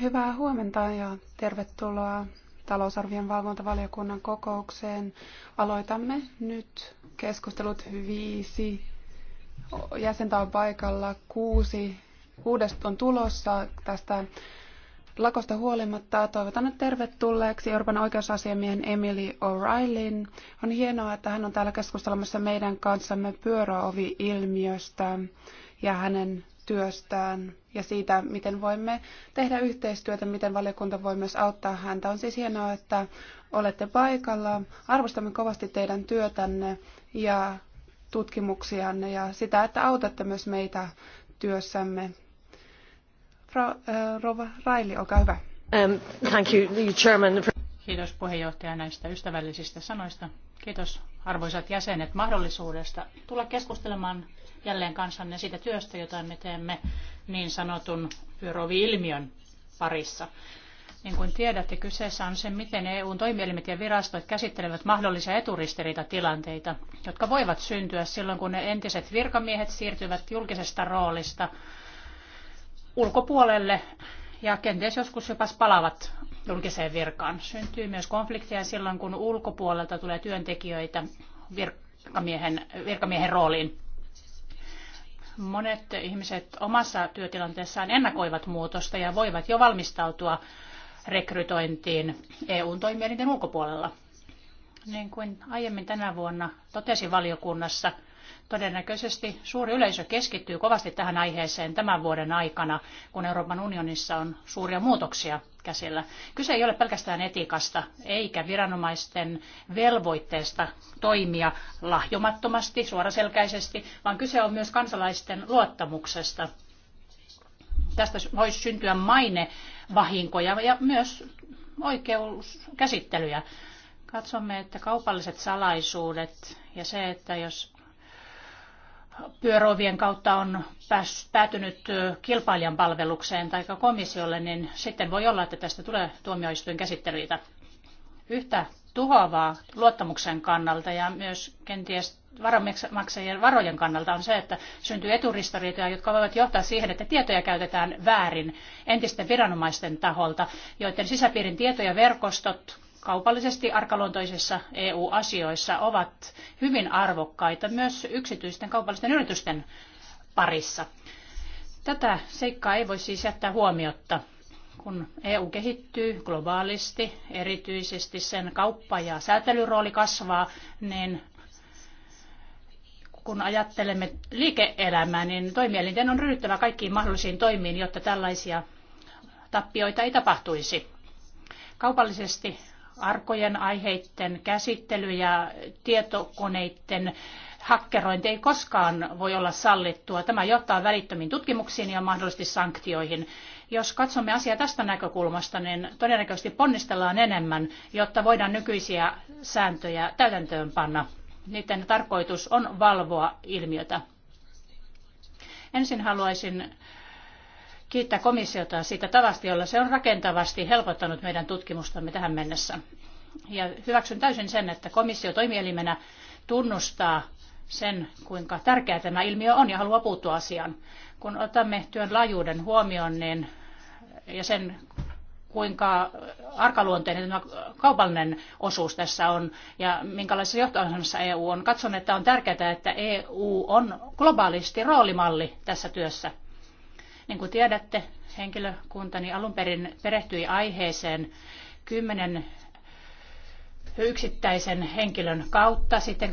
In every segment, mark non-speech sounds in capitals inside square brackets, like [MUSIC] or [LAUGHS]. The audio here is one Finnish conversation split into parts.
Hyvää huomenta ja tervetuloa talousarvion valvontavaliokunnan kokoukseen. Aloitamme nyt keskustelut viisi. Jäsentä on paikalla kuusi. kuudes on tulossa tästä lakosta huolimatta. Toivotan nyt tervetulleeksi Euroopan oikeusasiamiehen Emily O'Reillyn. On hienoa, että hän on täällä keskustelemassa meidän kanssamme pyöräovi-ilmiöstä ja hänen työstään ja siitä, miten voimme tehdä yhteistyötä, miten valiokunta voi myös auttaa häntä. On siis hienoa, että olette paikalla. Arvostamme kovasti teidän työtänne ja tutkimuksianne ja sitä, että autatte myös meitä työssämme. Äh, Rova Raili, olkaa hyvä. Um, thank you, the chairman. Kiitos puheenjohtaja näistä ystävällisistä sanoista. Kiitos arvoisat jäsenet mahdollisuudesta tulla keskustelemaan jälleen kansanne siitä työstä, jota me teemme niin sanotun pyrovi-ilmiön parissa. Niin kuin tiedätte, kyseessä on se, miten EUn toimielimet ja virastot käsittelevät mahdollisia eturistiriitatilanteita, jotka voivat syntyä silloin, kun ne entiset virkamiehet siirtyvät julkisesta roolista ulkopuolelle ja kenties joskus jopa palaavat julkiseen virkaan. Syntyy myös konflikteja silloin, kun ulkopuolelta tulee työntekijöitä virkamiehen, virkamiehen rooliin monet ihmiset omassa työtilanteessaan ennakoivat muutosta ja voivat jo valmistautua rekrytointiin eu toimielinten ulkopuolella. Niin kuin aiemmin tänä vuonna totesin valiokunnassa, Todennäköisesti suuri yleisö keskittyy kovasti tähän aiheeseen tämän vuoden aikana, kun Euroopan unionissa on suuria muutoksia käsillä. Kyse ei ole pelkästään etiikasta eikä viranomaisten velvoitteesta toimia lahjomattomasti, suoraselkäisesti, vaan kyse on myös kansalaisten luottamuksesta. Tästä voisi syntyä mainevahinkoja ja myös oikeuskäsittelyjä. Katsomme, että kaupalliset salaisuudet ja se, että jos pyöräovien kautta on päätynyt kilpailijan palvelukseen tai komissiolle, niin sitten voi olla, että tästä tulee tuomioistuin käsittelyitä. Yhtä tuhoavaa luottamuksen kannalta ja myös kenties varomaksajien varojen kannalta on se, että syntyy eturistiriitoja, jotka voivat johtaa siihen, että tietoja käytetään väärin entisten viranomaisten taholta, joiden sisäpiirin tietoja verkostot kaupallisesti arkaluontoisissa EU-asioissa ovat hyvin arvokkaita myös yksityisten kaupallisten yritysten parissa. Tätä seikkaa ei voi siis jättää huomiotta, kun EU kehittyy globaalisti, erityisesti sen kauppa- ja säätelyrooli kasvaa, niin kun ajattelemme liike-elämää, niin toimielinten on ryhdyttävä kaikkiin mahdollisiin toimiin, jotta tällaisia tappioita ei tapahtuisi. Kaupallisesti arkojen aiheiden käsittely ja tietokoneiden hakkerointi ei koskaan voi olla sallittua. Tämä johtaa välittömiin tutkimuksiin ja mahdollisesti sanktioihin. Jos katsomme asiaa tästä näkökulmasta, niin todennäköisesti ponnistellaan enemmän, jotta voidaan nykyisiä sääntöjä täytäntöönpanna. panna. Niiden tarkoitus on valvoa ilmiötä. Ensin haluaisin kiittää komissiota siitä tavasta, jolla se on rakentavasti helpottanut meidän tutkimustamme tähän mennessä. Ja hyväksyn täysin sen, että komissio toimielimenä tunnustaa sen, kuinka tärkeä tämä ilmiö on ja haluaa puuttua asiaan. Kun otamme työn laajuuden huomioon niin, ja sen, kuinka arkaluonteinen tämä kaupallinen osuus tässä on ja minkälaisessa johtoasemassa EU on, katson, että on tärkeää, että EU on globaalisti roolimalli tässä työssä. Niin kuin tiedätte, henkilökuntani alun perin perehtyi aiheeseen kymmenen yksittäisen henkilön kautta. Sitten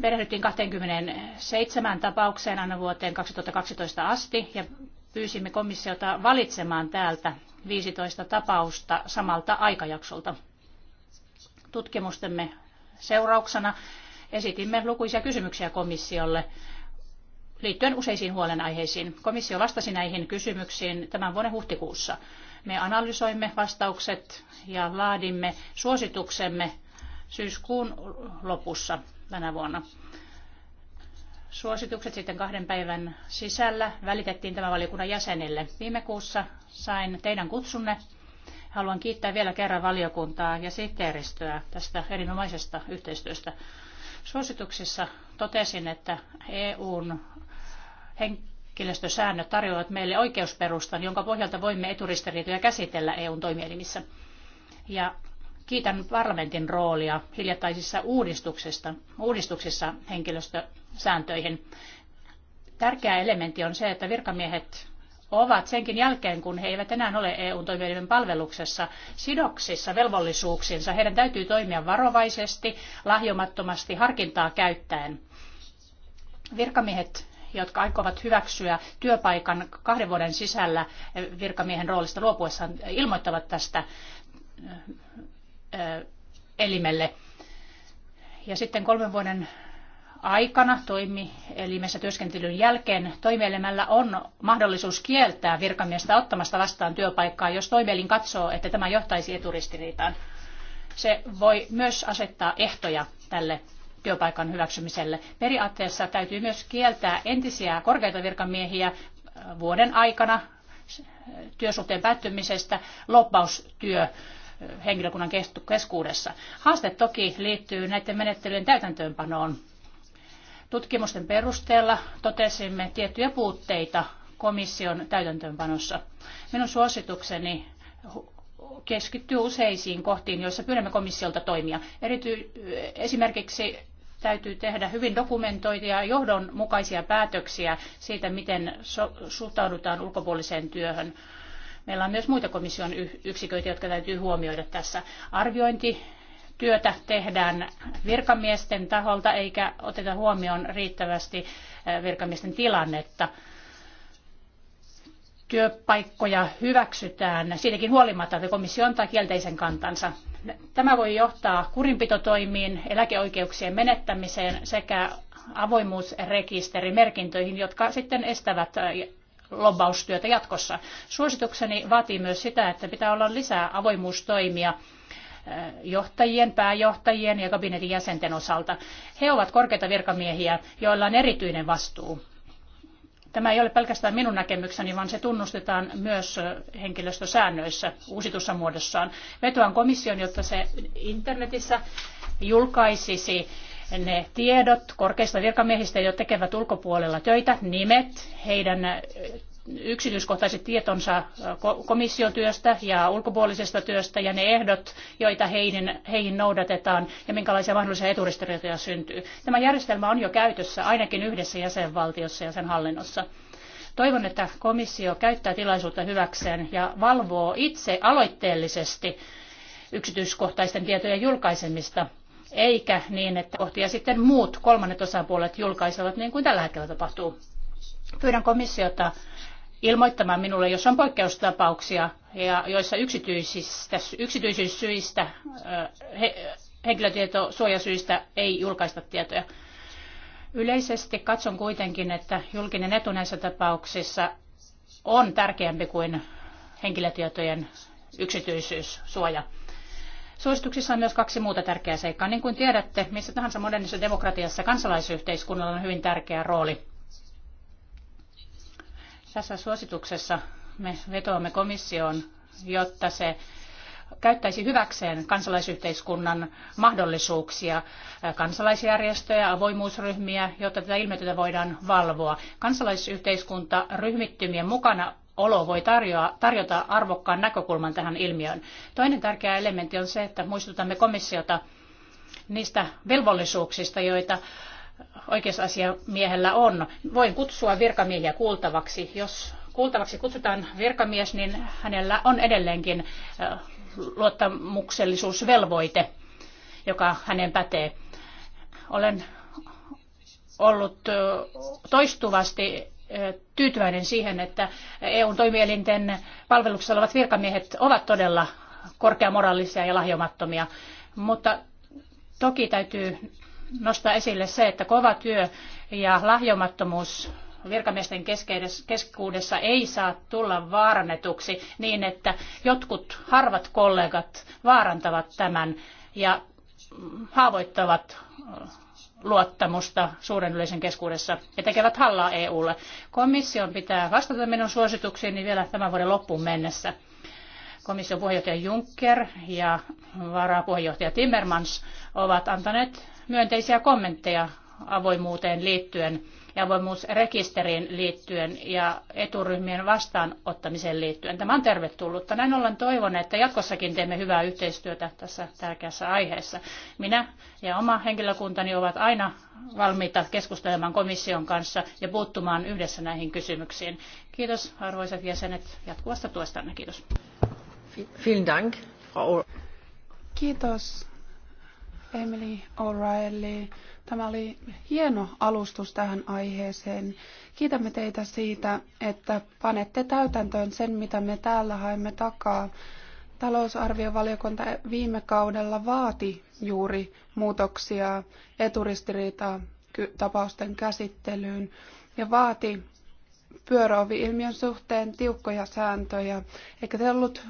perehdyttiin 27 tapaukseen aina vuoteen 2012 asti ja pyysimme komissiota valitsemaan täältä 15 tapausta samalta aikajaksolta. Tutkimustemme seurauksena esitimme lukuisia kysymyksiä komissiolle liittyen useisiin huolenaiheisiin. Komissio vastasi näihin kysymyksiin tämän vuoden huhtikuussa. Me analysoimme vastaukset ja laadimme suosituksemme syyskuun lopussa tänä vuonna. Suositukset sitten kahden päivän sisällä välitettiin tämän valiokunnan jäsenille. Viime kuussa sain teidän kutsunne. Haluan kiittää vielä kerran valiokuntaa ja sihteeristöä tästä erinomaisesta yhteistyöstä. Suosituksissa totesin, että EUn henkilöstösäännöt tarjoavat meille oikeusperustan, jonka pohjalta voimme eturistiriitoja käsitellä EUn toimielimissä. Ja kiitän parlamentin roolia hiljattaisissa uudistuksissa, uudistuksissa henkilöstösääntöihin. Tärkeä elementti on se, että virkamiehet ovat senkin jälkeen, kun he eivät enää ole eu toimielimen palveluksessa sidoksissa velvollisuuksiinsa. Heidän täytyy toimia varovaisesti, lahjomattomasti, harkintaa käyttäen. Virkamiehet jotka aikovat hyväksyä työpaikan kahden vuoden sisällä eh, virkamiehen roolista luopuessaan, eh, ilmoittavat tästä eh, elimelle. Ja sitten kolmen vuoden aikana toimielimessä työskentelyn jälkeen toimielimellä on mahdollisuus kieltää virkamiestä ottamasta vastaan työpaikkaa, jos toimielin katsoo, että tämä johtaisi eturistiriitaan. Se voi myös asettaa ehtoja tälle työpaikan hyväksymiselle. Periaatteessa täytyy myös kieltää entisiä korkeita virkamiehiä äh, vuoden aikana työsuhteen päättymisestä lobbaustyö äh, henkilökunnan keskuudessa. Haaste toki liittyy näiden menettelyjen täytäntöönpanoon. Tutkimusten perusteella totesimme tiettyjä puutteita komission täytäntöönpanossa. Minun suositukseni keskittyy useisiin kohtiin, joissa pyydämme komissiolta toimia. Erity, esimerkiksi täytyy tehdä hyvin dokumentoituja johdonmukaisia päätöksiä siitä, miten suhtaudutaan ulkopuoliseen työhön. Meillä on myös muita komission yksiköitä, jotka täytyy huomioida tässä. Arviointi työtä tehdään virkamiesten taholta eikä oteta huomioon riittävästi virkamiesten tilannetta. Työpaikkoja hyväksytään siitäkin huolimatta, että komissio antaa kielteisen kantansa. Tämä voi johtaa kurinpitotoimiin, eläkeoikeuksien menettämiseen sekä avoimuusrekisterimerkintöihin, jotka sitten estävät lobbaustyötä jatkossa. Suositukseni vaatii myös sitä, että pitää olla lisää avoimuustoimia johtajien, pääjohtajien ja kabinetin jäsenten osalta. He ovat korkeita virkamiehiä, joilla on erityinen vastuu. Tämä ei ole pelkästään minun näkemykseni, vaan se tunnustetaan myös henkilöstösäännöissä uusitussa muodossaan. Vetoan komission, jotta se internetissä julkaisisi ne tiedot korkeista virkamiehistä, jotka tekevät ulkopuolella töitä, nimet, heidän yksityiskohtaiset tietonsa komission työstä ja ulkopuolisesta työstä ja ne ehdot, joita heihin, heihin noudatetaan ja minkälaisia mahdollisia eturistiriitoja syntyy. Tämä järjestelmä on jo käytössä ainakin yhdessä jäsenvaltiossa ja sen hallinnossa. Toivon, että komissio käyttää tilaisuutta hyväkseen ja valvoo itse aloitteellisesti yksityiskohtaisten tietojen julkaisemista, eikä niin, että kohtia sitten muut kolmannet osapuolet julkaisevat niin kuin tällä hetkellä tapahtuu. Pyydän komissiota ilmoittamaan minulle, jos on poikkeustapauksia, ja joissa yksityisistä, yksityisyyssyistä, henkilötietosuojasyistä ei julkaista tietoja. Yleisesti katson kuitenkin, että julkinen etu näissä tapauksissa on tärkeämpi kuin henkilötietojen yksityisyyssuoja. Suosituksissa on myös kaksi muuta tärkeää seikkaa. Niin kuin tiedätte, missä tahansa modernissa demokratiassa kansalaisyhteiskunnalla on hyvin tärkeä rooli. Tässä suosituksessa me vetoamme komissioon, jotta se käyttäisi hyväkseen kansalaisyhteiskunnan mahdollisuuksia, kansalaisjärjestöjä, avoimuusryhmiä, jotta tätä ilmiötä voidaan valvoa. Kansalaisyhteiskuntaryhmittymien mukana olo voi tarjoa, tarjota arvokkaan näkökulman tähän ilmiöön. Toinen tärkeä elementti on se, että muistutamme komissiota niistä velvollisuuksista, joita oikeusasiamiehellä on. Voin kutsua virkamiehiä kuultavaksi. Jos kuultavaksi kutsutaan virkamies, niin hänellä on edelleenkin luottamuksellisuusvelvoite, joka hänen pätee. Olen ollut toistuvasti tyytyväinen siihen, että EUn toimielinten palveluksessa olevat virkamiehet ovat todella korkeamoraalisia ja lahjomattomia, mutta toki täytyy nostaa esille se, että kova työ ja lahjomattomuus virkamiesten keskuudessa ei saa tulla vaarannetuksi niin, että jotkut harvat kollegat vaarantavat tämän ja haavoittavat luottamusta suuren yleisön keskuudessa ja tekevät hallaa EUlle. Komission pitää vastata minun suosituksiini vielä tämän vuoden loppuun mennessä. Komission puheenjohtaja Juncker ja varapuheenjohtaja Timmermans ovat antaneet myönteisiä kommentteja avoimuuteen liittyen ja avoimuusrekisteriin liittyen ja eturyhmien vastaanottamiseen liittyen. Tämä on tervetullutta. Näin ollen toivon, että jatkossakin teemme hyvää yhteistyötä tässä tärkeässä aiheessa. Minä ja oma henkilökuntani ovat aina valmiita keskustelemaan komission kanssa ja puuttumaan yhdessä näihin kysymyksiin. Kiitos arvoisat jäsenet jatkuvasta tuestanne. Kiitos. Vielen Dank, Frau. Kiitos Emily O'Reilly. Tämä oli hieno alustus tähän aiheeseen. Kiitämme teitä siitä, että panette täytäntöön sen, mitä me täällä haemme takaa. Talousarviovaliokunta viime kaudella vaati juuri muutoksia eturistiriitaa tapausten käsittelyyn ja vaati pyöräovi ilmiön suhteen tiukkoja sääntöjä, eikä se ollut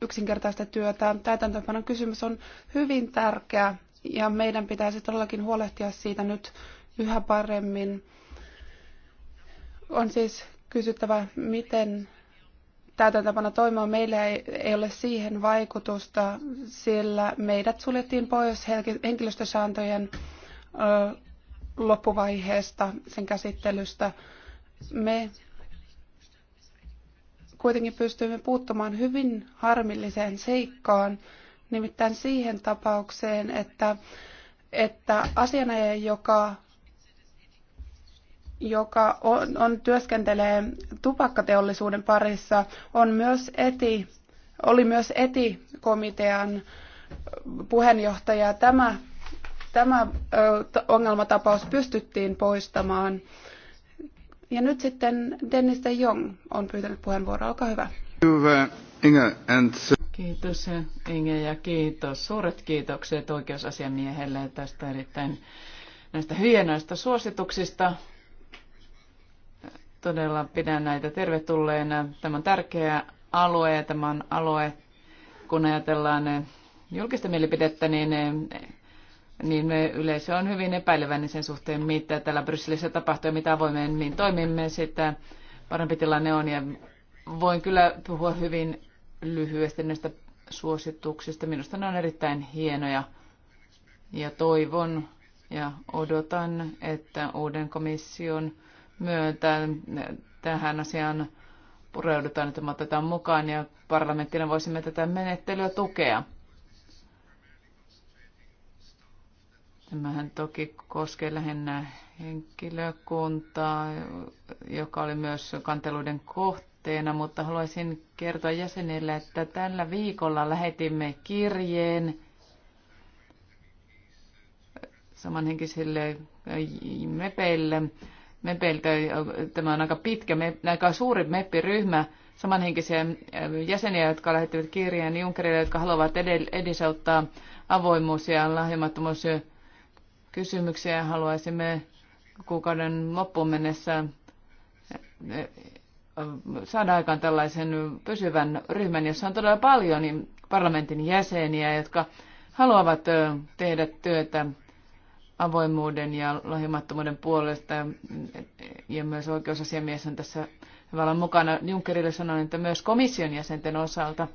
yksinkertaista työtä. Täytäntöönpanon kysymys on hyvin tärkeä ja meidän pitäisi todellakin huolehtia siitä nyt yhä paremmin. On siis kysyttävä, miten täytäntöpana toimia. Meillä ei, ei ole siihen vaikutusta, sillä meidät suljettiin pois henkilöstösääntöjen ö, loppuvaiheesta, sen käsittelystä. Me kuitenkin pystyimme puuttumaan hyvin harmilliseen seikkaan, nimittäin siihen tapaukseen, että, että asianajaja, joka, joka on, on, työskentelee tupakkateollisuuden parissa, on myös eti, oli myös etikomitean puheenjohtaja. Tämä, tämä ongelmatapaus pystyttiin poistamaan. Ja nyt sitten Dennis de Jong on pyytänyt puheenvuoroa. Olkaa hyvä. Inge, and... Kiitos Inge ja kiitos. Suuret kiitokset oikeusasiamiehelle tästä erittäin näistä hienoista suosituksista. Todella pidän näitä tervetulleena. Tämä on tärkeä alue ja tämä on alue, kun ajatellaan julkista mielipidettä, niin niin me yleisö on hyvin epäileväinen sen suhteen, mitä täällä Brysselissä tapahtuu ja mitä avoimemmin toimimme, sitä parempi tilanne on. Ja voin kyllä puhua hyvin lyhyesti näistä suosituksista. Minusta ne on erittäin hienoja ja toivon ja odotan, että uuden komission myötä tähän asiaan pureudutaan, että me otetaan mukaan ja parlamenttina voisimme tätä menettelyä tukea. Tämähän toki koskee lähinnä henkilökuntaa, joka oli myös kanteluiden kohta tavoitteena, mutta haluaisin kertoa jäsenille, että tällä viikolla lähetimme kirjeen samanhenkisille äh, mepeille. Mepeiltä, äh, tämä on aika pitkä, aika suuri meppiryhmä samanhenkisiä äh, jäseniä, jotka lähettivät kirjeen niin Junckerille, jotka haluavat edesauttaa avoimuus- ja lahjomattomuuskysymyksiä. Haluaisimme kuukauden loppuun mennessä saada aikaan tällaisen pysyvän ryhmän, jossa on todella paljon niin parlamentin jäseniä, jotka haluavat tehdä työtä avoimuuden ja lahjomattomuuden puolesta. Ja myös oikeusasiamies on tässä hyvällä mukana. Junckerille sanon, että myös komission jäsenten osalta,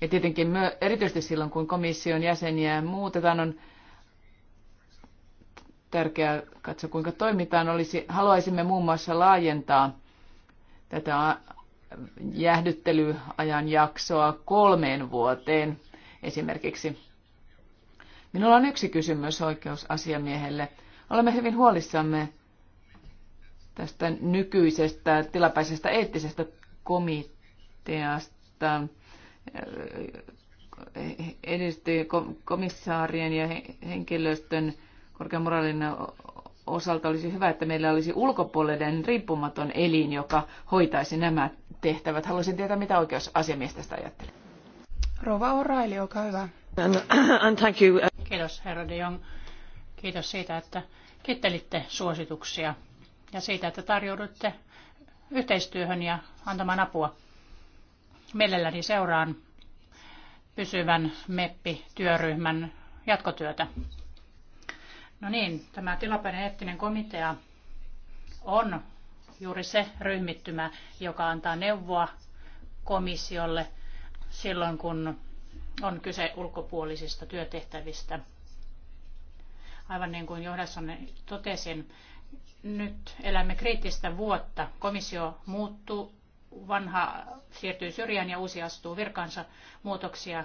ja tietenkin myö, erityisesti silloin, kun komission jäseniä muutetaan, on tärkeää katsoa, kuinka toimitaan. Olisi, haluaisimme muun muassa laajentaa tätä jäähdyttelyajan jaksoa kolmeen vuoteen esimerkiksi. Minulla on yksi kysymys oikeusasiamiehelle. Olemme hyvin huolissamme tästä nykyisestä tilapäisestä eettisestä komiteasta edistyy komissaarien ja henkilöstön korkean moraalinen osalta olisi hyvä, että meillä olisi ulkopuolinen riippumaton elin, joka hoitaisi nämä tehtävät. Haluaisin tietää, mitä oikeusasiamies tästä ajattelee. Rova Oraili, olkaa hyvä. And, uh, and thank you. Kiitos herra de Jong. Kiitos siitä, että kittelitte suosituksia ja siitä, että tarjoudutte yhteistyöhön ja antamaan apua. Mielelläni seuraan pysyvän MEPPI-työryhmän jatkotyötä. No niin, tämä tilapäinen eettinen komitea on juuri se ryhmittymä, joka antaa neuvoa komissiolle silloin, kun on kyse ulkopuolisista työtehtävistä. Aivan niin kuin johdassani totesin, nyt elämme kriittistä vuotta. Komissio muuttuu, vanha siirtyy syrjään ja uusi astuu virkansa. Muutoksia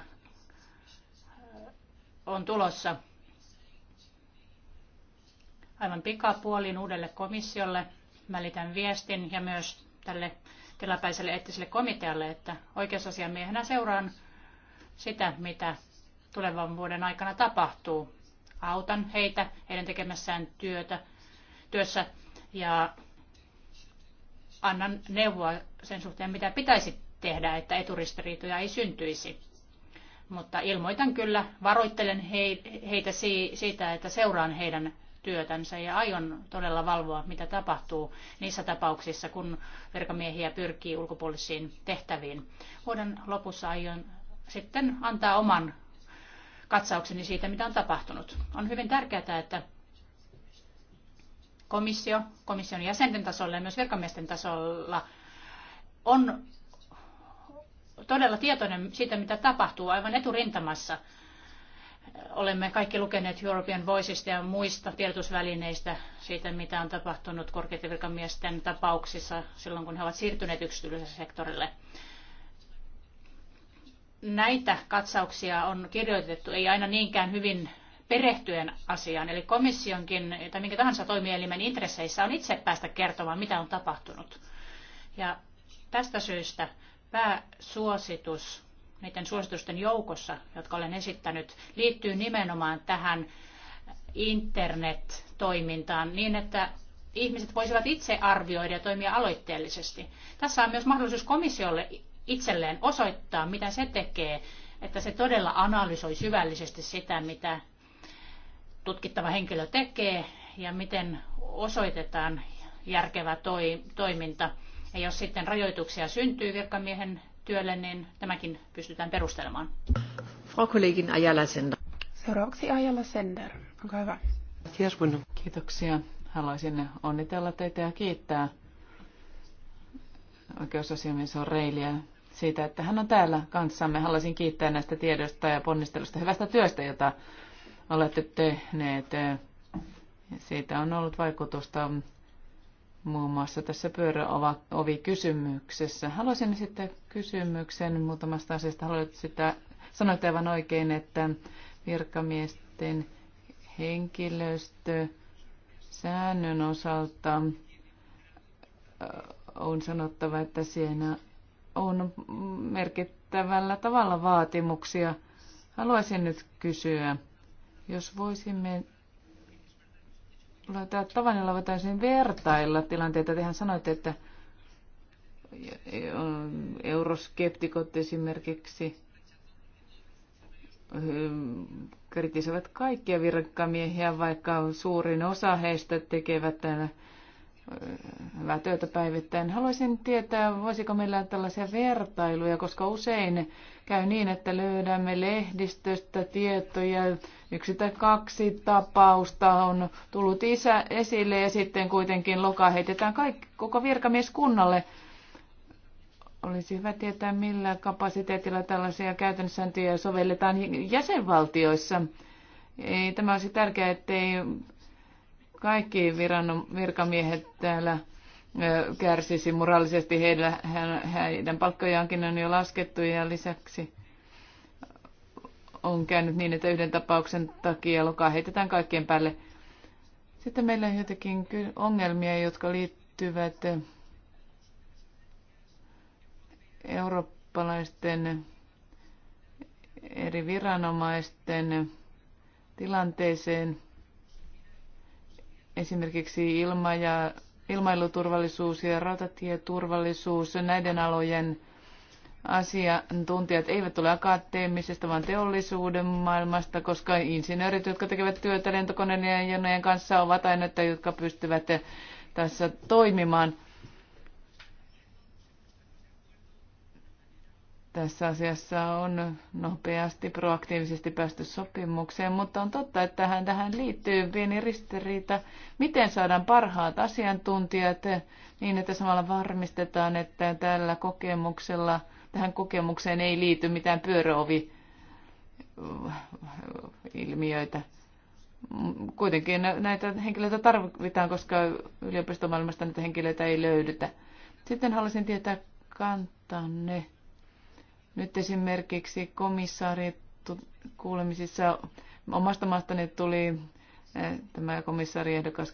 on tulossa aivan pikapuolin uudelle komissiolle. Välitän viestin ja myös tälle tilapäiselle eettiselle komitealle, että oikeusasiamiehenä seuraan sitä, mitä tulevan vuoden aikana tapahtuu. Autan heitä heidän tekemässään työtä, työssä ja annan neuvoa sen suhteen, mitä pitäisi tehdä, että eturistiriitoja ei syntyisi. Mutta ilmoitan kyllä, varoittelen heitä siitä, että seuraan heidän työtänsä ja aion todella valvoa, mitä tapahtuu niissä tapauksissa, kun virkamiehiä pyrkii ulkopuolisiin tehtäviin. Vuoden lopussa aion sitten antaa oman katsaukseni siitä, mitä on tapahtunut. On hyvin tärkeää, että komissio, komission jäsenten tasolla ja myös virkamiesten tasolla on todella tietoinen siitä, mitä tapahtuu aivan eturintamassa – Olemme kaikki lukeneet European Voicesta ja muista tiedotusvälineistä siitä, mitä on tapahtunut korkeiden virkamiesten tapauksissa silloin, kun he ovat siirtyneet yksityiselle sektorille näitä katsauksia on kirjoitettu, ei aina niinkään hyvin perehtyen asiaan. Eli komissionkin tai minkä tahansa toimielimen intresseissä on itse päästä kertomaan, mitä on tapahtunut. Ja tästä syystä pääsuositus niiden suositusten joukossa, jotka olen esittänyt, liittyy nimenomaan tähän internet-toimintaan niin, että ihmiset voisivat itse arvioida ja toimia aloitteellisesti. Tässä on myös mahdollisuus komissiolle itselleen osoittaa, mitä se tekee, että se todella analysoi syvällisesti sitä, mitä tutkittava henkilö tekee ja miten osoitetaan järkevä toi, toiminta. Ja jos sitten rajoituksia syntyy virkamiehen työlle, niin tämäkin pystytään perustelemaan. Frau Kollegin Ajala Sender. Seuraavaksi Ajala Sender. Onko hyvä? Kiitoksia. Haluaisin onnitella teitä ja kiittää oikeusasiamies on reiliä siitä, että hän on täällä kanssamme. Haluaisin kiittää näistä tiedosta ja ponnistelusta hyvästä työstä, jota olette tehneet. Siitä on ollut vaikutusta muun muassa tässä pyöräovi kysymyksessä. Haluaisin esittää kysymyksen muutamasta asiasta. Haluaisin sitä sanoit aivan oikein, että virkamiesten henkilöstö säännön osalta on sanottava, että siinä on merkittävällä tavalla vaatimuksia. Haluaisin nyt kysyä, jos voisimme Tavanilla voitaisiin vertailla tilanteita. Tehän sanoitte, että euroskeptikot esimerkiksi eh, kritisoivat kaikkia virkamiehiä, vaikka suurin osa heistä tekevät täällä hyvää työtä päivittäin. Haluaisin tietää, voisiko meillä tällaisia vertailuja, koska usein käy niin, että löydämme lehdistöstä tietoja. Yksi tai kaksi tapausta on tullut isä esille ja sitten kuitenkin loka heitetään kaikki, koko virkamieskunnalle. Olisi hyvä tietää, millä kapasiteetilla tällaisia käytännössääntöjä sovelletaan jäsenvaltioissa. Ei, tämä olisi tärkeää, ettei kaikki viranom- virkamiehet täällä kärsisi moraalisesti. Heillä, heidän palkkojaankin on jo laskettu ja lisäksi on käynyt niin, että yhden tapauksen takia lokaa heitetään kaikkien päälle. Sitten meillä on jotakin ongelmia, jotka liittyvät eurooppalaisten eri viranomaisten tilanteeseen esimerkiksi ilma- ja ilmailuturvallisuus ja rautatieturvallisuus, näiden alojen asiantuntijat eivät ole akateemisesta, vaan teollisuuden maailmasta, koska insinöörit, jotka tekevät työtä lentokoneiden ja jonojen kanssa, ovat aina, jotka pystyvät tässä toimimaan. tässä asiassa on nopeasti, proaktiivisesti päästy sopimukseen, mutta on totta, että tähän, tähän liittyy pieni ristiriita. Miten saadaan parhaat asiantuntijat niin, että samalla varmistetaan, että tällä kokemuksella, tähän kokemukseen ei liity mitään pyöröovi äh, ilmiöitä. Kuitenkin näitä henkilöitä tarvitaan, koska yliopistomaailmasta näitä henkilöitä ei löydytä. Sitten haluaisin tietää kantanne nyt esimerkiksi komissaari kuulemisissa omasta maastani tuli eh, tämä komissaari ehdokas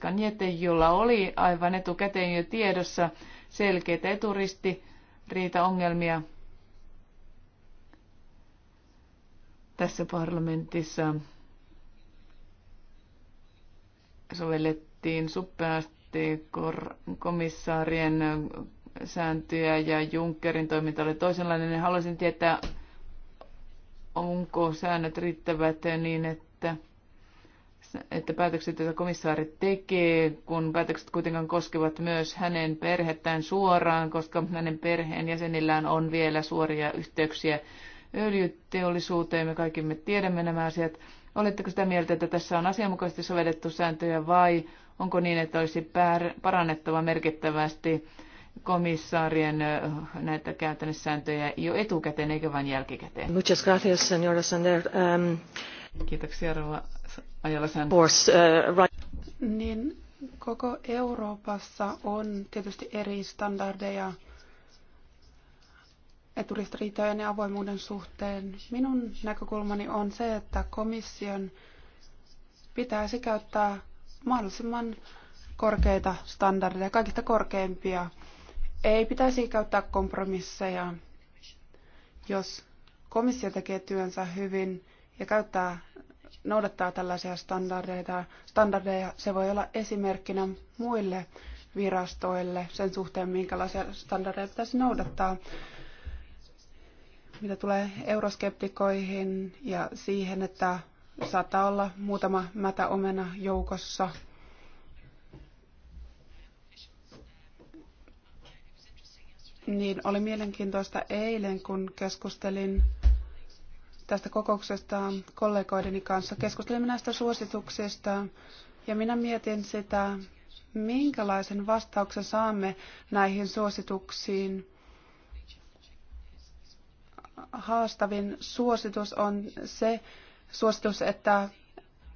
Kanjete, jolla oli aivan etukäteen jo tiedossa selkeitä eturisti riitaongelmia tässä parlamentissa sovellettiin suppeasti komissaarien sääntöjä ja Junckerin toiminta oli toisenlainen, niin haluaisin tietää, onko säännöt riittävät niin, että, että päätökset, joita komissaari tekee, kun päätökset kuitenkaan koskevat myös hänen perhettään suoraan, koska hänen perheen jäsenillään on vielä suoria yhteyksiä öljyteollisuuteen. Me kaikki me tiedämme nämä asiat. Oletteko sitä mieltä, että tässä on asianmukaisesti sovellettu sääntöjä vai onko niin, että olisi parannettava merkittävästi komissaarien näitä käytännössääntöjä jo etukäteen eikä vain jälkikäteen. Muchas gracias, señora Sander. Um, Kiitoksia, Rova Ajala Sander. Course, uh, right. Niin, koko Euroopassa on tietysti eri standardeja eturistiriitojen ja avoimuuden suhteen. Minun näkökulmani on se, että komission pitäisi käyttää mahdollisimman korkeita standardeja, kaikista korkeimpia ei pitäisi käyttää kompromisseja. Jos komissio tekee työnsä hyvin ja käyttää, noudattaa tällaisia standardeita, standardeja, se voi olla esimerkkinä muille virastoille sen suhteen, minkälaisia standardeja pitäisi noudattaa. Mitä tulee euroskeptikoihin ja siihen, että saattaa olla muutama mätä omena joukossa – Niin, oli mielenkiintoista eilen, kun keskustelin tästä kokouksesta kollegoideni kanssa. Keskustelimme näistä suosituksista ja minä mietin sitä, minkälaisen vastauksen saamme näihin suosituksiin. Haastavin suositus on se suositus, että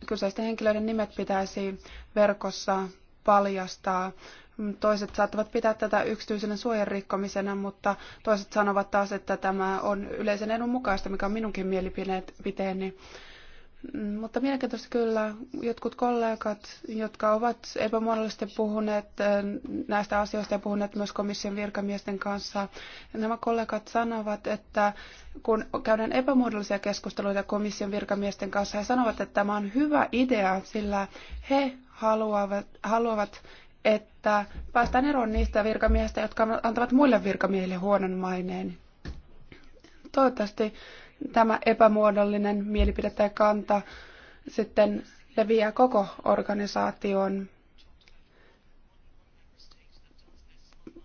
kyseisten henkilöiden nimet pitäisi verkossa paljastaa. Toiset saattavat pitää tätä yksityisyyden suojan rikkomisena, mutta toiset sanovat taas, että tämä on yleisen edun mukaista, mikä on minunkin mielipiteeni. Mm, mutta mielenkiintoista kyllä, jotkut kollegat, jotka ovat epämuodollisesti puhuneet eh, näistä asioista ja puhuneet myös komission virkamiesten kanssa, nämä kollegat sanovat, että kun käydään epämuodollisia keskusteluita komission virkamiesten kanssa, he sanovat, että tämä on hyvä idea, sillä he haluavat, haluavat että että päästään eroon niistä virkamiehistä, jotka antavat muille virkamiehille huonon maineen. Toivottavasti tämä epämuodollinen mielipide tai kanta sitten leviää koko organisaatioon.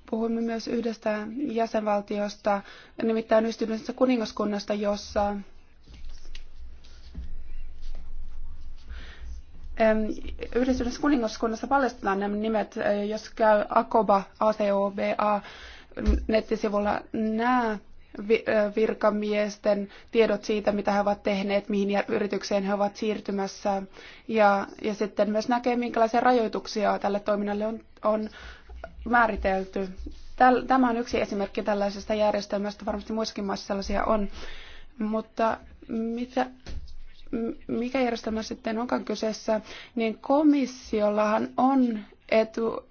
Puhumme myös yhdestä jäsenvaltiosta, nimittäin ystävällisestä kuningaskunnasta, jossa Yhdistyneessä kuningaskunnassa paljastetaan nämä nimet, e, jos käy ACOBA, ACOBA nettisivulla, nämä e, virkamiesten tiedot siitä, mitä he ovat tehneet, mihin yritykseen he ovat siirtymässä. Ja, ja sitten myös näkee, minkälaisia rajoituksia tälle toiminnalle on, on määritelty. Tämä on yksi esimerkki tällaisesta järjestelmästä, varmasti muissakin maissa sellaisia on. Mutta mitä, mikä järjestelmä sitten onkaan kyseessä, niin komissiollahan on etu,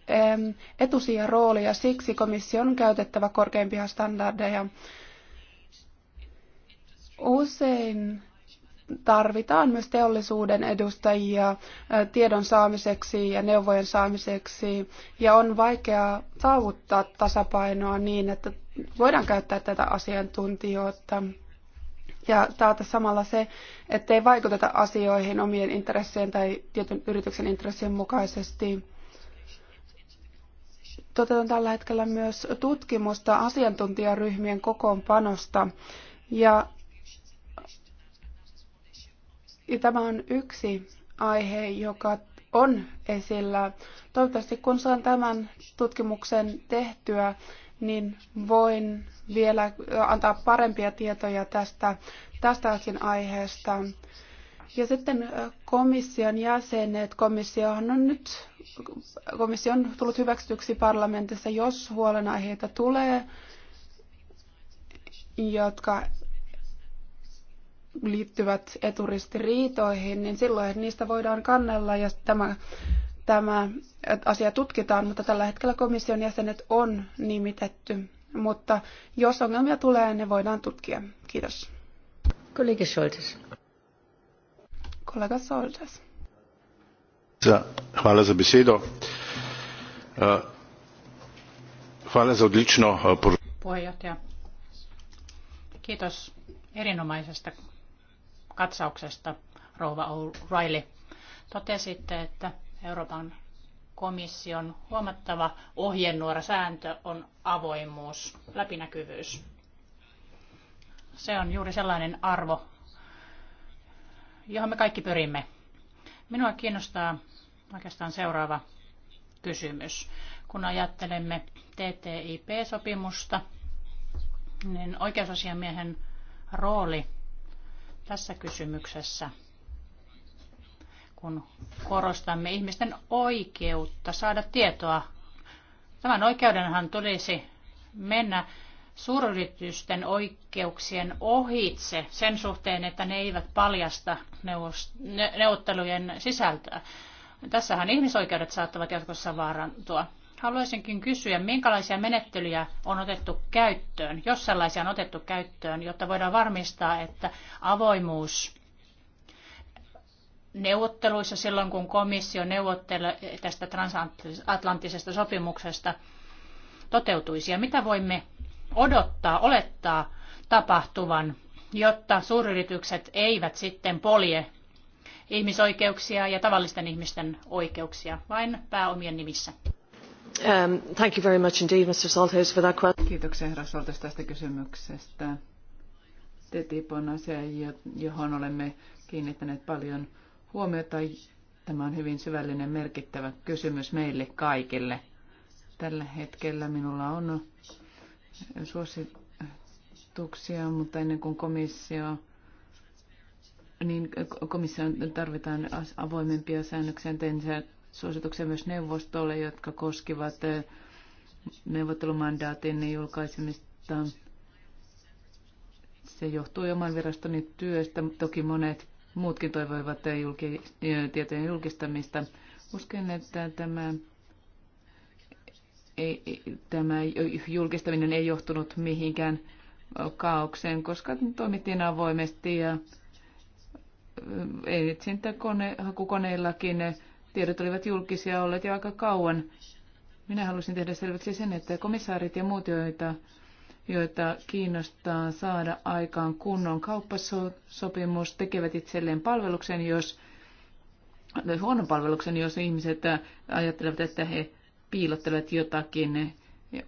etusijan rooli ja siksi komissio on käytettävä korkeimpia standardeja. Usein tarvitaan myös teollisuuden edustajia tiedon saamiseksi ja neuvojen saamiseksi ja on vaikeaa saavuttaa tasapainoa niin, että voidaan käyttää tätä asiantuntijoita ja taata samalla se, ettei vaikuteta asioihin omien intressien tai tietyn yrityksen intressien mukaisesti. Toteutan tällä hetkellä myös tutkimusta asiantuntijaryhmien kokoonpanosta ja, ja tämä on yksi aihe, joka on esillä. Toivottavasti kun saan tämän tutkimuksen tehtyä, niin voin vielä antaa parempia tietoja tästä, tästäkin aiheesta. Ja sitten komission jäsenet, komissiohan on nyt, komissio on tullut hyväksytyksi parlamentissa, jos huolenaiheita tulee, jotka liittyvät eturistiriitoihin, niin silloin niistä voidaan kannella ja tämä, tämä asia tutkitaan, mutta tällä hetkellä komission jäsenet on nimitetty mutta jos ongelmia tulee, ne voidaan tutkia. Kiitos. Kollega Scholtes. Kollega Soltes. Hvala za besedo. Eh, hvala za odlično eh, Puheenjohtaja. Kiitos erinomaisesta katsauksesta, rouva O'Reilly. Totesitte, että Euroopan komission huomattava ohjenuora sääntö on avoimuus, läpinäkyvyys. Se on juuri sellainen arvo, johon me kaikki pyrimme. Minua kiinnostaa oikeastaan seuraava kysymys. Kun ajattelemme TTIP-sopimusta, niin oikeusasiamiehen rooli tässä kysymyksessä – kun korostamme ihmisten oikeutta saada tietoa. Tämän oikeudenhan tulisi mennä suuryritysten oikeuksien ohitse sen suhteen, että ne eivät paljasta neuvottelujen sisältöä. Tässähän ihmisoikeudet saattavat jatkossa vaarantua. Haluaisinkin kysyä, minkälaisia menettelyjä on otettu käyttöön, jos sellaisia on otettu käyttöön, jotta voidaan varmistaa, että avoimuus neuvotteluissa silloin, kun komissio neuvottelee tästä transatlanttisesta sopimuksesta toteutuisi ja mitä voimme odottaa, olettaa tapahtuvan, jotta suuryritykset eivät sitten polje ihmisoikeuksia ja tavallisten ihmisten oikeuksia vain pääomien nimissä. Um, thank you very much indeed, Mr. Salthouse, for that question. Kiitoksia, herra Salthouse, tästä kysymyksestä. TTIP on asia, johon olemme kiinnittäneet paljon huomiota. Tämä on hyvin syvällinen merkittävä kysymys meille kaikille. Tällä hetkellä minulla on suosituksia, mutta ennen kuin komissio niin komissio tarvitaan avoimempia säännöksiä. Tein suosituksia myös neuvostolle, jotka koskivat neuvottelumandaatin julkaisemista. Se johtuu oman virastoni työstä. Toki monet muutkin toivoivat julki, tietojen julkistamista. Uskon, että tämä, ei, tämä julkistaminen ei johtunut mihinkään kaaukseen, koska toimittiin avoimesti ja eh, ne tiedot olivat julkisia olleet jo aika kauan. Minä halusin tehdä selväksi sen, että komissaarit ja muut, joita joita kiinnostaa saada aikaan kunnon kauppasopimus, tekevät itselleen palveluksen, jos tai huonon palveluksen, jos ihmiset ajattelevat, että he piilottelevat jotakin.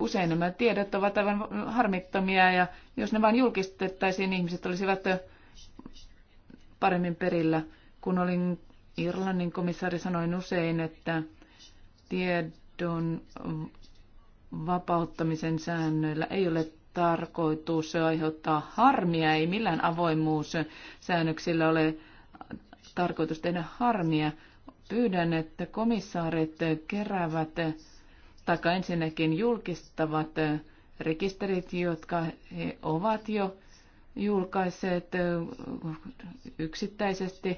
Usein nämä tiedot ovat aivan harmittomia ja jos ne vain julkistettaisiin, niin ihmiset olisivat paremmin perillä. Kun olin Irlannin komissaari, sanoin usein, että tiedon vapauttamisen säännöillä ei ole tarkoitus aiheuttaa harmia. Ei millään avoimuussäännöksillä ole tarkoitus tehdä harmia. Pyydän, että komissaarit keräävät tai ensinnäkin julkistavat rekisterit, jotka he ovat jo julkaiseet yksittäisesti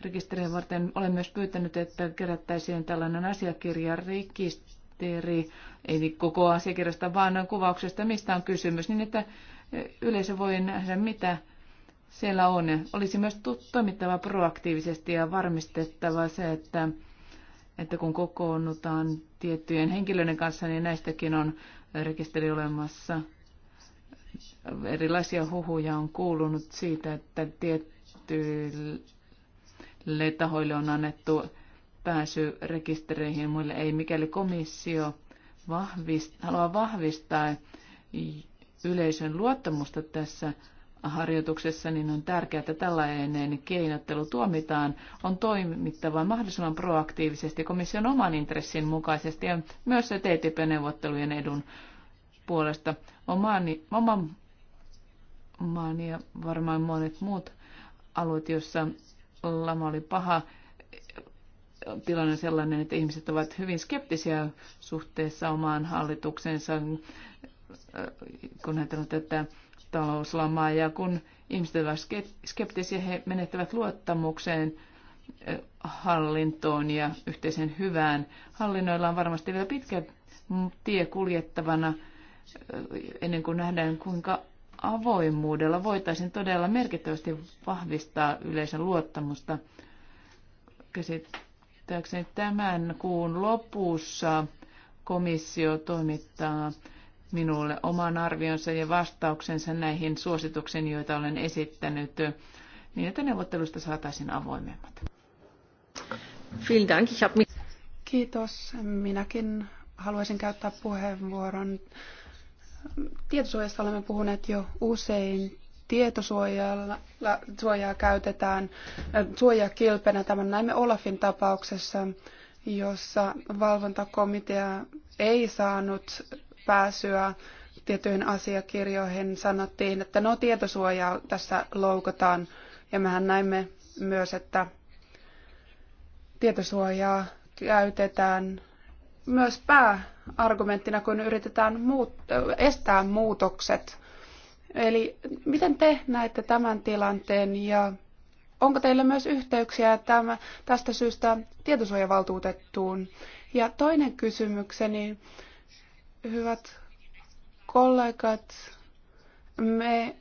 rekisterien varten. Olen myös pyytänyt, että kerättäisiin tällainen asiakirja rekisteristä ei eli koko asiakirjasta, vaan kuvauksesta, mistä on kysymys, niin että e, yleisö voi nähdä, mitä siellä on. Olisi myös toimittava proaktiivisesti ja varmistettava se, että, että kun kokoonnutaan tiettyjen henkilöiden kanssa, niin näistäkin on rekisteri olemassa. Erilaisia huhuja on kuulunut siitä, että tiettyille tahoille on annettu pääsy rekistereihin muille ei, mikäli komissio vahvist, haluaa vahvistaa yleisön luottamusta tässä harjoituksessa, niin on tärkeää, että tällainen keinottelu tuomitaan. On toimittava mahdollisimman proaktiivisesti komission oman intressin mukaisesti ja myös TTIP-neuvottelujen edun puolesta. Omaani, oman maani ja varmaan monet muut alueet, joissa lama oli paha, tilanne sellainen, että ihmiset ovat hyvin skeptisiä suhteessa omaan hallituksensa, kun ajatellaan tätä talouslamaa. Ja kun ihmiset ovat skeptisiä, he menettävät luottamukseen hallintoon ja yhteisen hyvään. Hallinnoilla on varmasti vielä pitkä tie kuljettavana ennen kuin nähdään, kuinka avoimuudella voitaisiin todella merkittävästi vahvistaa yleisen luottamusta käsittää Muistaakseni tämän kuun lopussa komissio toimittaa minulle oman arvionsa ja vastauksensa näihin suosituksiin, joita olen esittänyt, niin että neuvottelusta saataisiin avoimemmat. Kiitos. Minäkin haluaisin käyttää puheenvuoron. Tietosuojasta olemme puhuneet jo usein tietosuojaa käytetään suojakilpenä. Tämän näimme Olafin tapauksessa, jossa valvontakomitea ei saanut pääsyä tiettyihin asiakirjoihin. Sanottiin, että no tietosuojaa tässä loukataan. Ja mehän näimme myös, että tietosuojaa käytetään myös pääargumenttina, kun yritetään muut, estää muutokset Eli miten te näette tämän tilanteen ja onko teillä myös yhteyksiä tämän, tästä syystä tietosuojavaltuutettuun? Ja toinen kysymykseni, hyvät kollegat, me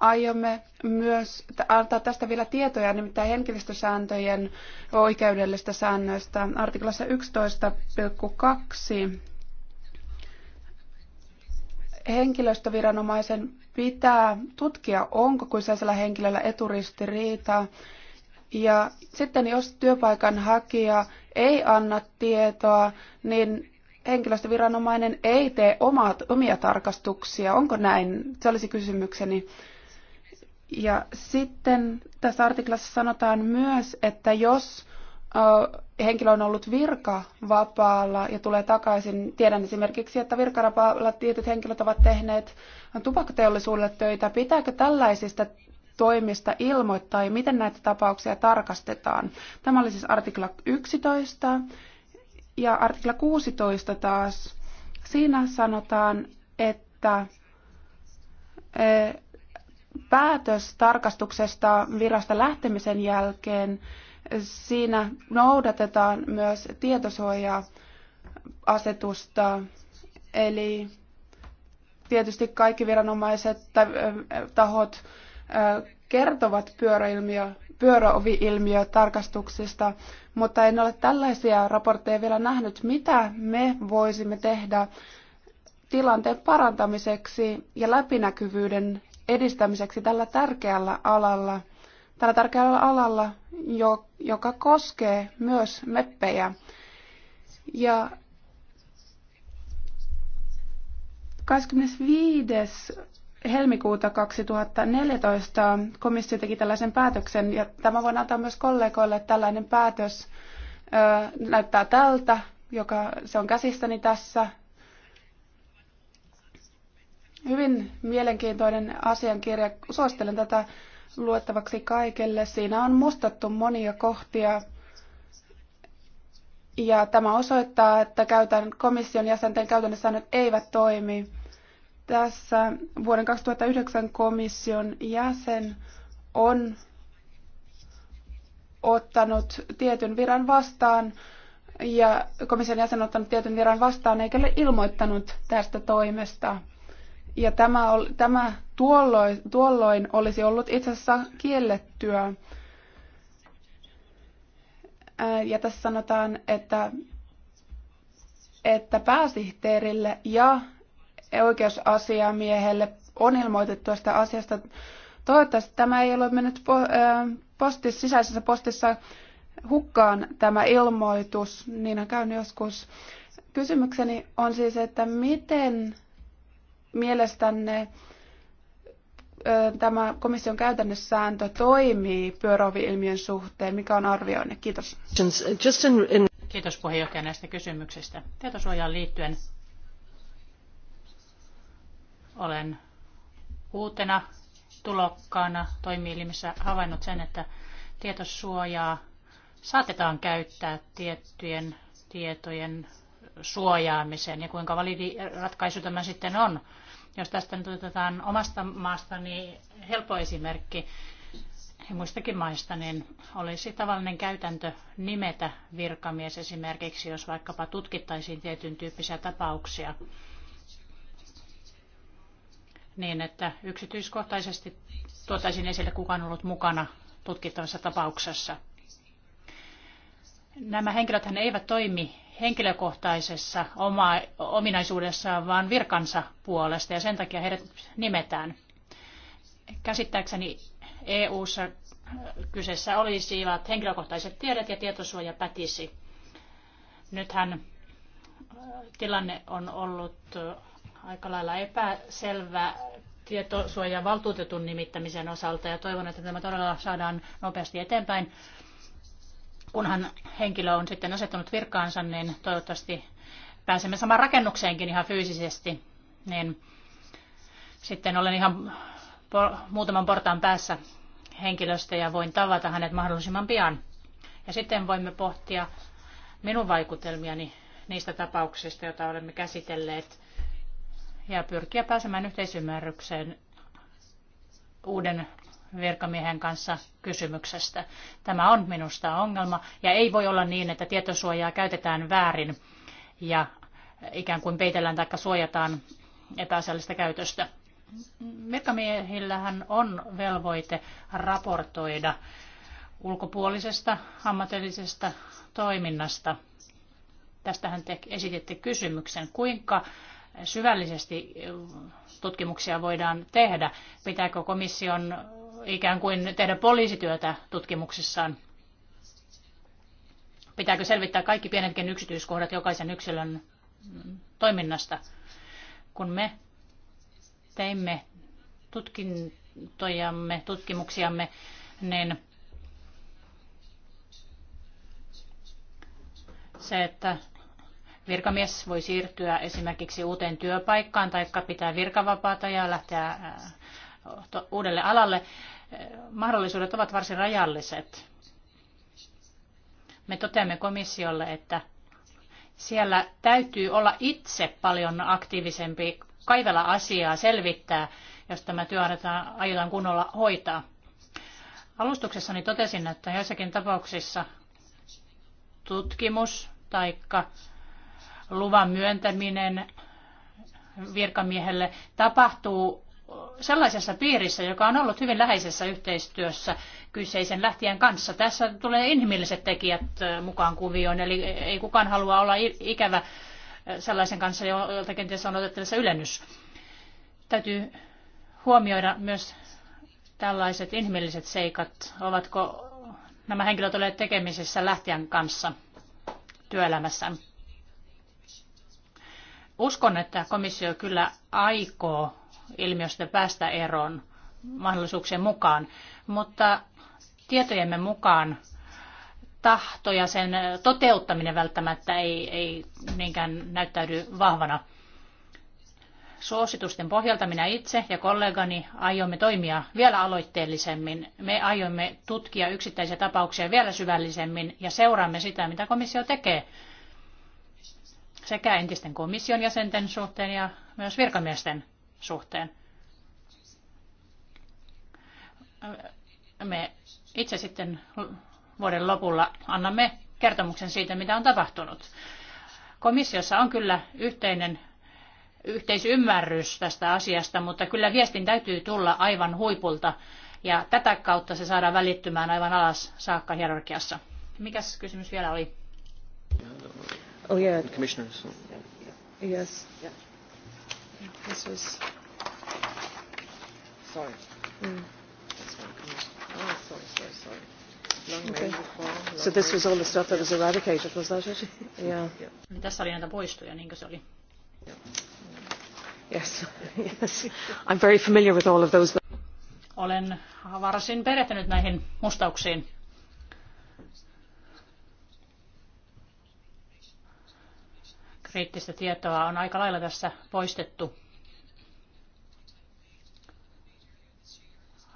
aiomme myös antaa tästä vielä tietoja, nimittäin henkilöstösääntöjen oikeudellisesta säännöstä artiklassa 11.2 henkilöstöviranomaisen pitää tutkia, onko kyseisellä henkilöllä eturistiriita. Ja sitten jos työpaikan hakija ei anna tietoa, niin henkilöstöviranomainen ei tee omat, omia tarkastuksia. Onko näin? Se olisi kysymykseni. Ja sitten tässä artiklassa sanotaan myös, että jos henkilö on ollut virkavapaalla ja tulee takaisin. Tiedän esimerkiksi, että virkavapaalla tietyt henkilöt ovat tehneet tupakkateollisuudelle töitä. Pitääkö tällaisista toimista ilmoittaa ja miten näitä tapauksia tarkastetaan? Tämä oli siis artikla 11 ja artikla 16 taas. Siinä sanotaan, että e, päätös tarkastuksesta virasta lähtemisen jälkeen Siinä noudatetaan myös tietosuoja-asetusta, eli tietysti kaikki viranomaiset tai tahot kertovat pyöräilmiö, pyöräovi-ilmiö tarkastuksista, mutta en ole tällaisia raportteja vielä nähnyt, mitä me voisimme tehdä tilanteen parantamiseksi ja läpinäkyvyyden edistämiseksi tällä tärkeällä alalla tällä tärkeällä alalla, joka koskee myös meppejä. Ja 25. helmikuuta 2014 komissio teki tällaisen päätöksen, ja tämä voin antaa myös kollegoille, että tällainen päätös ö, näyttää tältä, joka se on käsissäni tässä. Hyvin mielenkiintoinen asiankirja. Suosittelen tätä luettavaksi kaikille. Siinä on mustattu monia kohtia. Ja tämä osoittaa, että käytän, komission jäsenten nyt eivät toimi. Tässä vuoden 2009 komission jäsen on ottanut tietyn viran vastaan ja komission jäsen on ottanut tietyn viran vastaan eikä ole ilmoittanut tästä toimesta. Ja tämä, ol, tämä tuolloin, tuolloin olisi ollut itse asiassa kiellettyä. Ja tässä sanotaan, että, että pääsihteerille ja oikeusasiamiehelle on ilmoitettu tästä asiasta. Toivottavasti tämä ei ole mennyt postis, sisäisessä postissa hukkaan tämä ilmoitus. on käynyt joskus. Kysymykseni on siis, että miten mielestänne tämä komission käytännössääntö toimii pyöräviilmiön ilmiön suhteen? Mikä on arvioinne? Kiitos. Kiitos puheenjohtaja näistä kysymyksistä. Tietosuojaan liittyen olen uutena tulokkaana toimielimissä havainnut sen, että tietosuojaa saatetaan käyttää tiettyjen tietojen suojaamiseen ja kuinka validi ratkaisu tämä sitten on. Jos tästä nyt otetaan omasta maastani niin helppo esimerkki ja muistakin maista, niin olisi tavallinen käytäntö nimetä virkamies esimerkiksi, jos vaikkapa tutkittaisiin tietyn tyyppisiä tapauksia niin, että yksityiskohtaisesti tuotaisiin esille, kuka on ollut mukana tutkittavassa tapauksessa. Nämä henkilöt eivät toimi henkilökohtaisessa oma, ominaisuudessaan, vaan virkansa puolesta ja sen takia heidät nimetään. Käsittääkseni EU-ssa kyseessä olisivat henkilökohtaiset tiedot ja tietosuoja pätisi. Nythän tilanne on ollut aika lailla epäselvä tietosuojavaltuutetun nimittämisen osalta ja toivon, että tämä todella saadaan nopeasti eteenpäin kunhan henkilö on sitten asettanut virkaansa, niin toivottavasti pääsemme samaan rakennukseenkin ihan fyysisesti, niin sitten olen ihan muutaman portaan päässä henkilöstä ja voin tavata hänet mahdollisimman pian. Ja sitten voimme pohtia minun vaikutelmiani niistä tapauksista, joita olemme käsitelleet, ja pyrkiä pääsemään yhteisymmärrykseen uuden virkamiehen kanssa kysymyksestä. Tämä on minusta ongelma ja ei voi olla niin, että tietosuojaa käytetään väärin ja ikään kuin peitellään tai suojataan epäasiallista käytöstä. Virkamiehillähän on velvoite raportoida ulkopuolisesta ammatillisesta toiminnasta. Tästähän te esititte kysymyksen, kuinka syvällisesti tutkimuksia voidaan tehdä. Pitääkö komission ikään kuin tehdä poliisityötä tutkimuksissaan? Pitääkö selvittää kaikki pienetkin yksityiskohdat jokaisen yksilön toiminnasta? Kun me teimme tutkintojamme, tutkimuksiamme, niin se, että virkamies voi siirtyä esimerkiksi uuteen työpaikkaan tai pitää virkavapaata ja lähteä uudelle alalle, eh, mahdollisuudet ovat varsin rajalliset. Me toteamme komissiolle, että siellä täytyy olla itse paljon aktiivisempi, kaivella asiaa, selvittää, jos tämä työ aiotaan kunnolla hoitaa. Alustuksessani totesin, että joissakin tapauksissa tutkimus tai luvan myöntäminen virkamiehelle tapahtuu sellaisessa piirissä, joka on ollut hyvin läheisessä yhteistyössä kyseisen lähtien kanssa. Tässä tulee inhimilliset tekijät mukaan kuvioon, eli ei kukaan halua olla ikävä sellaisen kanssa, jolta kenties on otettavissa ylennys. Täytyy huomioida myös tällaiset inhimilliset seikat, ovatko nämä henkilöt olleet tekemisissä lähtijän kanssa työelämässään. Uskon, että komissio kyllä aikoo ilmiöstä päästä eroon mahdollisuuksien mukaan, mutta tietojemme mukaan tahto ja sen toteuttaminen välttämättä ei, ei niinkään näyttäydy vahvana. Suositusten pohjalta minä itse ja kollegani aiomme toimia vielä aloitteellisemmin. Me aiomme tutkia yksittäisiä tapauksia vielä syvällisemmin ja seuraamme sitä, mitä komissio tekee sekä entisten komission jäsenten suhteen ja myös virkamiesten suhteen. Me itse sitten vuoden lopulla annamme kertomuksen siitä, mitä on tapahtunut. Komissiossa on kyllä yhteinen yhteisymmärrys tästä asiasta, mutta kyllä viestin täytyy tulla aivan huipulta ja tätä kautta se saadaan välittymään aivan alas saakka hierarkiassa. Mikäs kysymys vielä oli? Oh yeah. The commissioners. Yes. Yeah. This was. Sorry. Mm. That's not coming. Oh, sorry, sorry, sorry. okay. so this was all the stuff that was eradicated, was that it? Yeah. [LAUGHS] yeah. Tässä oli näitä poistoja, niin se oli? Yes, [LAUGHS] yes. I'm very familiar with all of those. Olen varsin perehtynyt näihin mustauksiin. kriittistä tietoa on aika lailla tässä poistettu.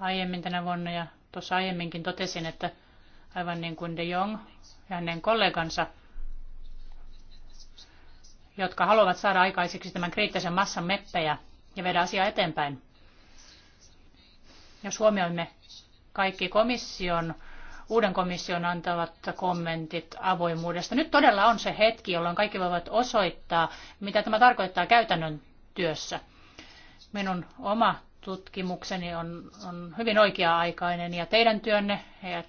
Aiemmin tänä vuonna ja tuossa aiemminkin totesin, että aivan niin kuin De Jong ja hänen kollegansa, jotka haluavat saada aikaiseksi tämän kriittisen massan meppejä ja viedä asiaa eteenpäin. Jos huomioimme kaikki komission uuden komission antavat kommentit avoimuudesta. Nyt todella on se hetki, jolloin kaikki voivat osoittaa, mitä tämä tarkoittaa käytännön työssä. Minun oma tutkimukseni on, on hyvin oikea-aikainen ja teidän työnne ja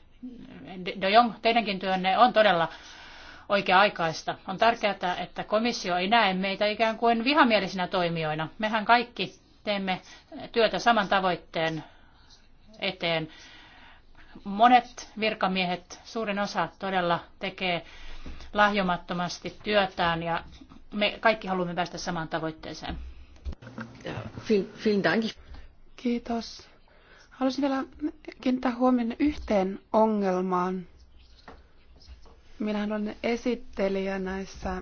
De Jong, teidänkin työnne on todella oikea-aikaista. On tärkeää, että komissio ei näe meitä ikään kuin vihamielisinä toimijoina. Mehän kaikki teemme työtä saman tavoitteen eteen. Monet virkamiehet, suurin osa todella tekee lahjomattomasti työtään ja me kaikki haluamme päästä samaan tavoitteeseen. Kiitos. Haluaisin vielä kiinnittää huomioon yhteen ongelmaan. Minähän olen esittelijä näissä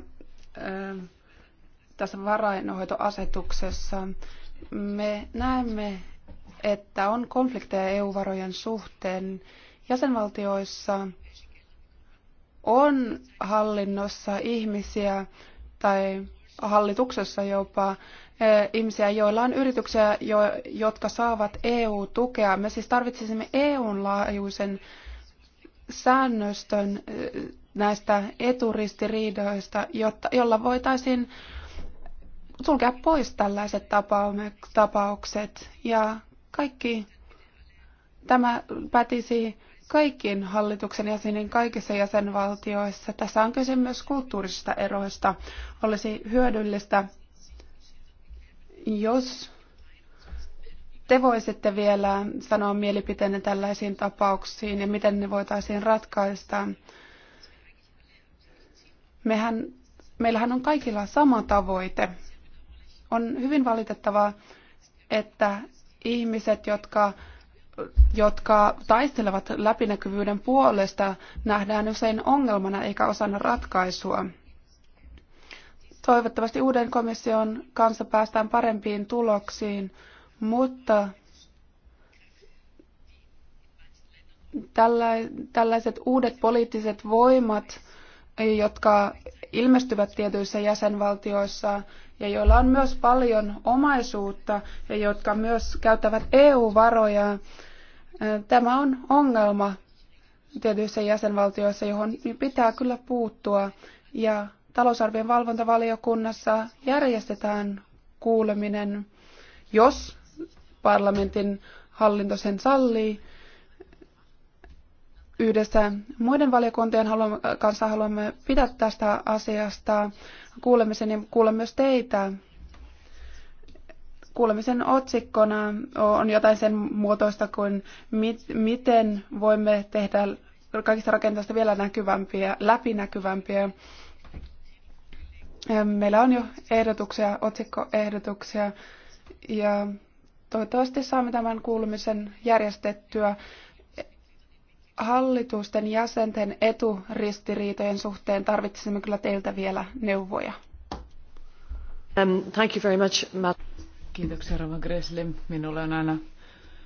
tässä varainhoitoasetuksessa. Me näemme, että on konflikteja EU-varojen suhteen. Jäsenvaltioissa on hallinnossa ihmisiä tai hallituksessa jopa e, ihmisiä, joilla on yrityksiä, jotka saavat EU-tukea. Me siis tarvitsisimme EUn laajuisen säännöstön e, näistä eturistiriidoista, jotta, jolla voitaisiin sulkea pois tällaiset tapaukset. Ja kaikki tämä pätisi kaikkiin hallituksen jäseniin kaikissa jäsenvaltioissa. Tässä on kyse myös kulttuurisista eroista. Olisi hyödyllistä, jos te voisitte vielä sanoa mielipiteenne tällaisiin tapauksiin ja miten ne voitaisiin ratkaista. Mehän, meillähän on kaikilla sama tavoite. On hyvin valitettavaa, että ihmiset, jotka, jotka taistelevat läpinäkyvyyden puolesta, nähdään usein ongelmana eikä osana ratkaisua. Toivottavasti uuden komission kanssa päästään parempiin tuloksiin, mutta tällaiset uudet poliittiset voimat, jotka ilmestyvät tietyissä jäsenvaltioissa ja joilla on myös paljon omaisuutta ja jotka myös käyttävät EU-varoja. Tämä on ongelma tietyissä jäsenvaltioissa, johon pitää kyllä puuttua. Ja talousarvion valvontavaliokunnassa järjestetään kuuleminen, jos parlamentin hallinto sen sallii yhdessä muiden valiokuntien kanssa haluamme pitää tästä asiasta kuulemisen ja kuulla myös teitä. Kuulemisen otsikkona on jotain sen muotoista kuin mit, miten voimme tehdä kaikista rakenteista vielä näkyvämpiä, läpinäkyvämpiä. Meillä on jo ehdotuksia, otsikkoehdotuksia ja toivottavasti saamme tämän kuulumisen järjestettyä hallitusten jäsenten eturistiriitojen suhteen tarvitsisimme kyllä teiltä vielä neuvoja. Um, thank you very much, Matt. Kiitoksia Rova Gressle. Minulle on aina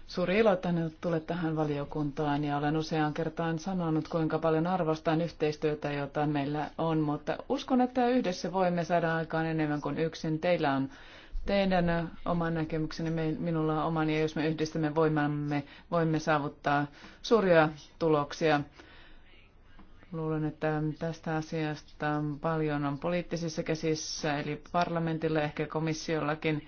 suuri ilo, että tulet tähän valiokuntaan ja olen useaan kertaan sanonut, kuinka paljon arvostan yhteistyötä, jota meillä on, mutta uskon, että yhdessä voimme saada aikaan enemmän kuin yksin. Teillä on teidän oman näkemyksenne, minulla on omani, ja jos me yhdistämme voimamme, voimme saavuttaa suuria tuloksia. Luulen, että tästä asiasta paljon on poliittisissa käsissä, eli parlamentilla, ehkä komissiollakin.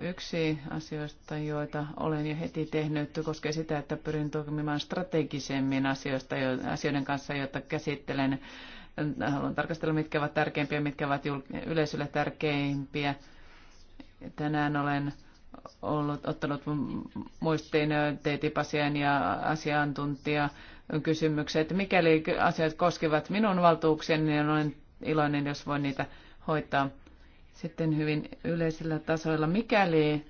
Yksi asioista, joita olen jo heti tehnyt, koskee sitä, että pyrin toimimaan strategisemmin asioista, asioiden kanssa, joita käsittelen. Haluan tarkastella, mitkä ovat tärkeimpiä, mitkä ovat yleisölle tärkeimpiä Tänään olen ollut, ottanut muistiin teetipasien ja asiantuntija kysymyksiä, että mikäli asiat koskevat minun valtuuksia, niin olen iloinen, jos voin niitä hoitaa sitten hyvin yleisellä tasoilla. Mikäli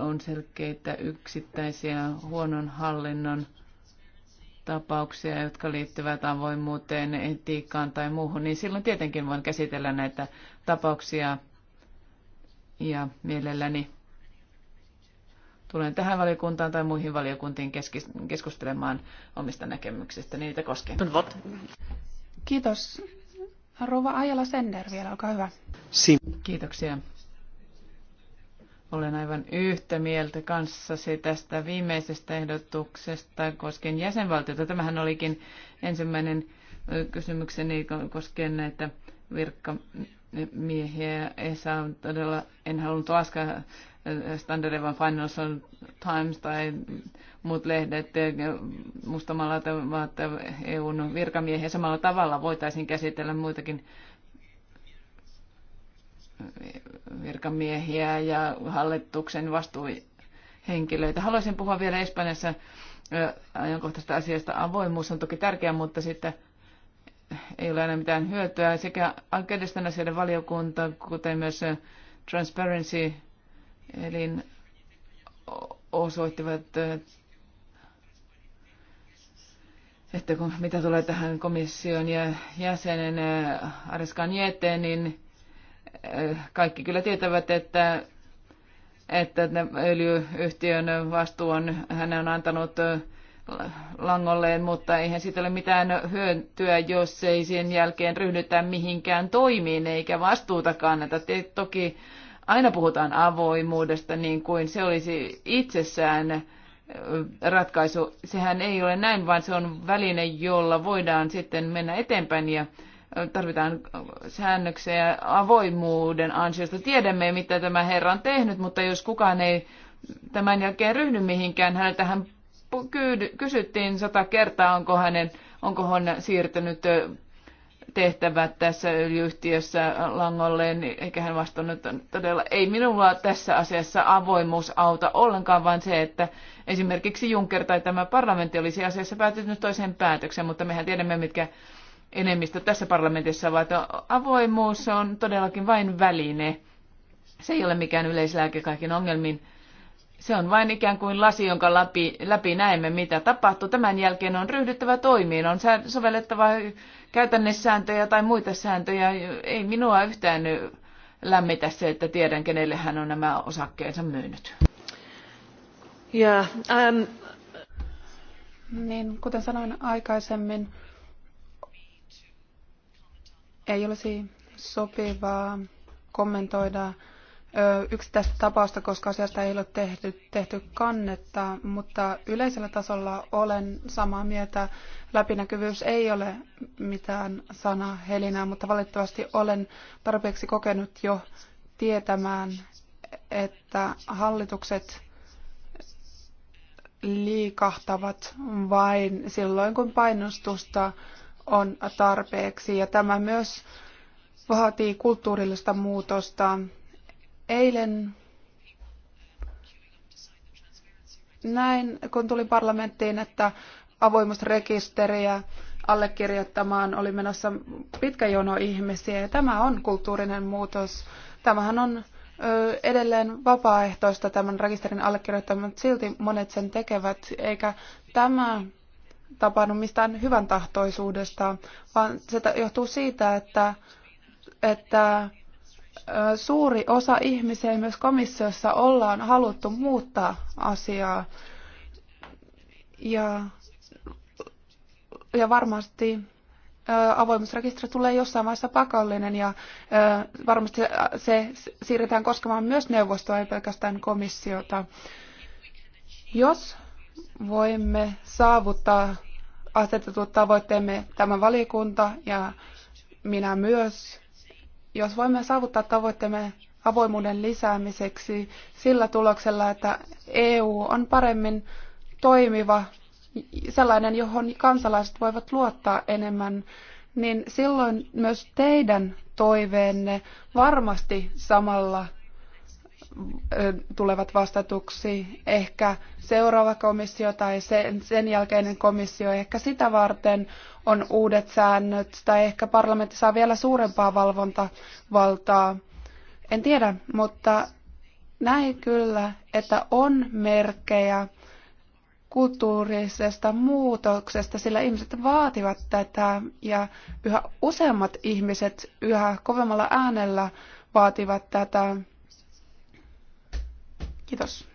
on selkeitä yksittäisiä huonon hallinnon tapauksia, jotka liittyvät avoimuuteen, etiikkaan tai muuhun, niin silloin tietenkin voin käsitellä näitä tapauksia ja mielelläni tulen tähän valiokuntaan tai muihin valiokuntiin keskustelemaan omista näkemyksistä niitä koskien. Kiitos. Rova Ajala Sender vielä, olkaa hyvä. Kiitoksia olen aivan yhtä mieltä kanssasi tästä viimeisestä ehdotuksesta koskien jäsenvaltiota. Tämähän olikin ensimmäinen kysymykseni koskien näitä virkkamiehiä. Esa on todella, en halunnut laskea Standard vaan Financial Times tai muut lehdet mustamalla että EUn virkamiehiä samalla tavalla voitaisiin käsitellä muitakin virkamiehiä ja hallituksen vastuuhenkilöitä. Haluaisin puhua vielä Espanjassa ajankohtaista asiasta. Avoimuus on toki tärkeä, mutta sitten ei ole enää mitään hyötyä. Sekä oikeudellisten asioiden valiokunta, kuten myös Transparency, eli osoittivat, että kun, mitä tulee tähän komission ja jäsenen Ares Jeteen, niin Eh, kaikki kyllä tietävät, että, että öljyyhtiön vastuu on, hän on antanut eh, langolleen, mutta eihän siitä ole mitään hyötyä, jos ei sen jälkeen ryhdytä mihinkään toimiin eikä vastuuta kannata. Toki aina puhutaan avoimuudesta niin kuin se olisi itsessään eh, ratkaisu. Sehän ei ole näin, vaan se on väline, jolla voidaan sitten mennä eteenpäin ja tarvitaan säännöksiä avoimuuden ansiosta. Tiedämme, mitä tämä herra on tehnyt, mutta jos kukaan ei tämän jälkeen ryhdy mihinkään, häneltä hän kysyttiin sata kertaa, onko, hänen, onko hän siirtänyt tehtävät tässä yhtiössä langolleen, niin eikä hän vastannut todella, ei minulla tässä asiassa avoimuus auta ollenkaan, vaan se, että esimerkiksi Juncker tai tämä parlamentti olisi asiassa päätynyt toiseen päätökseen, mutta mehän tiedämme, mitkä enemmistö tässä parlamentissa, vaan avoimuus on todellakin vain väline. Se ei ole mikään yleislääke kaikin ongelmiin. Se on vain ikään kuin lasi, jonka läpi, läpi näemme, mitä tapahtuu. Tämän jälkeen on ryhdyttävä toimiin, on sovellettava sääntöjä tai muita sääntöjä. Ei minua yhtään lämmitä se, että tiedän, kenelle hän on nämä osakkeensa myynyt. Yeah, um... niin, kuten sanoin aikaisemmin, ei olisi sopivaa kommentoida yksittäistä tapausta, koska asiasta ei ole tehty, tehty kannetta, mutta yleisellä tasolla olen samaa mieltä. Läpinäkyvyys ei ole mitään sana helinää, mutta valitettavasti olen tarpeeksi kokenut jo tietämään, että hallitukset liikahtavat vain silloin, kun painostusta on tarpeeksi ja tämä myös vaatii kulttuurillista muutosta. Eilen näin, kun tuli parlamenttiin, että avoimuusrekisteriä allekirjoittamaan oli menossa pitkä jono ihmisiä. Ja tämä on kulttuurinen muutos. Tämähän on edelleen vapaaehtoista tämän rekisterin allekirjoittaminen, mutta silti monet sen tekevät, eikä tämä tapahdu mistään hyvän tahtoisuudesta, vaan se johtuu siitä, että, että suuri osa ihmisiä myös komissiossa ollaan haluttu muuttaa asiaa. Ja, ja varmasti avoimuusrekisteri tulee jossain vaiheessa pakollinen ja varmasti se siirretään koskemaan myös neuvostoa, ei pelkästään komissiota. Jos voimme saavuttaa asetetut tavoitteemme tämä valiokunta ja minä myös. Jos voimme saavuttaa tavoitteemme avoimuuden lisäämiseksi sillä tuloksella, että EU on paremmin toimiva, sellainen, johon kansalaiset voivat luottaa enemmän, niin silloin myös teidän toiveenne varmasti samalla tulevat vastatuksi ehkä seuraava komissio tai sen, sen jälkeinen komissio. Ehkä sitä varten on uudet säännöt tai ehkä parlamentti saa vielä suurempaa valvontavaltaa. En tiedä, mutta näin kyllä, että on merkkejä kulttuurisesta muutoksesta, sillä ihmiset vaativat tätä ja yhä useammat ihmiset yhä kovemmalla äänellä vaativat tätä Kiitos.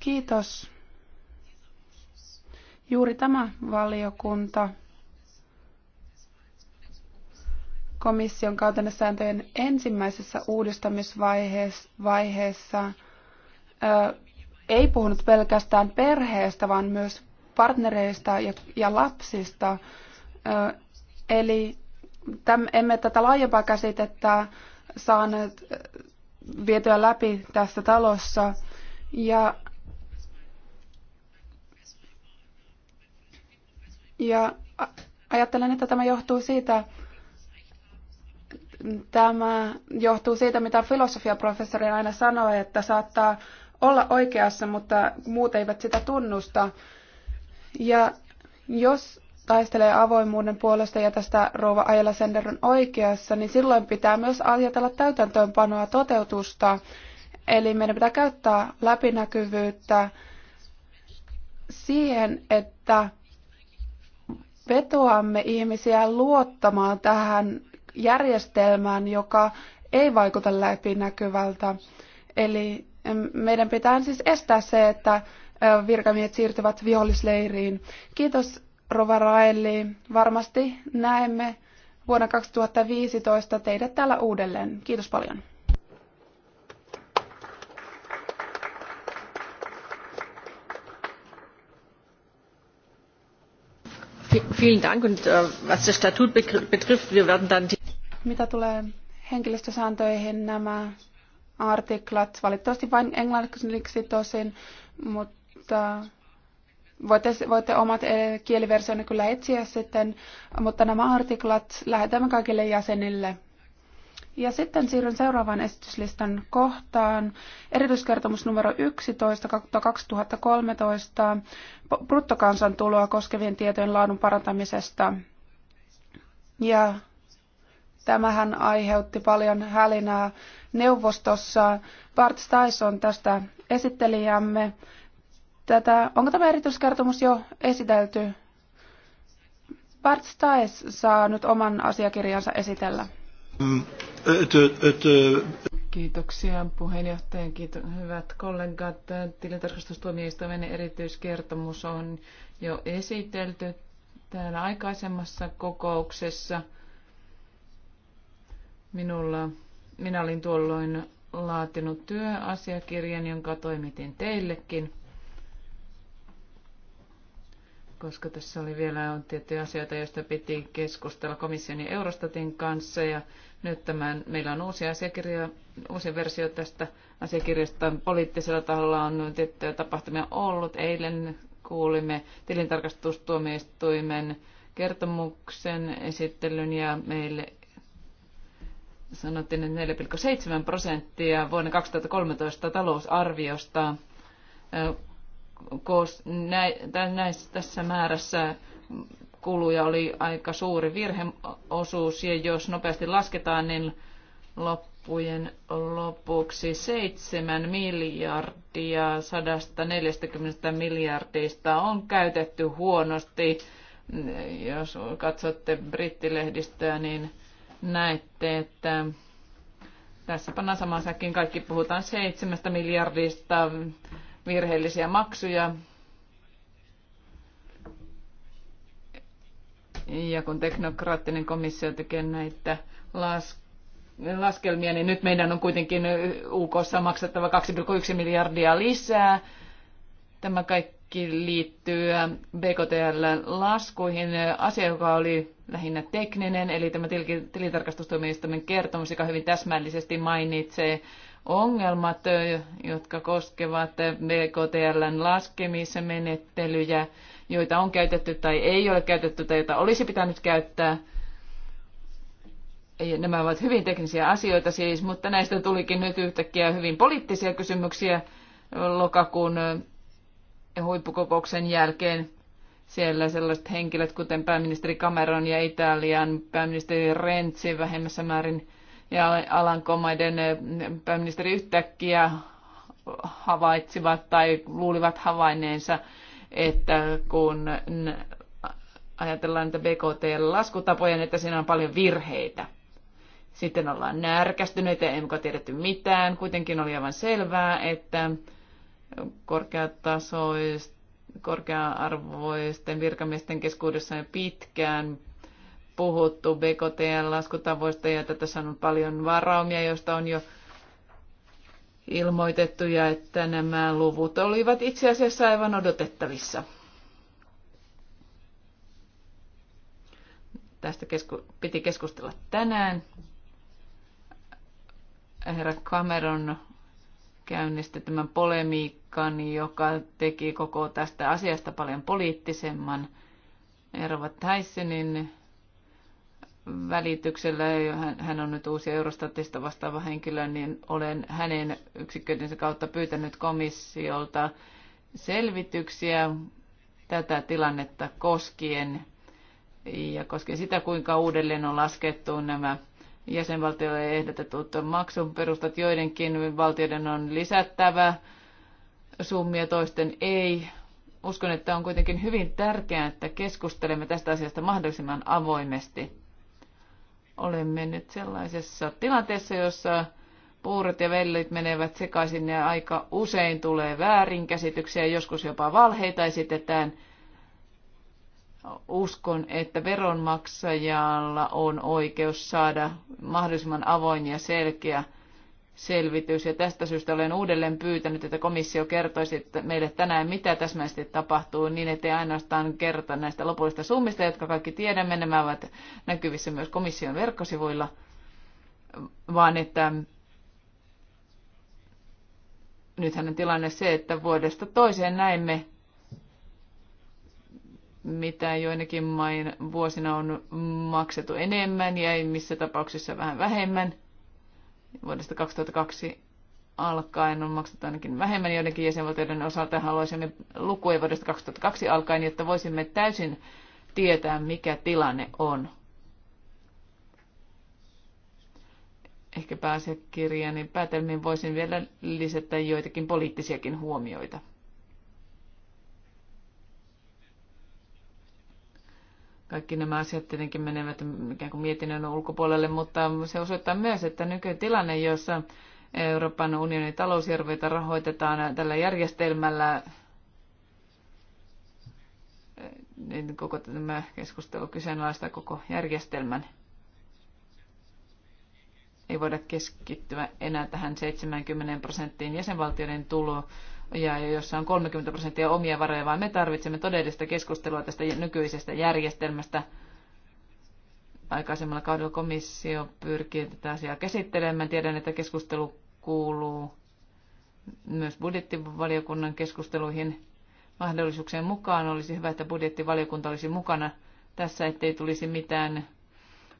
Kiitos. Juuri tämä valiokunta komission käytännön sääntöjen ensimmäisessä uudistamisvaiheessa ö, ei puhunut pelkästään perheestä, vaan myös partnereista ja, ja lapsista. Ö, eli täm, emme tätä laajempaa käsitettä saaneet vietyä läpi tässä talossa. Ja, ja ajattelen, että tämä johtuu siitä, tämä johtuu siitä, mitä filosofiaprofessori aina sanoi, että saattaa olla oikeassa, mutta muut eivät sitä tunnusta. Ja jos taistelee avoimuuden puolesta ja tästä Rouva Ajala Sender on oikeassa, niin silloin pitää myös ajatella täytäntöönpanoa toteutusta. Eli meidän pitää käyttää läpinäkyvyyttä siihen, että vetoamme ihmisiä luottamaan tähän järjestelmään, joka ei vaikuta läpinäkyvältä. Eli meidän pitää siis estää se, että virkamiehet siirtyvät vihollisleiriin. Kiitos Rova Raeli, Varmasti näemme vuonna 2015 teidät täällä uudelleen. Kiitos paljon. Vielen Dank und äh, was das Statut betrifft, wir werden dann Mitä tulee henkilöstösääntöihin nämä artiklat, valitettavasti vain englanniksi tosin, mutta Voitte, voitte omat eh, kieliversionne kyllä etsiä sitten, mutta nämä artiklat lähetämme kaikille jäsenille. Ja sitten siirryn seuraavaan esityslistan kohtaan. Erityiskertomus numero 11 2013 bruttokansantuloa koskevien tietojen laadun parantamisesta. Ja tämähän aiheutti paljon hälinää neuvostossa. Bart Stais on tästä esittelijämme tätä, onko tämä erityiskertomus jo esitelty? Bart Staes saa nyt oman asiakirjansa esitellä. Mm, Kiitoksia puheenjohtaja, kiito, hyvät kollegat. Tilintarkastustuomioistuimen erityiskertomus on jo esitelty täällä aikaisemmassa kokouksessa. Minulla, minä olin tuolloin laatinut työasiakirjan, jonka toimitin teillekin koska tässä oli vielä on tiettyjä asioita, joista piti keskustella komission ja Eurostatin kanssa. Ja nyt tämän, meillä on uusi asiakirja, uusi versio tästä asiakirjasta. Poliittisella taholla on tiettyjä tapahtumia ollut. Eilen kuulimme tilintarkastustuomioistuimen kertomuksen esittelyn ja meille sanottiin, että 4,7 prosenttia vuonna 2013 talousarviosta tässä määrässä kuluja oli aika suuri virheosuus ja jos nopeasti lasketaan, niin loppujen lopuksi 7 miljardia 140 miljardista on käytetty huonosti. Jos katsotte brittilehdistöä, niin näette, että tässä pannaan saman säkin kaikki puhutaan 7 miljardista virheellisiä maksuja. Ja kun teknokraattinen komissio tekee näitä laskelmia, niin nyt meidän on kuitenkin UKssa maksettava 2,1 miljardia lisää. Tämä kaikki liittyy BKTL-laskuihin. Asia, joka oli lähinnä tekninen, eli tämä tilintarkastustoimistoimen kertomus, joka hyvin täsmällisesti mainitsee ongelmat, jotka koskevat BKTLn laskemismenettelyjä, joita on käytetty tai ei ole käytetty tai joita olisi pitänyt käyttää. Nämä ovat hyvin teknisiä asioita siis, mutta näistä tulikin nyt yhtäkkiä hyvin poliittisia kysymyksiä lokakuun huippukokouksen jälkeen siellä sellaiset henkilöt, kuten pääministeri Cameron ja Italian pääministeri Renzi vähemmässä määrin ja Alankomaiden eh, pääministeri yhtäkkiä havaitsivat tai luulivat havainneensa, että kun ajatellaan että BKT-laskutapoja, niin että siinä on paljon virheitä. Sitten ollaan närkästyneitä, emmekä tiedetty mitään. Kuitenkin oli aivan selvää, että korkea-arvoisten virkamiesten keskuudessa jo pitkään puhuttu bkt laskutavoista ja tätä sanon on paljon varaumia, joista on jo ilmoitettu ja että nämä luvut olivat itse asiassa aivan odotettavissa. Tästä kesku- piti keskustella tänään. Herra Cameron käynnisti tämän polemiikan, joka teki koko tästä asiasta paljon poliittisemman. Erva Thyssenin välityksellä, hän on nyt uusi Eurostatista vastaava henkilö, niin olen hänen yksikköidensä kautta pyytänyt komissiolta selvityksiä tätä tilannetta koskien ja koskien sitä, kuinka uudelleen on laskettu nämä jäsenvaltioille ehdotetut maksuperustat. Joidenkin valtioiden on lisättävä summia, toisten ei. Uskon, että on kuitenkin hyvin tärkeää, että keskustelemme tästä asiasta mahdollisimman avoimesti. Olemme nyt sellaisessa tilanteessa, jossa puurot ja vellit menevät sekaisin ja aika usein tulee väärinkäsityksiä, joskus jopa valheita esitetään – uskon, että veronmaksajalla on oikeus saada mahdollisimman avoin ja selkeä selvitys. Ja tästä syystä olen uudelleen pyytänyt, että komissio kertoisi meille tänään, mitä täsmällisesti tapahtuu, niin ettei ainoastaan kerta näistä lopullisista summista, jotka kaikki tiedämme, nämä ovat näkyvissä myös komission verkkosivuilla, vaan että nythän on tilanne se, että vuodesta toiseen näemme mitä joinakin main vuosina on maksettu enemmän ja missä tapauksissa vähän vähemmän. Vuodesta 2002 alkaen on maksettu ainakin vähemmän joidenkin jäsenvaltioiden osalta. Haluaisimme lukuja vuodesta 2002 alkaen, jotta voisimme täysin tietää, mikä tilanne on. Ehkä pääasiakirjani päätelmiin voisin vielä lisätä joitakin poliittisiakin huomioita. Kaikki nämä asiat tietenkin menevät ikään kuin mietinnön ulkopuolelle, mutta se osoittaa myös, että nykytilanne, jossa Euroopan unionin talousjärveitä rahoitetaan tällä järjestelmällä, niin koko tämä keskustelu kyseenalaistaa koko järjestelmän. Ei voida keskittyä enää tähän 70 prosenttiin jäsenvaltioiden tuloon ja jossa on 30 prosenttia omia varoja, vaan me tarvitsemme todellista keskustelua tästä nykyisestä järjestelmästä. Aikaisemmalla kaudella komissio pyrkii tätä asiaa käsittelemään. Tiedän, että keskustelu kuuluu myös budjettivaliokunnan keskusteluihin mahdollisuuksien mukaan. Olisi hyvä, että budjettivaliokunta olisi mukana tässä, ettei tulisi mitään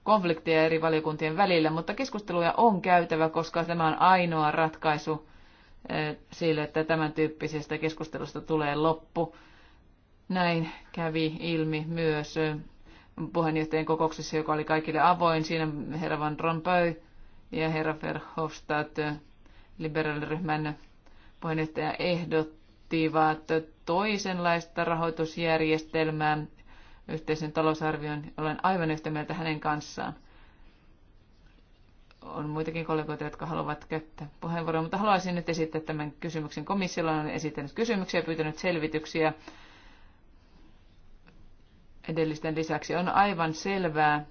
konflikteja eri valiokuntien välillä, mutta keskusteluja on käytävä, koska tämä on ainoa ratkaisu sille, että tämän tyyppisestä keskustelusta tulee loppu. Näin kävi ilmi myös puheenjohtajien kokouksessa, joka oli kaikille avoin. Siinä herra Van Rompuy ja herra Verhofstadt, liberaaliryhmän puheenjohtaja, ehdottivat toisenlaista rahoitusjärjestelmää yhteisen talousarvion. Olen aivan yhtä mieltä hänen kanssaan on muitakin kollegoita, jotka haluavat käyttää puheenvuoroa, mutta haluaisin nyt esittää tämän kysymyksen. Komissiolla on esittänyt kysymyksiä ja pyytänyt selvityksiä edellisten lisäksi. On aivan selvää,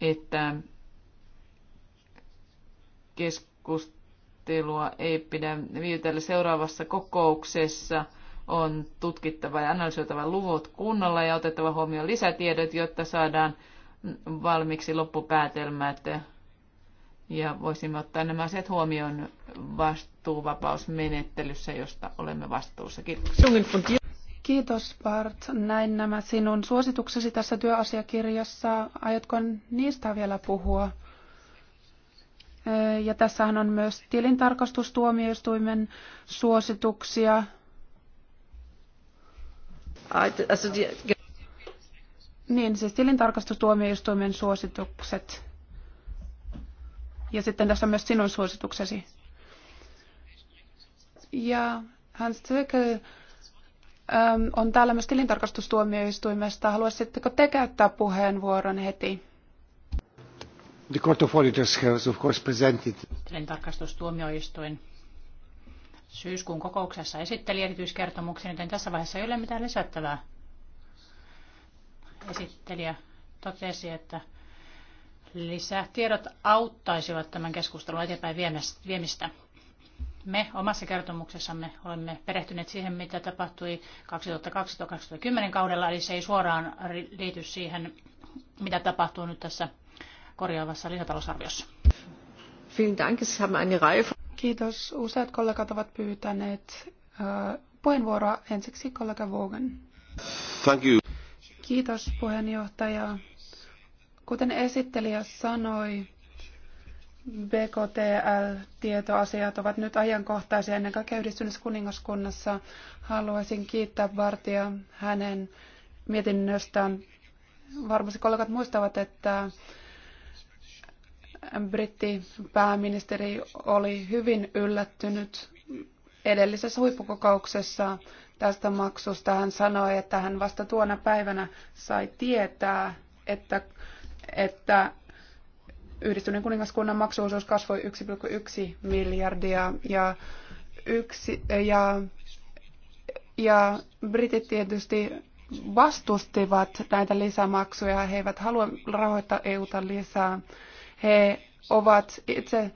että keskustelua ei pidä viitellä seuraavassa kokouksessa – on tutkittava ja analysoitava luvut kunnolla ja otettava huomioon lisätiedot, jotta saadaan valmiiksi loppupäätelmät ja voisimme ottaa nämä asiat huomioon vastuuvapausmenettelyssä, josta olemme vastuussa. Kiitos. Kiitos Bart. Näin nämä sinun suosituksesi tässä työasiakirjassa. Aiotko niistä vielä puhua? Ja tässähän on myös tilintarkastustuomioistuimen suosituksia. Niin, siis tilintarkastustuomioistuimen suositukset. Ja sitten tässä on myös sinun suosituksesi. Ja Hans ähm, on täällä myös tilintarkastustuomioistuimesta. Haluaisitteko te käyttää puheenvuoron heti? The Court of Auditors has of course presented. Tilintarkastustuomioistuin syyskuun kokouksessa esitteli erityiskertomuksen, joten tässä vaiheessa ei ole mitään lisättävää. Esittelijä totesi, että lisätiedot auttaisivat tämän keskustelun eteenpäin viemistä. Me omassa kertomuksessamme olemme perehtyneet siihen, mitä tapahtui 2002-2010 kaudella, eli se ei suoraan liity siihen, mitä tapahtuu nyt tässä korjaavassa lisätalousarviossa. Kiitos. Useat kollegat ovat pyytäneet puheenvuoroa ensiksi kollega Vogan. Thank you. Kiitos puheenjohtaja. Kuten esittelijä sanoi, BKTL-tietoasiat ovat nyt ajankohtaisia ennen kaikkea yhdistyneessä kuningaskunnassa. Haluaisin kiittää Vartia hänen mietinnöstään. Varmasti kollegat muistavat, että brittipääministeri oli hyvin yllättynyt edellisessä huippukokouksessa tästä maksusta. Hän sanoi, että hän vasta tuona päivänä sai tietää, että että yhdistyneen kuningaskunnan maksuosuus kasvoi 1,1 miljardia ja, yksi, ja, ja britit tietysti vastustivat näitä lisämaksuja. He eivät halua rahoittaa EUta lisää. He ovat itse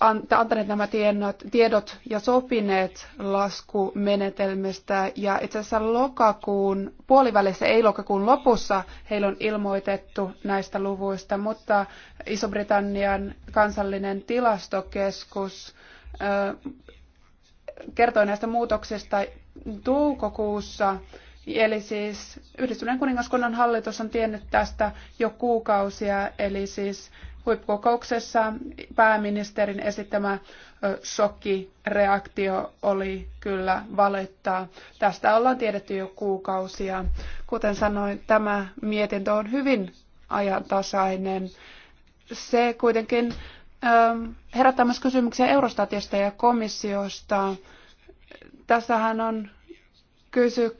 antaneet nämä tiedot, tiedot ja sopineet laskumenetelmistä. Ja itse asiassa lokakuun puolivälissä, ei lokakuun lopussa, heillä on ilmoitettu näistä luvuista, mutta Iso-Britannian kansallinen tilastokeskus kertoi näistä muutoksista toukokuussa. Eli siis Yhdistyneen kuningaskunnan hallitus on tiennyt tästä jo kuukausia, eli siis huippukokouksessa pääministerin esittämä shokkireaktio oli kyllä valettaa. Tästä ollaan tiedetty jo kuukausia. Kuten sanoin, tämä mietintö on hyvin ajantasainen. Se kuitenkin herättää myös kysymyksiä Eurostatista ja komissiosta. Tässähän on kysy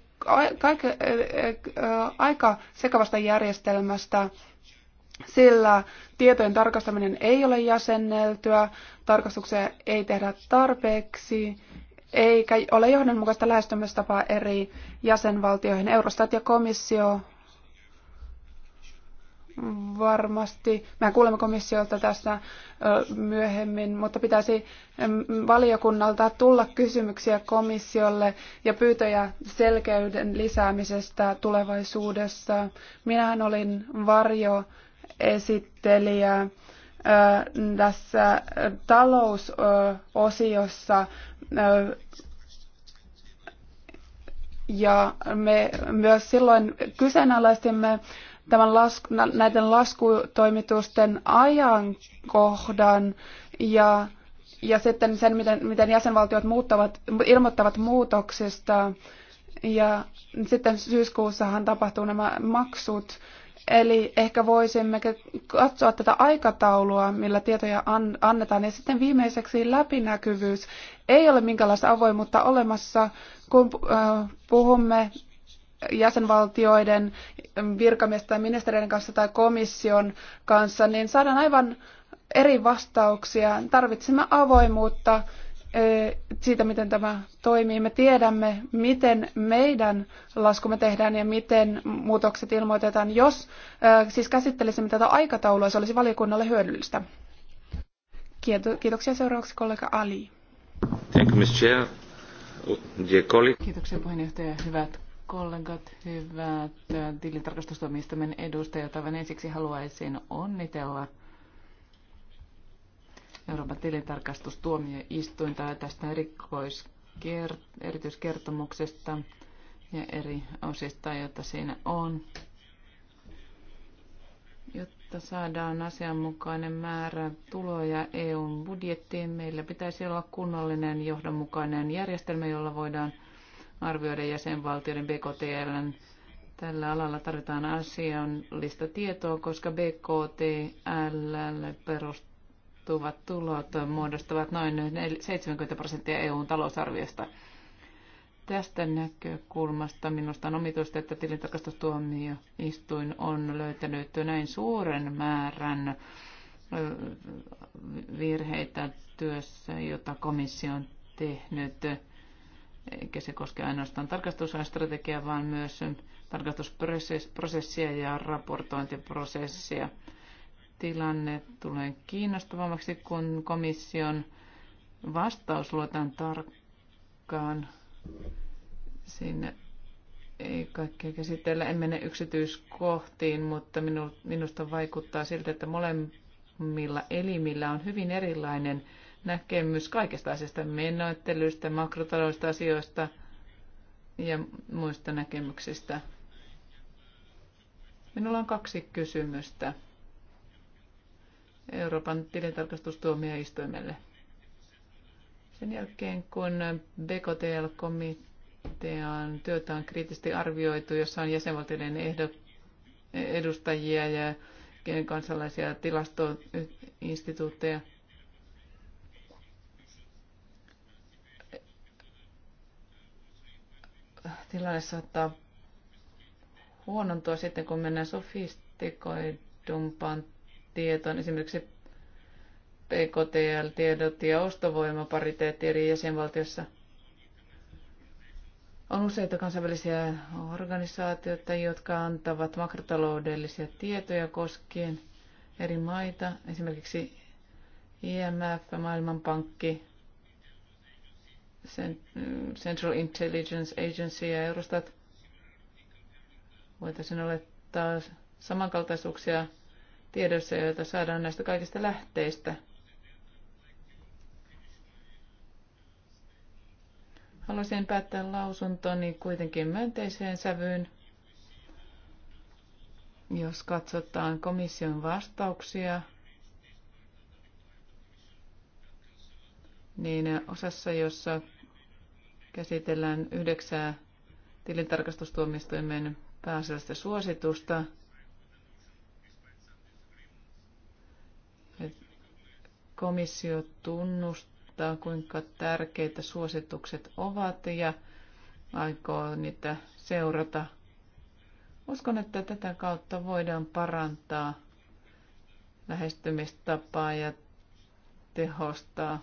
aika sekavasta järjestelmästä, sillä tietojen tarkastaminen ei ole jäsenneltyä, tarkastuksia ei tehdä tarpeeksi, eikä ole johdonmukaista lähestymistapaa eri jäsenvaltioihin. Eurostat ja komissio varmasti, Mä kuulemme komissiolta tästä myöhemmin, mutta pitäisi valiokunnalta tulla kysymyksiä komissiolle ja pyytöjä selkeyden lisäämisestä tulevaisuudessa. Minähän olin varjo esittelijä tässä talousosiossa ja me myös silloin kyseenalaistimme tämän lasku, näiden laskutoimitusten ajankohdan ja, ja sitten sen, miten, miten jäsenvaltiot muuttavat, ilmoittavat muutoksista. Ja sitten syyskuussahan tapahtuu nämä maksut. Eli ehkä voisimme katsoa tätä aikataulua, millä tietoja annetaan. Ja sitten viimeiseksi läpinäkyvyys. Ei ole minkäänlaista avoimuutta olemassa, kun äh, puhumme jäsenvaltioiden ähm, virkamiesten tai ministeriöiden kanssa tai komission kanssa, niin saadaan aivan eri vastauksia. Tarvitsemme avoimuutta siitä, miten tämä toimii. Me tiedämme, miten meidän laskumme tehdään ja miten muutokset ilmoitetaan. Jos siis käsittelisimme tätä aikataulua, se olisi valiokunnalle hyödyllistä. Kiitoksia seuraavaksi kollega Ali. Thank you, Ms. Kiitoksia puheenjohtaja. Hyvät kollegat, hyvät tilintarkastustoimistamme edustajat. Aivan ensiksi haluaisin onnitella Euroopan tilintarkastustuomioistuinta tästä erikoiskert- erityiskertomuksesta ja eri osista, joita siinä on, jotta saadaan asianmukainen määrä tuloja EUn budjettiin. Meillä pitäisi olla kunnollinen johdonmukainen järjestelmä, jolla voidaan arvioida jäsenvaltioiden BKTL. Tällä alalla tarvitaan asiallista tietoa, koska BKTL perust, verotettuvat tulot muodostavat noin 70 prosenttia EUn talousarviosta. Tästä näkökulmasta minusta on omituista, että tilintarkastustuomioistuin on löytänyt näin suuren määrän virheitä työssä, jota komissio on tehnyt, eikä se koske ainoastaan tarkastusstrategiaa, vaan myös tarkastusprosessia ja raportointiprosessia tilanne tulee kiinnostavammaksi, kun komission vastaus luotaan tarkkaan. Siinä ei kaikkea käsitellä. En mene yksityiskohtiin, mutta minusta vaikuttaa siltä, että molemmilla elimillä on hyvin erilainen näkemys kaikesta asiasta, menoittelystä, makrotaloudellisista asioista ja muista näkemyksistä. Minulla on kaksi kysymystä. Euroopan tilintarkastustuomioistuimelle. Sen jälkeen, kun BKTL-komitean työtä on kriittisesti arvioitu, jossa on jäsenvaltioiden edustajia ja kansalaisia tilastoinstituutteja, tilanne saattaa huonontua sitten, kun mennään sofistikoidumpaan tietoon, esimerkiksi PKTL-tiedot ja ostovoimapariteetti eri jäsenvaltiossa. On useita kansainvälisiä organisaatioita, jotka antavat makrotaloudellisia tietoja koskien eri maita, esimerkiksi IMF, Maailmanpankki, Central Intelligence Agency ja Eurostat. Voitaisiin olettaa samankaltaisuuksia tiedossa, joita saadaan näistä kaikista lähteistä. Haluaisin päättää lausuntoni kuitenkin myönteiseen sävyyn. Jos katsotaan komission vastauksia, niin osassa, jossa käsitellään yhdeksää tilintarkastustuomistoimen pääasiallista suositusta, Komissio tunnustaa, kuinka tärkeitä suositukset ovat ja aikoo niitä seurata. Uskon, että tätä kautta voidaan parantaa lähestymistapaa ja tehostaa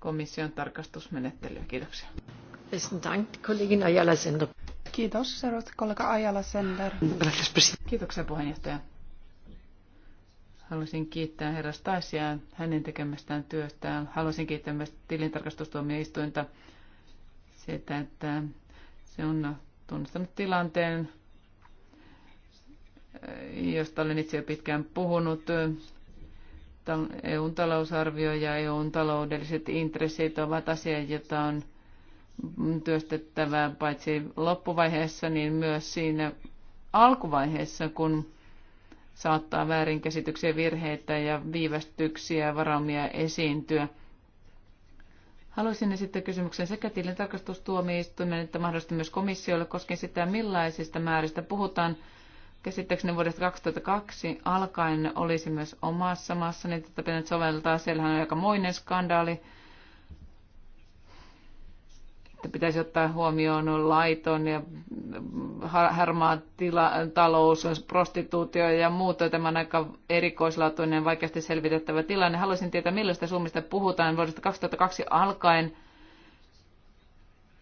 komission tarkastusmenettelyä. Kiitoksia. Kiitos, seuraava kollega Ajala Sender. Kiitoksia puheenjohtaja. Haluaisin kiittää herra Staisia hänen tekemästään työstään. Haluaisin kiittää myös tilintarkastustuomioistuinta siitä, että se on tunnistanut tilanteen, josta olen itse jo pitkään puhunut. eu talousarvio ja eu taloudelliset intressit ovat asia, jota on työstettävää paitsi loppuvaiheessa, niin myös siinä alkuvaiheessa, kun saattaa väärinkäsityksiä, virheitä ja viivästyksiä, varaumia esiintyä. Haluaisin esittää kysymyksen sekä tilintarkastustuomioistuimen että mahdollisesti myös komissiolle koskien sitä, millaisista määristä puhutaan. Käsittääkseni vuodesta 2002 alkaen olisi myös omassa maassani tätä pitänyt soveltaa. Siellähän on moinen skandaali että pitäisi ottaa huomioon laiton ja harmaa tila, talous, prostituutio ja muuta. Tämä on aika erikoislaatuinen, vaikeasti selvitettävä tilanne. Haluaisin tietää, millaista summista puhutaan vuodesta 2002 alkaen.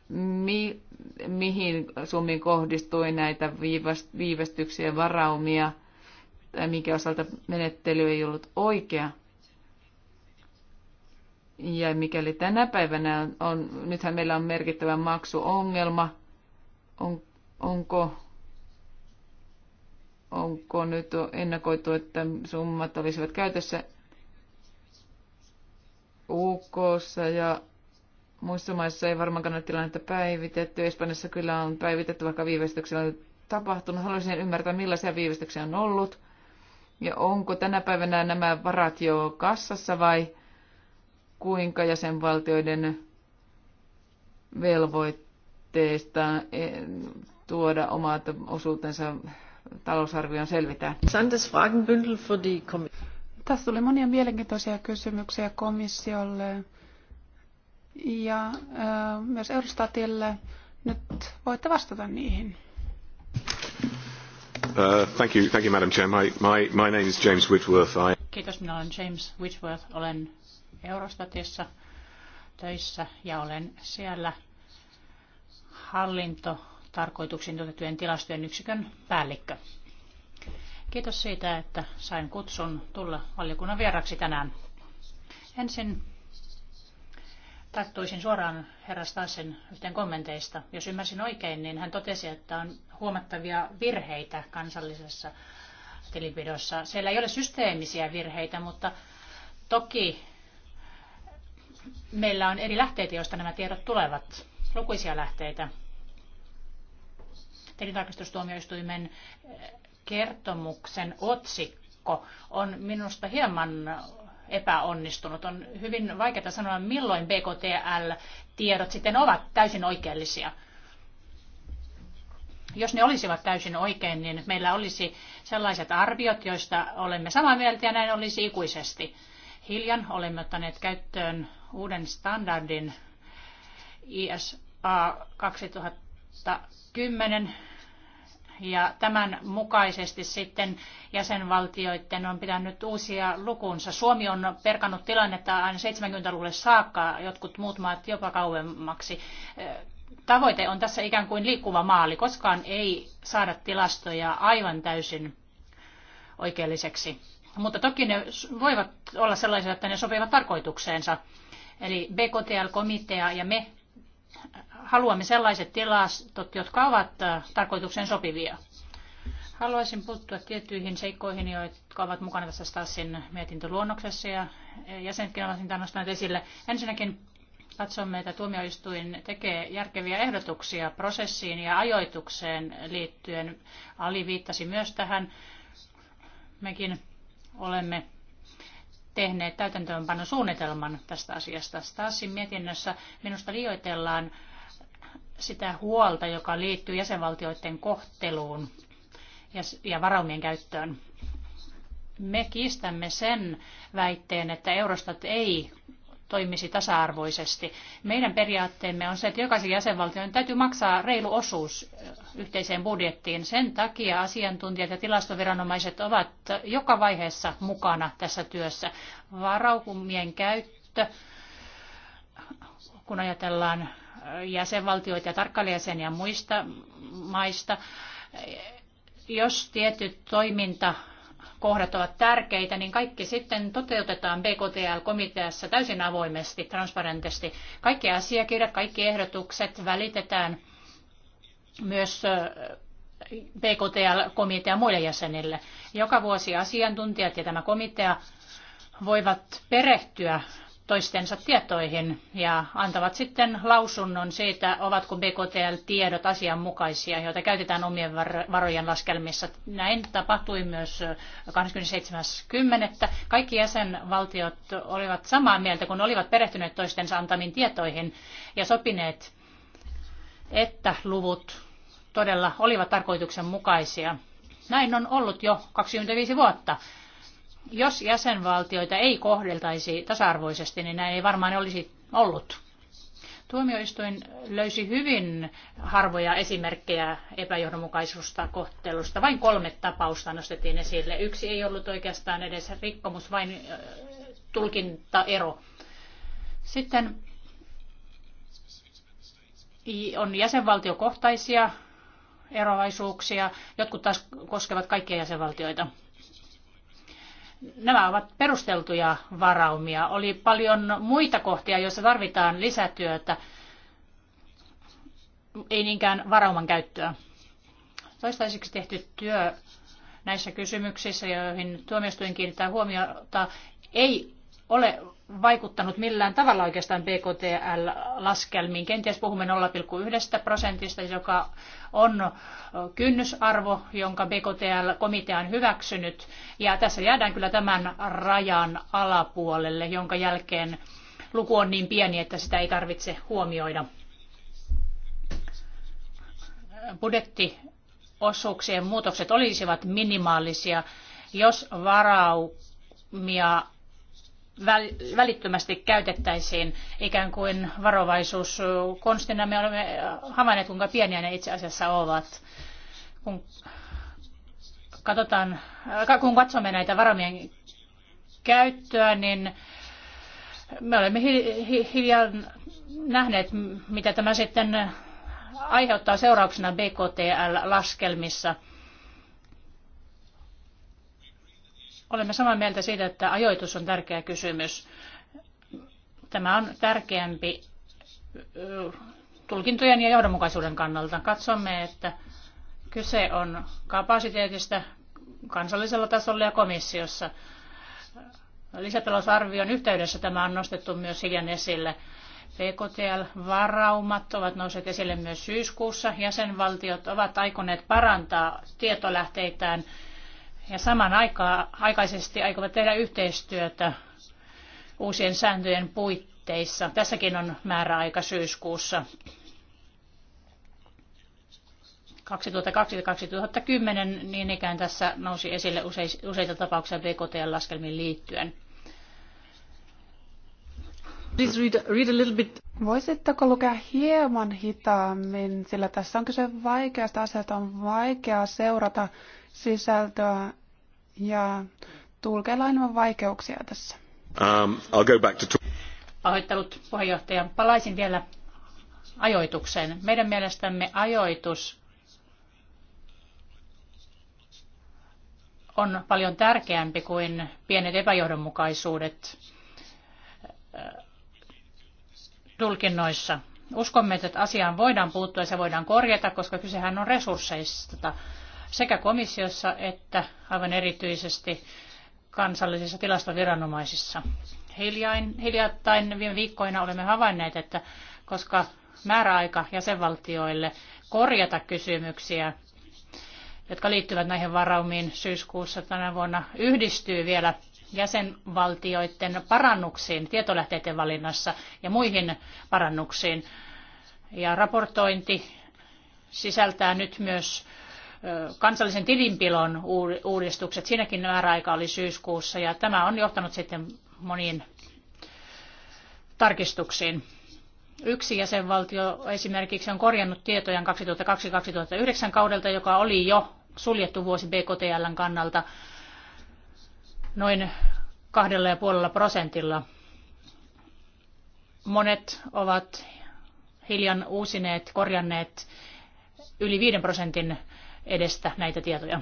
Mi, mihin summiin kohdistui näitä viivästyksiä ja varaumia, tai minkä osalta menettely ei ollut oikea. Ja mikäli tänä päivänä on, nythän meillä on merkittävä maksuongelma, on, onko, onko nyt ennakoitu, että summat olisivat käytössä UK ja muissa maissa ei varmaan kannata tilannetta päivitetty. Espanjassa kyllä on päivitetty, vaikka viivästyksellä on tapahtunut. Haluaisin ymmärtää, millaisia viivästyksiä on ollut. Ja onko tänä päivänä nämä varat jo kassassa vai kuinka jäsenvaltioiden velvoitteista eh, tuoda omat osuutensa talousarvioon selvitään. Tässä tuli monia mielenkiintoisia kysymyksiä komissiolle ja myös Eurostatille. Nyt voitte vastata niihin. Uh, thank you, thank you, Madam Chair. My, my, my name is James Whitworth. I... Kiitos, minä olen James Whitworth. Olen Eurostatissa töissä ja olen siellä hallintotarkoituksiin otettujen tilastojen yksikön päällikkö. Kiitos siitä, että sain kutsun tulla valiokunnan vieraksi tänään. Ensin tarttuisin suoraan herra Stassin yhteen kommenteista. Jos ymmärsin oikein, niin hän totesi, että on huomattavia virheitä kansallisessa tilinpidossa. Siellä ei ole systeemisiä virheitä, mutta toki Meillä on eri lähteitä, joista nämä tiedot tulevat, lukuisia lähteitä. Tilintarkastustuomioistuimen eh, kertomuksen otsikko on minusta hieman epäonnistunut. On hyvin vaikeaa sanoa, milloin BKTL-tiedot sitten ovat täysin oikeellisia. Jos ne olisivat täysin oikein, niin meillä olisi sellaiset arviot, joista olemme samaa mieltä ja näin olisi ikuisesti. Hiljan olemme ottaneet käyttöön uuden standardin ISA 2010 ja tämän mukaisesti sitten jäsenvaltioiden on pitänyt uusia lukunsa. Suomi on perkannut tilannetta aina 70-luvulle saakka, jotkut muut maat jopa kauemmaksi. Tavoite on tässä ikään kuin liikkuva maali. Koskaan ei saada tilastoja aivan täysin oikeelliseksi. Mutta toki ne voivat olla sellaisia, että ne sopivat tarkoitukseensa. Eli BKTL-komitea ja me haluamme sellaiset tilastot, jotka ovat äh, tarkoituksen sopivia. Haluaisin puuttua tiettyihin seikkoihin, jotka ovat mukana tässä Stassin mietintöluonnoksessa ja jäsenetkin ovat niitä nostaneet esille. Ensinnäkin katsomme, että tuomioistuin tekee järkeviä ehdotuksia prosessiin ja ajoitukseen liittyen. Ali viittasi myös tähän. Mekin olemme tehneet täytäntöönpanosuunnitelman tästä asiasta. Stasin mietinnössä minusta liioitellaan sitä huolta, joka liittyy jäsenvaltioiden kohteluun ja varaumien käyttöön. Me kiistämme sen väitteen, että Eurostat ei toimisi tasa-arvoisesti. Meidän periaatteemme on se, että jokaisen jäsenvaltion täytyy maksaa reilu osuus yhteiseen budjettiin. Sen takia asiantuntijat ja tilastoviranomaiset ovat joka vaiheessa mukana tässä työssä. Varaukumien käyttö, kun ajatellaan jäsenvaltioita ja tarkkailijäseniä muista maista, jos tietyt toiminta kohdat ovat tärkeitä, niin kaikki sitten toteutetaan BKTL-komiteassa täysin avoimesti, transparentisti. Kaikki asiakirjat, kaikki ehdotukset välitetään myös BKTL-komitean muille jäsenille. Joka vuosi asiantuntijat ja tämä komitea voivat perehtyä toistensa tietoihin ja antavat sitten lausunnon siitä, ovatko BKTL-tiedot asianmukaisia, joita käytetään omien varojen laskelmissa. Näin tapahtui myös 27.10. Kaikki jäsenvaltiot olivat samaa mieltä, kun olivat perehtyneet toistensa antamiin tietoihin ja sopineet, että luvut todella olivat tarkoituksenmukaisia. Näin on ollut jo 25 vuotta. Jos jäsenvaltioita ei kohdeltaisi tasa-arvoisesti, niin näin ei varmaan olisi ollut. Tuomioistuin löysi hyvin harvoja esimerkkejä epäjohdonmukaisusta kohtelusta. Vain kolme tapausta nostettiin esille. Yksi ei ollut oikeastaan edes rikkomus, vain tulkintaero. Sitten on jäsenvaltiokohtaisia eroavaisuuksia, jotkut taas koskevat kaikkia jäsenvaltioita. Nämä ovat perusteltuja varaumia. Oli paljon muita kohtia, joissa tarvitaan lisätyötä, ei niinkään varauman käyttöä. Toistaiseksi tehty työ näissä kysymyksissä, joihin tuomioistuin kiinnittää huomiota, ei ole vaikuttanut millään tavalla oikeastaan BKTL-laskelmiin. Kenties puhumme 0,1 prosentista, joka on kynnysarvo, jonka BKTL-komitea on hyväksynyt. Ja tässä jäädään kyllä tämän rajan alapuolelle, jonka jälkeen luku on niin pieni, että sitä ei tarvitse huomioida. Budjettiosuuksien muutokset olisivat minimaalisia, jos varaumia välittömästi käytettäisiin ikään kuin varovaisuuskonstina. Me olemme havainneet, kuinka pieniä ne itse asiassa ovat. Kun, katsotaan, äh, kun katsomme näitä varomien käyttöä, niin me olemme hiljaa nähneet, mitä tämä sitten aiheuttaa seurauksena BKTL-laskelmissa – Olemme samaa mieltä siitä, että ajoitus on tärkeä kysymys. Tämä on tärkeämpi tulkintojen ja johdonmukaisuuden kannalta. Katsomme, että kyse on kapasiteetista kansallisella tasolla ja komissiossa. Lisätalousarvion yhteydessä tämä on nostettu myös hiljan esille. PKTL-varaumat ovat nousseet esille myös syyskuussa. Jäsenvaltiot ovat aikoneet parantaa tietolähteitään ja saman aikaa, aikaisesti aikovat tehdä yhteistyötä uusien sääntöjen puitteissa. Tässäkin on määräaika syyskuussa 2020 2010 niin ikään tässä nousi esille useita tapauksia BKT-laskelmiin liittyen. Please read, a little bit. Voisitteko lukea hieman hitaammin, sillä tässä on kyse vaikeasta asiasta, on vaikea seurata sisältöä ja tulkeilla on vaikeuksia tässä. Um, I'll go back to... Pahoittelut puheenjohtaja. Palaisin vielä ajoitukseen. Meidän mielestämme ajoitus on paljon tärkeämpi kuin pienet epäjohdonmukaisuudet äh, tulkinnoissa. Uskomme, että asiaan voidaan puuttua ja se voidaan korjata, koska kysehän on resursseista sekä komissiossa että aivan erityisesti kansallisissa tilastoviranomaisissa. Hiljain, hiljattain viime viikkoina olemme havainneet, että koska määräaika jäsenvaltioille korjata kysymyksiä, jotka liittyvät näihin varaumiin syyskuussa tänä vuonna, yhdistyy vielä jäsenvaltioiden parannuksiin tietolähteiden valinnassa ja muihin parannuksiin. Ja raportointi sisältää nyt myös kansallisen tilinpilon uudistukset, siinäkin määräaika oli syyskuussa ja tämä on johtanut sitten moniin tarkistuksiin. Yksi jäsenvaltio esimerkiksi on korjannut tietojaan 2002-2009 kaudelta, joka oli jo suljettu vuosi BKTLn kannalta noin kahdella ja puolella prosentilla. Monet ovat hiljan uusineet, korjanneet yli 5 prosentin edestä näitä tietoja.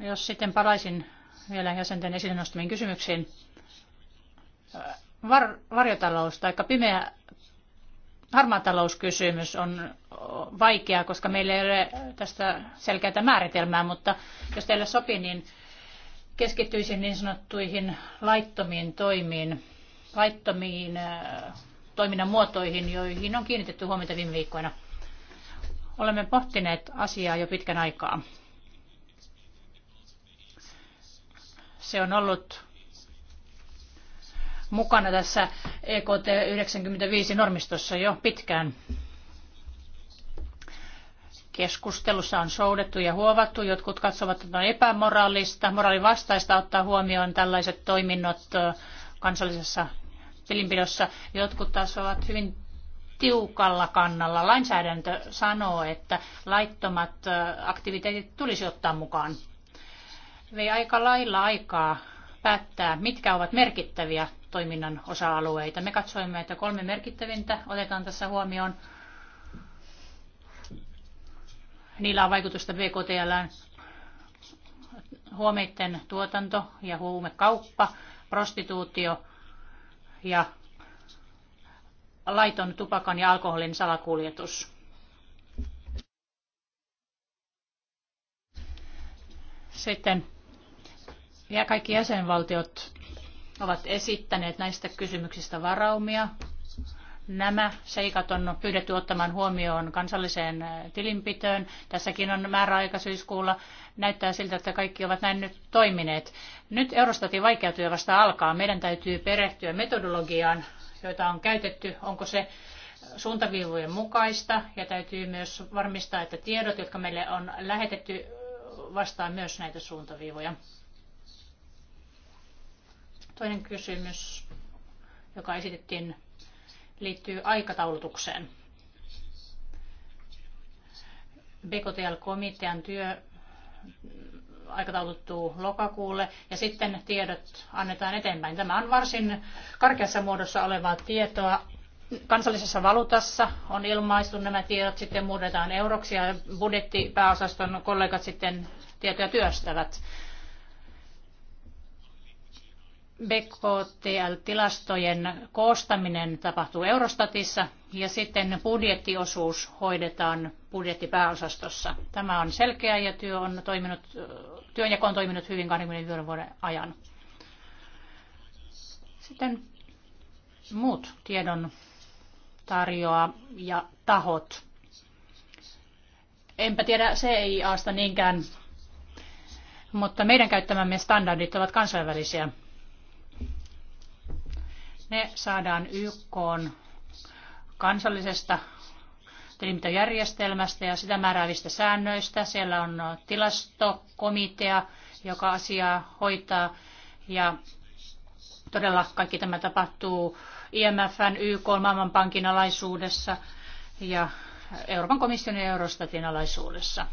Jos sitten palaisin vielä jäsenten esille nostamiin kysymyksiin. Äh, var, varjotalous tai pimeä harmaatalouskysymys on vaikea, koska meillä ei ole tästä selkeää määritelmää, mutta jos teille sopii, niin keskittyisin niin sanottuihin laittomiin toimiin, laittomiin äh, toiminnan muotoihin, joihin on kiinnitetty huomiota viime viikkoina. Olemme pohtineet asiaa jo pitkän aikaa. Se on ollut mukana tässä e EKT 95 normistossa jo pitkään. Keskustelussa on soudettu ja huovattu. Jotkut katsovat, että on epämoraalista, moraalivastaista ottaa huomioon tällaiset toiminnot kansallisessa tilinpidossa jotkut taas ovat hyvin tiukalla kannalla. Lainsäädäntö sanoo, että laittomat aktiviteetit tulisi ottaa mukaan. Vei aika lailla aikaa päättää, mitkä ovat merkittäviä toiminnan osa-alueita. Me katsoimme, että kolme merkittävintä otetaan tässä huomioon. Niillä on vaikutusta BKTL, huumeiden tuotanto ja huumekauppa, prostituutio ja laiton tupakan ja alkoholin salakuljetus. Sitten ja kaikki jäsenvaltiot ovat esittäneet näistä kysymyksistä varaumia Nämä seikat on pyydetty ottamaan huomioon kansalliseen äh, tilinpitoon. Tässäkin on määräaika syyskuulla. Näyttää siltä, että kaikki ovat näin nyt toimineet. Nyt Eurostatin vaikeutyö vasta alkaa. Meidän täytyy perehtyä metodologiaan, joita on käytetty. Onko se suuntaviivojen mukaista ja täytyy myös varmistaa, että tiedot, jotka meille on lähetetty, vastaa myös näitä suuntaviivoja. Toinen kysymys, joka esitettiin liittyy aikataulutukseen. BKTL-komitean työ aikataulutuu lokakuulle ja sitten tiedot annetaan eteenpäin. Tämä on varsin karkeassa muodossa olevaa tietoa. Kansallisessa valuutassa on ilmaistu nämä tiedot, sitten muutetaan euroksi ja budjettipääosaston kollegat sitten tietoja työstävät. BKTL-tilastojen koostaminen tapahtuu Eurostatissa ja sitten budjettiosuus hoidetaan budjettipääosastossa. Tämä on selkeä ja työ on toiminut, työnjako on toiminut hyvin 25 vuoden ajan. Sitten muut tiedon tarjoa ja tahot. Enpä tiedä CIAsta niinkään, mutta meidän käyttämämme standardit ovat kansainvälisiä ne saadaan YK kansallisesta tilinpitojärjestelmästä ja sitä määräävistä säännöistä. Siellä on tilastokomitea, joka asiaa hoitaa ja todella kaikki tämä tapahtuu IMFn, YK, Maailmanpankin alaisuudessa ja Euroopan komission ja Eurostatin alaisuudessa.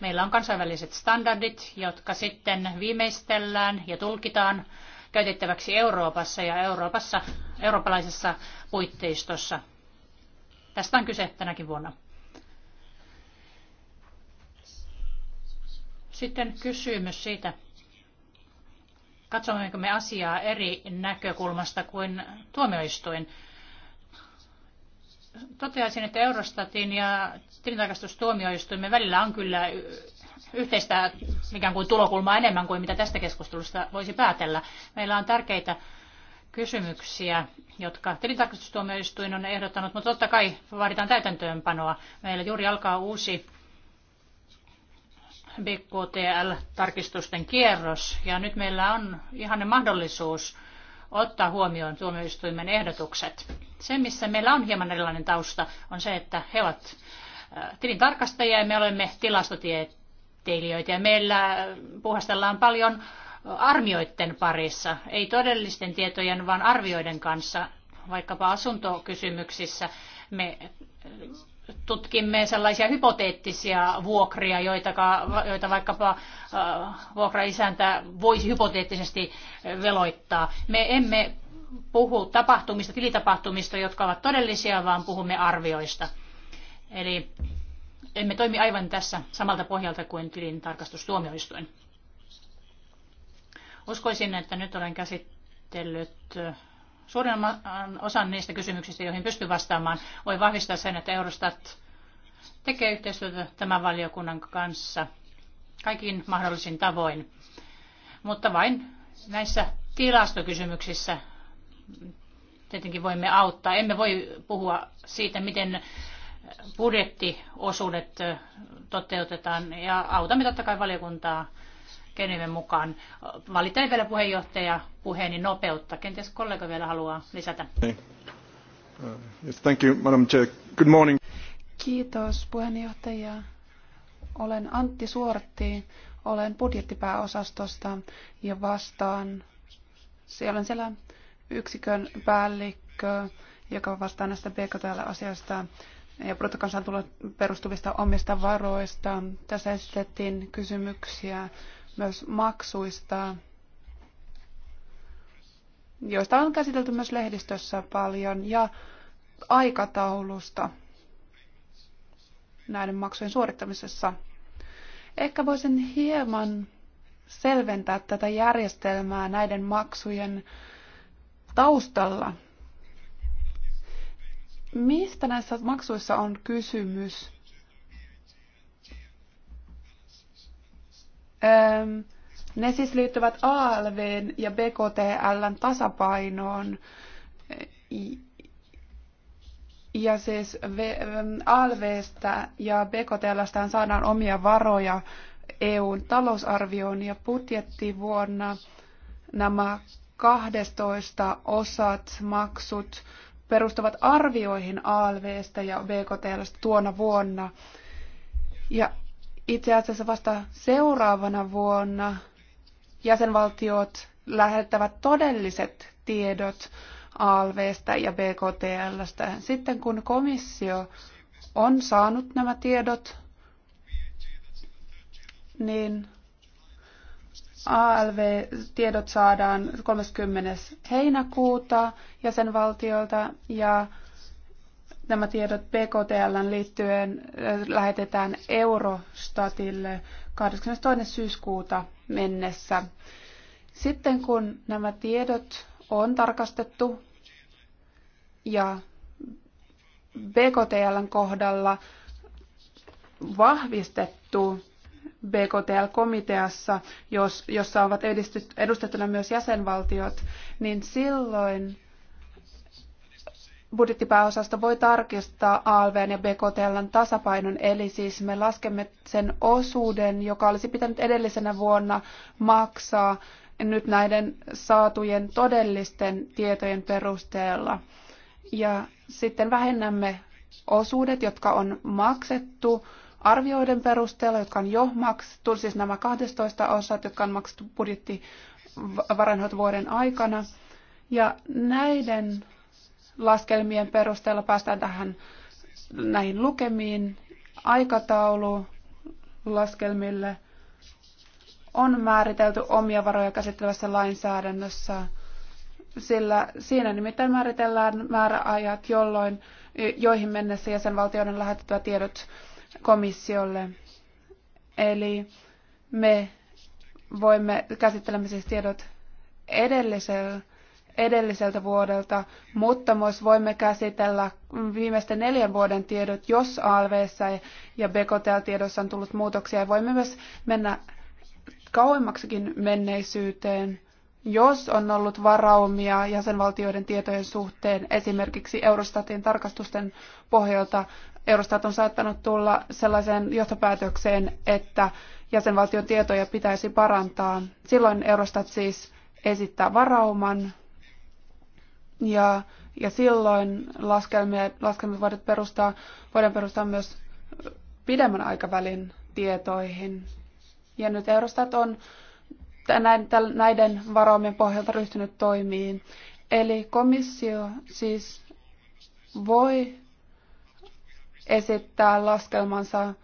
Meillä on kansainväliset standardit, jotka sitten viimeistellään ja tulkitaan käytettäväksi Euroopassa ja Euroopassa, eurooppalaisessa puitteistossa. Tästä on kyse tänäkin vuonna. Sitten kysymys siitä, katsommeko me asiaa eri näkökulmasta kuin tuomioistuin. Toteaisin, että Eurostatin ja tilintarkastustuomioistuimen välillä on kyllä yhteistä ikään kuin tulokulmaa enemmän kuin mitä tästä keskustelusta voisi päätellä. Meillä on tärkeitä kysymyksiä, jotka tilintarkastustuomioistuin on ehdottanut, mutta totta kai vaaditaan täytäntöönpanoa. Meillä juuri alkaa uusi BKTL-tarkistusten kierros, ja nyt meillä on ihanne mahdollisuus ottaa huomioon tuomioistuimen ehdotukset. Se, missä meillä on hieman erilainen tausta, on se, että he ovat tilintarkastajia ja me olemme tilastotieteilijöitä taiteilijoita ja meillä puhastellaan paljon armioiden parissa, ei todellisten tietojen, vaan arvioiden kanssa, vaikkapa asuntokysymyksissä. Me tutkimme sellaisia hypoteettisia vuokria, joita, joita vaikkapa äh, vuokraisäntä voisi hypoteettisesti veloittaa. Me emme puhu tapahtumista, tilitapahtumista, jotka ovat todellisia, vaan puhumme arvioista. Eli emme toimi aivan tässä samalta pohjalta kuin tilintarkastustuomioistuin. Uskoisin, että nyt olen käsitellyt suurin osan niistä kysymyksistä, joihin pystyn vastaamaan. Voi vahvistaa sen, että Eurostat tekee yhteistyötä tämän valiokunnan kanssa kaikin mahdollisin tavoin. Mutta vain näissä tilastokysymyksissä tietenkin voimme auttaa. Emme voi puhua siitä, miten budjettiosuudet toteutetaan ja autamme totta kai valiokuntaa Geneven mukaan. Valitaan vielä puheenjohtaja puheeni nopeutta. Kenties kollega vielä haluaa lisätä. thank you, Madam Chair. Good morning. Kiitos puheenjohtaja. Olen Antti Suortti, olen budjettipääosastosta ja vastaan, siellä on siellä yksikön päällikkö, joka vastaa näistä BKTL-asioista ja bruttokansantulot perustuvista omista varoista. Tässä esitettiin kysymyksiä myös maksuista, joista on käsitelty myös lehdistössä paljon, ja aikataulusta näiden maksujen suorittamisessa. Ehkä voisin hieman selventää tätä järjestelmää näiden maksujen taustalla Mistä näissä maksuissa on kysymys? ne siis liittyvät ALVn ja BKTLn tasapainoon. Ja siis ALVstä ja BKTLstä saadaan omia varoja EUn talousarvioon ja budjettivuonna nämä 12 osat maksut perustuvat arvioihin ALVstä ja BKTLstä tuona vuonna. Ja itse asiassa vasta seuraavana vuonna jäsenvaltiot lähettävät todelliset tiedot ALVstä ja BKTLstä. Sitten kun komissio on saanut nämä tiedot, niin ALV-tiedot saadaan 30. heinäkuuta jäsenvaltiolta ja nämä tiedot BKTLn liittyen äh, lähetetään Eurostatille 22. syyskuuta mennessä. Sitten kun nämä tiedot on tarkastettu ja BKTLn kohdalla vahvistettu BKTL-komiteassa, jos, jossa ovat edustettuna myös jäsenvaltiot, niin silloin budjettipääosasto voi tarkistaa ALVn ja BKTLn tasapainon, eli siis me laskemme sen osuuden, joka olisi pitänyt edellisenä vuonna maksaa nyt näiden saatujen todellisten tietojen perusteella. Ja sitten vähennämme osuudet, jotka on maksettu arvioiden perusteella, jotka on jo maksettu, siis nämä 12 osat, jotka on maksettu budjetti aikana. Ja näiden laskelmien perusteella päästään tähän näihin lukemiin. Aikataulu laskelmille on määritelty omia varoja käsittelevässä lainsäädännössä, sillä siinä nimittäin määritellään määräajat, jolloin, joihin mennessä jäsenvaltioiden lähetettävä tiedot komissiolle. Eli me voimme, käsittelemme siis tiedot edellisellä, edelliseltä vuodelta, mutta myös voimme käsitellä viimeisten neljän vuoden tiedot, jos alv ja BKTL-tiedossa on tullut muutoksia. Ja voimme myös mennä kauemmaksikin menneisyyteen – jos on ollut varaumia jäsenvaltioiden tietojen suhteen, esimerkiksi Eurostatin tarkastusten pohjalta, Eurostat on saattanut tulla sellaiseen johtopäätökseen, että jäsenvaltion tietoja pitäisi parantaa. Silloin Eurostat siis esittää varauman ja, ja silloin laskelmia, laskelmat voidaan perustaa, voidaan perustaa myös pidemmän aikavälin tietoihin. Ja nyt Eurostat on näiden varaumien pohjalta ryhtynyt toimiin. Eli komissio siis voi esittää laskelmansa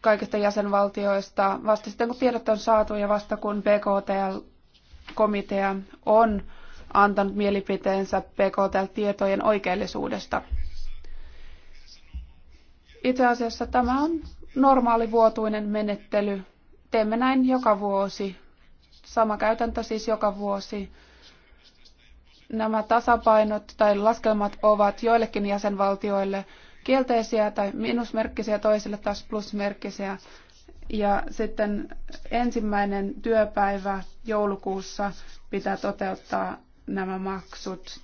kaikista jäsenvaltioista vasta sitten, kun tiedot on saatu ja vasta kun BKT-komitea on antanut mielipiteensä BKT-tietojen oikeellisuudesta. Itse asiassa tämä on normaali vuotuinen menettely. Teemme näin joka vuosi Sama käytäntö siis joka vuosi. Nämä tasapainot tai laskelmat ovat joillekin jäsenvaltioille kielteisiä tai miinusmerkkisiä, toisille taas plusmerkkisiä. Ja sitten ensimmäinen työpäivä joulukuussa pitää toteuttaa nämä maksut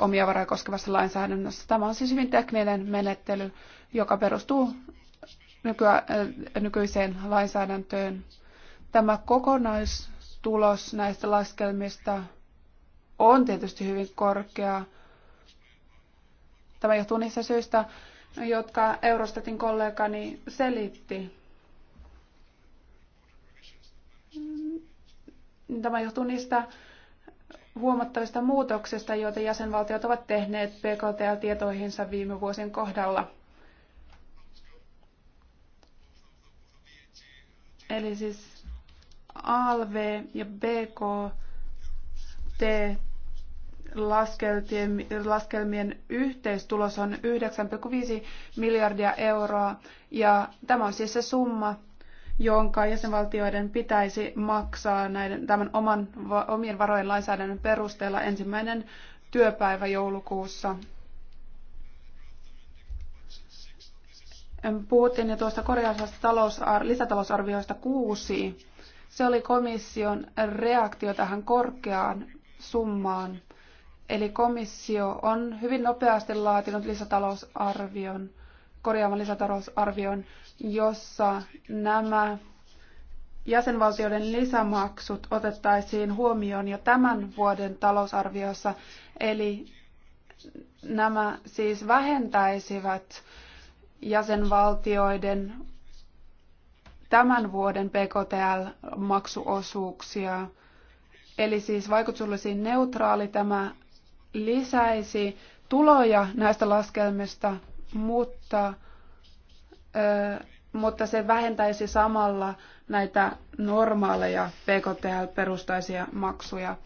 omia varoja koskevassa lainsäädännössä. Tämä on siis hyvin tekninen menettely, joka perustuu nykyiseen lainsäädäntöön. Tämä kokonaistulos näistä laskelmista on tietysti hyvin korkea. Tämä johtuu niistä syistä, jotka Eurostatin kollegani selitti. Tämä johtuu niistä huomattavista muutoksista, joita jäsenvaltiot ovat tehneet pkt tietoihinsa viime vuosien kohdalla. Eli siis ALV ja BKT laskelmien, laskelmien yhteistulos on 9,5 miljardia euroa ja tämä on siis se summa, jonka jäsenvaltioiden pitäisi maksaa näiden, tämän oman, omien varojen lainsäädännön perusteella ensimmäinen työpäivä joulukuussa. Puhuttiin jo tuosta korjausasta lisätalousarvioista kuusi. Se oli komission reaktio tähän korkeaan summaan. Eli komissio on hyvin nopeasti laatinut lisätalousarvion, korjaavan lisätalousarvion, jossa nämä jäsenvaltioiden lisämaksut otettaisiin huomioon jo tämän vuoden talousarviossa, eli nämä siis vähentäisivät jäsenvaltioiden tämän vuoden PKTL-maksuosuuksia. Eli siis vaikutus olisi neutraali. Tämä lisäisi tuloja näistä laskelmista, mutta, ö, mutta se vähentäisi samalla näitä normaaleja PKTL-perustaisia maksuja.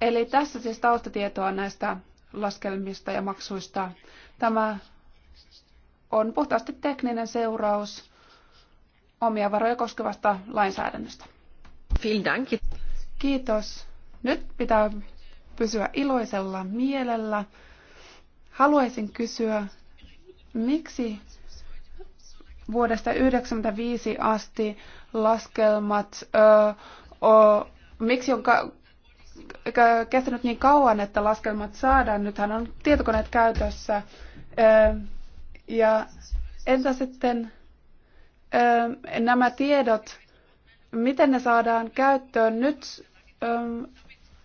Eli tässä siis taustatietoa näistä laskelmista ja maksuista. Tämä on puhtaasti tekninen seuraus omia varoja koskevasta lainsäädännöstä. Kiitos. Nyt pitää pysyä iloisella mielellä. Haluaisin kysyä, miksi vuodesta 1995 asti laskelmat, ö, o, miksi on ka- kestänyt niin kauan, että laskelmat saadaan. Nythän on tietokoneet käytössä. Ö, ja entä sitten nämä tiedot, miten ne saadaan käyttöön nyt?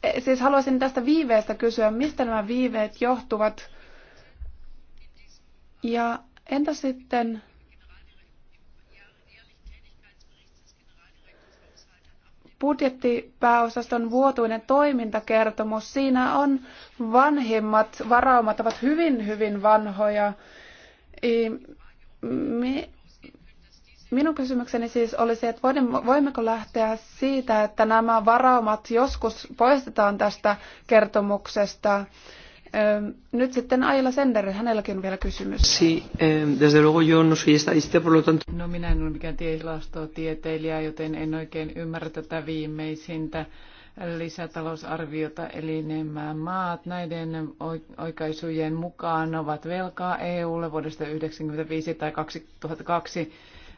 E, siis haluaisin tästä viiveestä kysyä, mistä nämä viiveet johtuvat? Ja entä sitten budjettipääosaston vuotuinen toimintakertomus. Siinä on vanhimmat varaumat ovat hyvin, hyvin vanhoja. Minun kysymykseni siis olisi, että voimmeko lähteä siitä, että nämä varaumat joskus poistetaan tästä kertomuksesta. Nyt sitten Aila Sender, hänelläkin on vielä kysymys. Sí, desde luego yo no soy estadista, por lo tanto... No minä en ole mikään tilastotieteilijä, joten en oikein ymmärrä tätä viimeisintä lisätalousarviota, eli nämä maat näiden oikaisujen mukaan ovat velkaa EUlle vuodesta 1995 tai 2002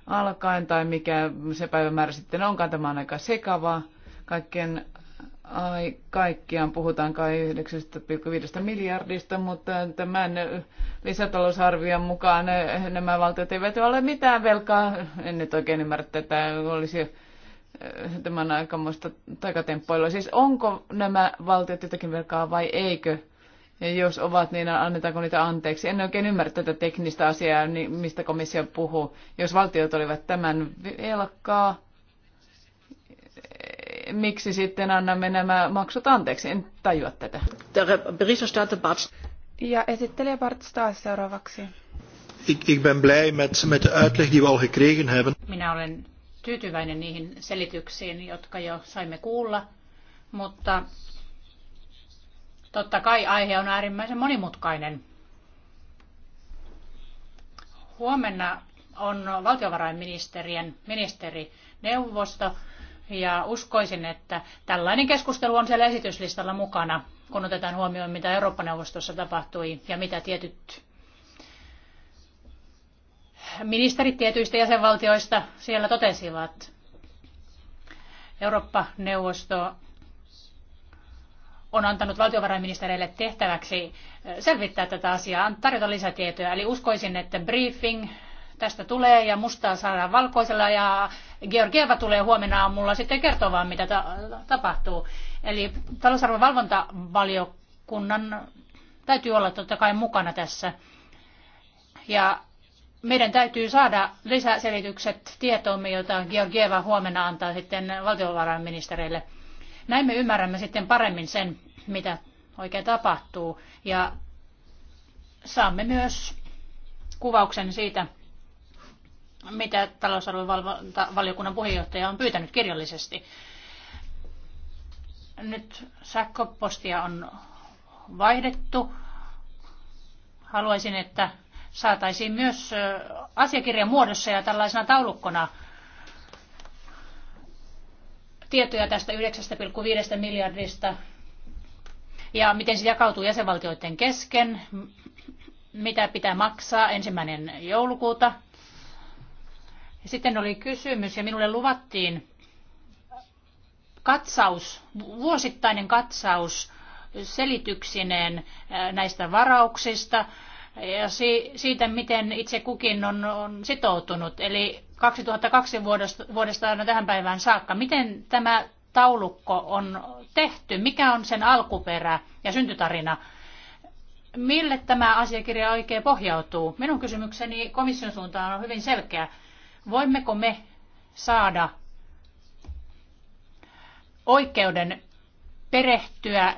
alkaen tai mikä se päivämäärä sitten onkaan. Tämä on aika sekavaa. Kaikkien, ai, kaikkiaan puhutaan kai 9,5 miljardista, mutta tämän lisätalousarvion mukaan nämä valtiot eivät ole mitään velkaa. En nyt oikein ymmärrä tätä. Olisi eh, tämän aikamoista takatemppuilua. Siis onko nämä valtiot jotakin velkaa vai eikö? jos ovat, niin annetaanko niitä anteeksi. En oikein ymmärrä tätä teknistä asiaa, niin mistä komissio puhuu. Jos valtiot olivat tämän velkaa, miksi sitten annamme nämä maksut anteeksi? En tajua tätä. Ja esittelijä Bart taas seuraavaksi. ik Minä olen tyytyväinen niihin selityksiin, jotka jo saimme kuulla, mutta Totta kai aihe on äärimmäisen monimutkainen. Huomenna on valtiovarainministerien ministerineuvosto ja uskoisin, että tällainen keskustelu on siellä esityslistalla mukana, kun otetaan huomioon, mitä Eurooppa-neuvostossa tapahtui ja mitä tietyt ministerit tietyistä jäsenvaltioista siellä totesivat. Eurooppa-neuvosto on antanut valtiovarainministereille tehtäväksi selvittää tätä asiaa, tarjota lisätietoja. Eli uskoisin, että briefing tästä tulee ja mustaa saadaan valkoisella ja Georgieva tulee huomenna aamulla sitten kertomaan, mitä ta- tapahtuu. Eli talousarvon valvontavaliokunnan täytyy olla totta kai mukana tässä. Ja meidän täytyy saada lisäselitykset tietoomme, joita Georgieva huomenna antaa sitten valtiovarainministereille. Näin me ymmärrämme sitten paremmin sen, mitä oikein tapahtuu ja saamme myös kuvauksen siitä, mitä talousarvovaliokunnan puheenjohtaja on pyytänyt kirjallisesti. Nyt sähköpostia on vaihdettu. Haluaisin, että saataisiin myös asiakirjan muodossa ja tällaisena taulukkona tietoja tästä 9,5 miljardista ja miten se jakautuu jäsenvaltioiden kesken, mitä pitää maksaa ensimmäinen joulukuuta. Sitten oli kysymys ja minulle luvattiin katsaus, vuosittainen katsaus selityksineen näistä varauksista ja siitä, miten itse kukin on, on sitoutunut. Eli 2002 vuodesta, vuodesta aina tähän päivään saakka. Miten tämä taulukko on tehty? Mikä on sen alkuperä ja syntytarina? Mille tämä asiakirja oikein pohjautuu? Minun kysymykseni komission suuntaan on hyvin selkeä. Voimmeko me saada oikeuden perehtyä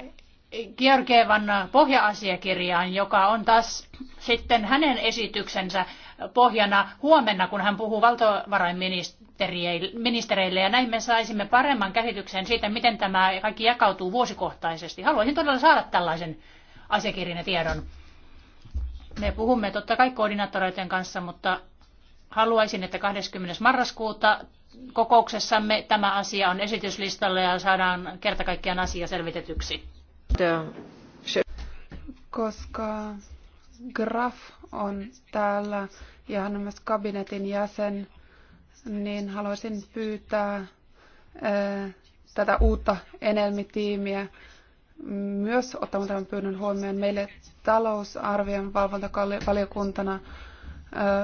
Georgievan pohja-asiakirjaan, joka on taas sitten hänen esityksensä pohjana huomenna, kun hän puhuu valtiovarainministereille, ja näin me saisimme paremman käsityksen siitä, miten tämä kaikki jakautuu vuosikohtaisesti. Haluaisin todella saada tällaisen asiakirjan ja tiedon. Me puhumme totta kai koordinaattoreiden kanssa, mutta haluaisin, että 20. marraskuuta kokouksessamme tämä asia on esityslistalla ja saadaan kerta kaikkiaan asia selvitetyksi. Koska Graf on täällä ja hän on myös kabinetin jäsen, niin haluaisin pyytää ää, tätä uutta enelmitiimiä myös ottamaan tämän pyynnön huomioon meille talousarvion valvontavaliokuntana.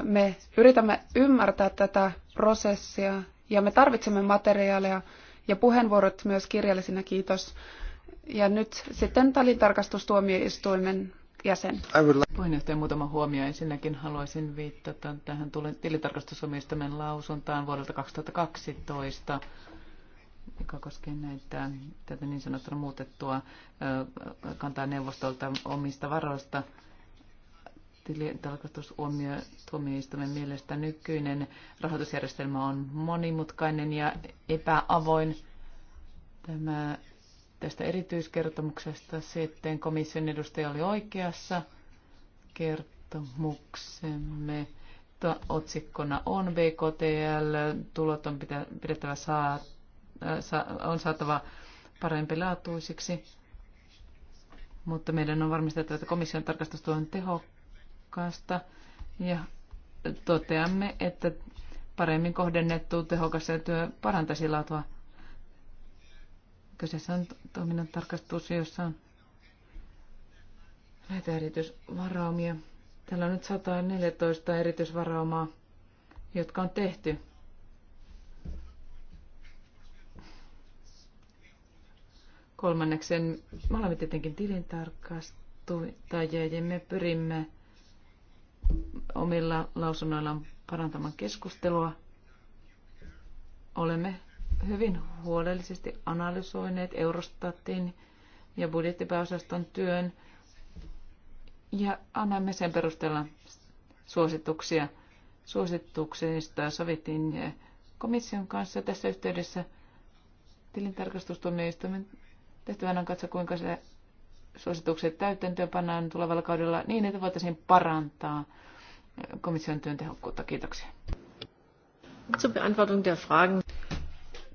Me yritämme ymmärtää tätä prosessia ja me tarvitsemme materiaalia ja puheenvuorot myös kirjallisina. Kiitos. Ja nyt sitten tilintarkastustuomioistuimen jäsen. Puheenjohtaja, muutama huomio. Ensinnäkin haluaisin viittata tähän tilintarkastustuomioistuimen lausuntaan vuodelta 2012, joka koskee näitä, tätä niin sanottua muutettua kantaa neuvostolta omista varoista. Tilintarkastustuomioistuimen mielestä nykyinen rahoitusjärjestelmä on monimutkainen ja epäavoin. Tämä tästä erityiskertomuksesta. Sitten komission edustaja oli oikeassa. Kertomuksemme otsikkona on BKTL. Tulot on pidettävä saa, on saatava parempi laatuisiksi. Mutta meidän on varmistettava, että komission tarkastus on tehokkaasta. Ja toteamme, että paremmin kohdennettu tehokas työ parantaisi laatua Kyseessä on toiminnan tarkastus, jossa on näitä erityisvaraumia. Täällä on nyt 114 erityisvaraumaa, jotka on tehty. Kolmanneksen, me olemme tietenkin tilintarkastajia ja me pyrimme omilla lausunnoillaan parantamaan keskustelua. Olemme hyvin huolellisesti analysoineet Eurostatin ja budjettipääosaston työn ja annamme sen perusteella suosituksia. Suosituksista sovittiin komission kanssa tässä yhteydessä tilintarkastustuomioistuimen tehtävänä on katsoa, kuinka se suositukset täytäntöön pannaan tulevalla kaudella niin, että voitaisiin parantaa komission työn tehokkuutta. Kiitoksia. Zur Beantwortung der Fragen.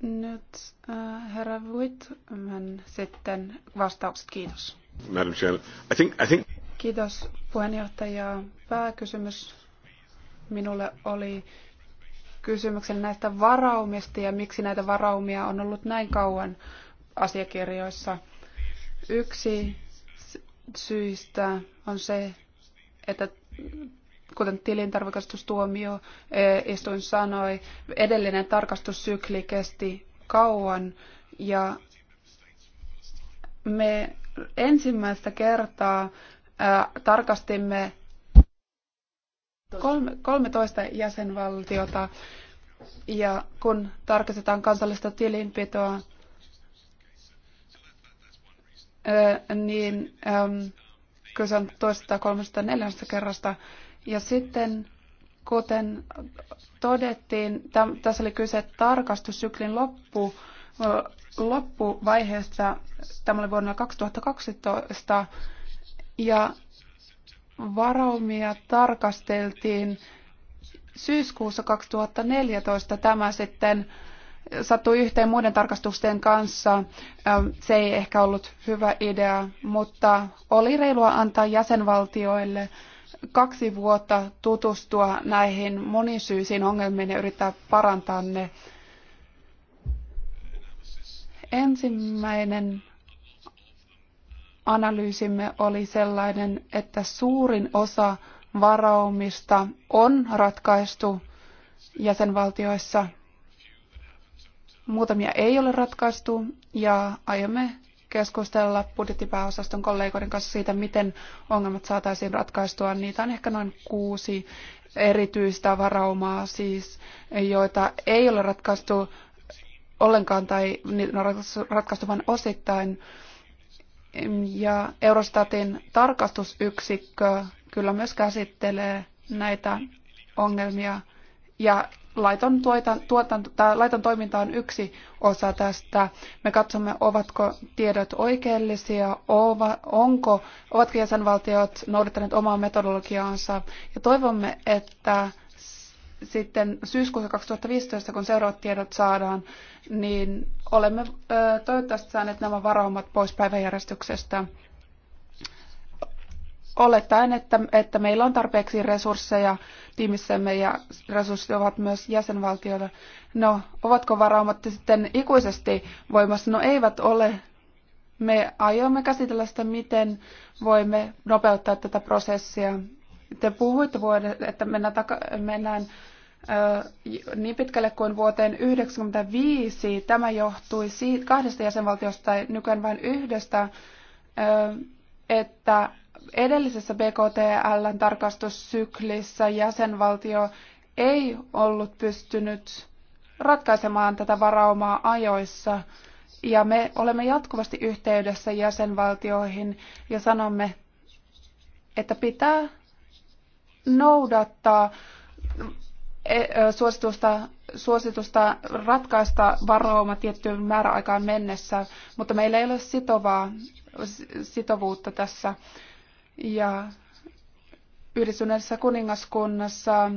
Nyt äh, herra Wittman sitten vastaukset. Kiitos. Madam Chair, I think, I think... Kiitos puheenjohtaja. Pääkysymys minulle oli kysymyksen näistä varaumista ja miksi näitä varaumia on ollut näin kauan asiakirjoissa. Yksi syistä on se, että kuten tilintarkastustuomio istuin eh, sanoi, edellinen tarkastussykli kesti kauan ja me ensimmäistä kertaa eh, tarkastimme 13 jäsenvaltiota ja kun tarkastetaan kansallista tilinpitoa, eh, niin kyse on toista, kolmesta, neljästä kerrasta. Ja sitten, kuten todettiin, täm, tässä oli kyse tarkastussyklin loppu, loppuvaiheesta. Tämä oli vuonna 2012. Ja varaumia tarkasteltiin syyskuussa 2014. Tämä sitten sattui yhteen muiden tarkastusten kanssa. Se ei ehkä ollut hyvä idea, mutta oli reilua antaa jäsenvaltioille kaksi vuotta tutustua näihin monisyisiin ongelmiin ja yrittää parantaa ne. Ensimmäinen analyysimme oli sellainen, että suurin osa varaumista on ratkaistu jäsenvaltioissa. Muutamia ei ole ratkaistu ja aiomme keskustella budjettipääosaston kollegoiden kanssa siitä, miten ongelmat saataisiin ratkaistua. Niitä on ehkä noin kuusi erityistä varaumaa, siis, joita ei ole ratkaistu ollenkaan tai niitä on ratkaistu vain osittain. Ja Eurostatin tarkastusyksikkö kyllä myös käsittelee näitä ongelmia ja laiton, tuotan, tuotan, tai laiton toiminta on yksi osa tästä. Me katsomme, ovatko tiedot oikeellisia, ova, onko, ovatko jäsenvaltiot noudattaneet omaa metodologiaansa. Ja toivomme, että sitten syyskuussa 2015, kun seuraavat tiedot saadaan, niin olemme ö, toivottavasti saaneet nämä varaumat pois päiväjärjestyksestä olettaen, että, että meillä on tarpeeksi resursseja tiimissämme ja resurssit ovat myös jäsenvaltioita. No, ovatko varaumat sitten ikuisesti voimassa? No eivät ole. Me aiomme käsitellä sitä, miten voimme nopeuttaa tätä prosessia. Te puhuitte, vuoden, että mennään, taka- mennään niin pitkälle kuin vuoteen 1995. Tämä johtui siitä, kahdesta jäsenvaltiosta tai nykyään vain yhdestä, että edellisessä BKTL-tarkastussyklissä jäsenvaltio ei ollut pystynyt ratkaisemaan tätä varaumaa ajoissa. Ja me olemme jatkuvasti yhteydessä jäsenvaltioihin ja sanomme, että pitää noudattaa e, suositusta, suositusta ratkaista varauma tiettyyn määräaikaan mennessä, mutta meillä ei ole sitovaa, sitovuutta tässä. Ja yhdistyneessä kuningaskunnassa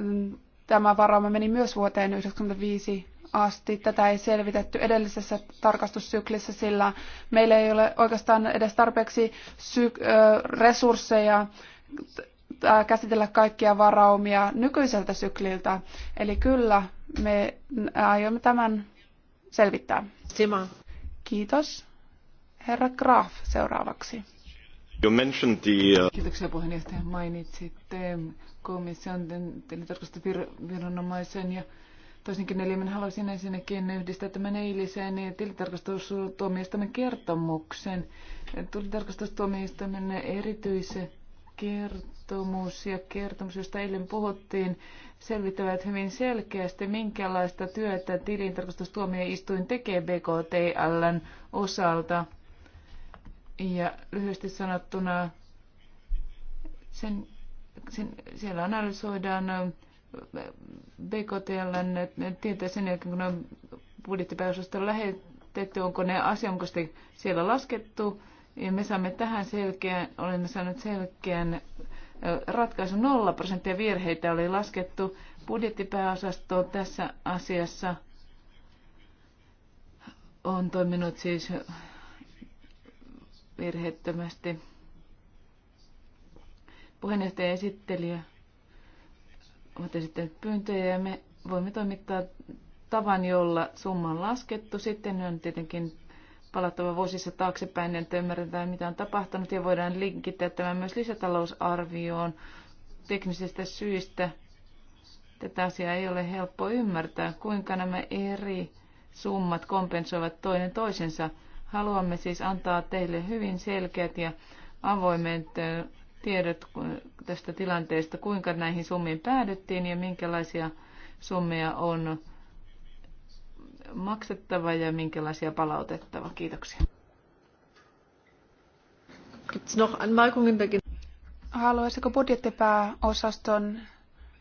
mm, tämä varauma meni myös vuoteen 1995 asti. Tätä ei selvitetty edellisessä tarkastussyklissä, sillä meillä ei ole oikeastaan edes tarpeeksi resursseja käsitellä kaikkia varaumia nykyiseltä sykliltä. Eli kyllä, me aiomme tämän selvittää. Sima. Kiitos. Herra Graaf seuraavaksi. You puhemies, Kiitoksia puheenjohtaja. Mainitsitte komission tilintarkastusviranomaisen ja toisinkin elimen haluaisin ensinnäkin yhdistää tämän eiliseen tilintarkastustuomioistuimen kertomuksen. Tilintarkastustuomioistuimen erityisen kertomus ja kertomus, josta eilen puhuttiin, selvittävät hyvin selkeästi, minkälaista työtä tilintarkastustuomioistuin tekee BKTLn osalta – ja lyhyesti sanottuna sen, sen, siellä analysoidaan BKTL tietää sen jälkeen, kun on budjettipääosasto lähetetty, onko ne asianmukaisesti siellä laskettu. Ja me saamme tähän selkeän, olemme saaneet selkeän ratkaisun 0 prosenttia virheitä oli laskettu budjettipääosasto tässä asiassa on toiminut siis virheettömästi. Puheenjohtaja ja esittelijä ovat esittäneet pyyntöjä ja me voimme toimittaa tavan, jolla summa on laskettu. Sitten on tietenkin palattava vuosissa taaksepäin, niin että ymmärretään mitä on tapahtunut ja voidaan linkittää tämä myös lisätalousarvioon teknisistä syistä. Tätä asiaa ei ole helppo ymmärtää, kuinka nämä eri summat kompensoivat toinen toisensa – Haluamme siis antaa teille hyvin selkeät ja avoimet tiedot tästä tilanteesta, kuinka näihin summiin päädyttiin ja minkälaisia summia on maksettava ja minkälaisia palautettava. Kiitoksia. Haluaisiko budjettipääosaston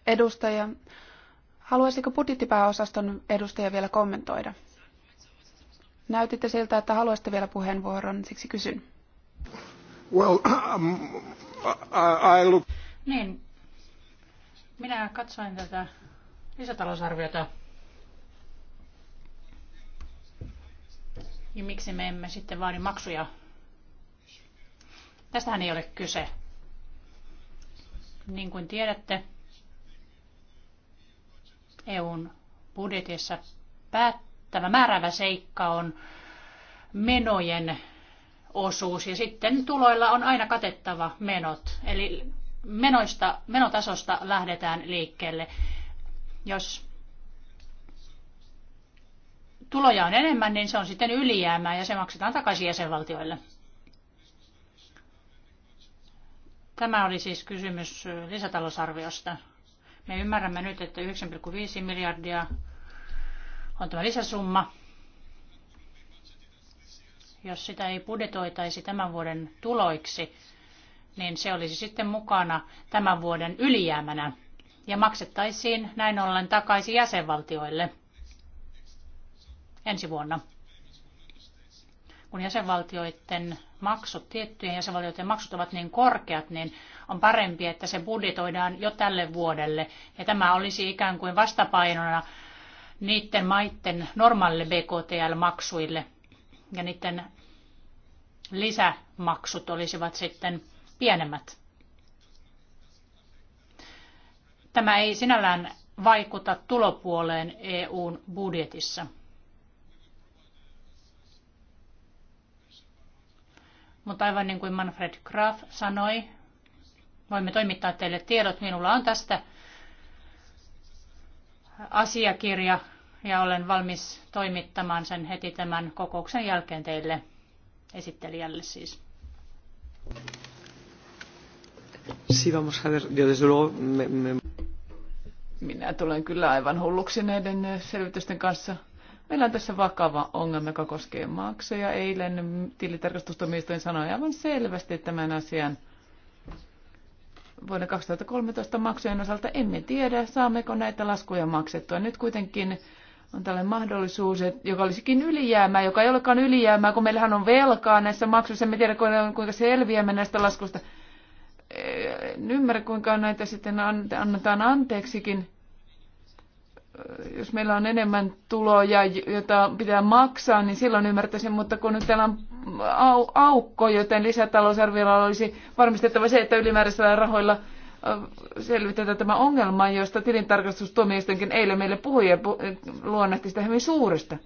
edustaja, haluaisiko budjettipääosaston edustaja vielä kommentoida? Näytitte siltä, että haluaisitte vielä puheenvuoron, siksi kysyn. Well, um, I, I look... Niin, minä katsoin tätä lisätalousarviota. Ja miksi me emme sitten vaadi maksuja? Tästähän ei ole kyse. Niin kuin tiedätte, EUn budjetissa päättyy Tämä määräävä seikka on menojen osuus ja sitten tuloilla on aina katettava menot. Eli menoista, menotasosta lähdetään liikkeelle. Jos tuloja on enemmän, niin se on sitten ylijäämää ja se maksetaan takaisin jäsenvaltioille. Tämä oli siis kysymys lisätalousarviosta. Me ymmärrämme nyt, että 9,5 miljardia on tämä lisäsumma. Jos sitä ei budjetoitaisi tämän vuoden tuloiksi, niin se olisi sitten mukana tämän vuoden ylijäämänä ja maksettaisiin näin ollen takaisin jäsenvaltioille ensi vuonna. Kun jäsenvaltioiden maksut, tiettyjen jäsenvaltioiden maksut ovat niin korkeat, niin on parempi, että se budjetoidaan jo tälle vuodelle. Ja tämä olisi ikään kuin vastapainona niiden maiden normaalille BKTL-maksuille ja niiden lisämaksut olisivat sitten pienemmät. Tämä ei sinällään vaikuta tulopuoleen EUn budjetissa. Mutta aivan niin kuin Manfred Graf sanoi, voimme toimittaa teille tiedot. Minulla on tästä asiakirja ja olen valmis toimittamaan sen heti tämän kokouksen jälkeen teille esittelijälle siis. Sí, vamos a ver. Yo desde luego me, me... Minä tulen kyllä aivan hulluksi näiden eh, selvitysten kanssa. Meillä on tässä vakava ongelma, joka koskee maksuja. Eilen tilitarkastustoimistoin sanoi aivan selvästi tämän asian. Vuoden 2013 maksujen osalta emme tiedä, saammeko näitä laskuja maksettua. Nyt kuitenkin on tällainen mahdollisuus, joka olisikin ylijäämää, joka ei olekaan ylijäämää, kun meillähän on velkaa näissä maksuissa. Me tiedä, kuinka selviämme näistä laskusta. En ymmärrä, kuinka näitä sitten annetaan anteeksikin. Jos meillä on enemmän tuloja, jota pitää maksaa, niin silloin ymmärtäisin, mutta kun nyt täällä on aukko, joten lisätalousarviolla olisi varmistettava se, että ylimääräisillä rahoilla – selvitetään tämä ongelma, josta tilintarkastustuomioistuinkin eilen meille puhui ja luonnehti sitä hyvin suuresta,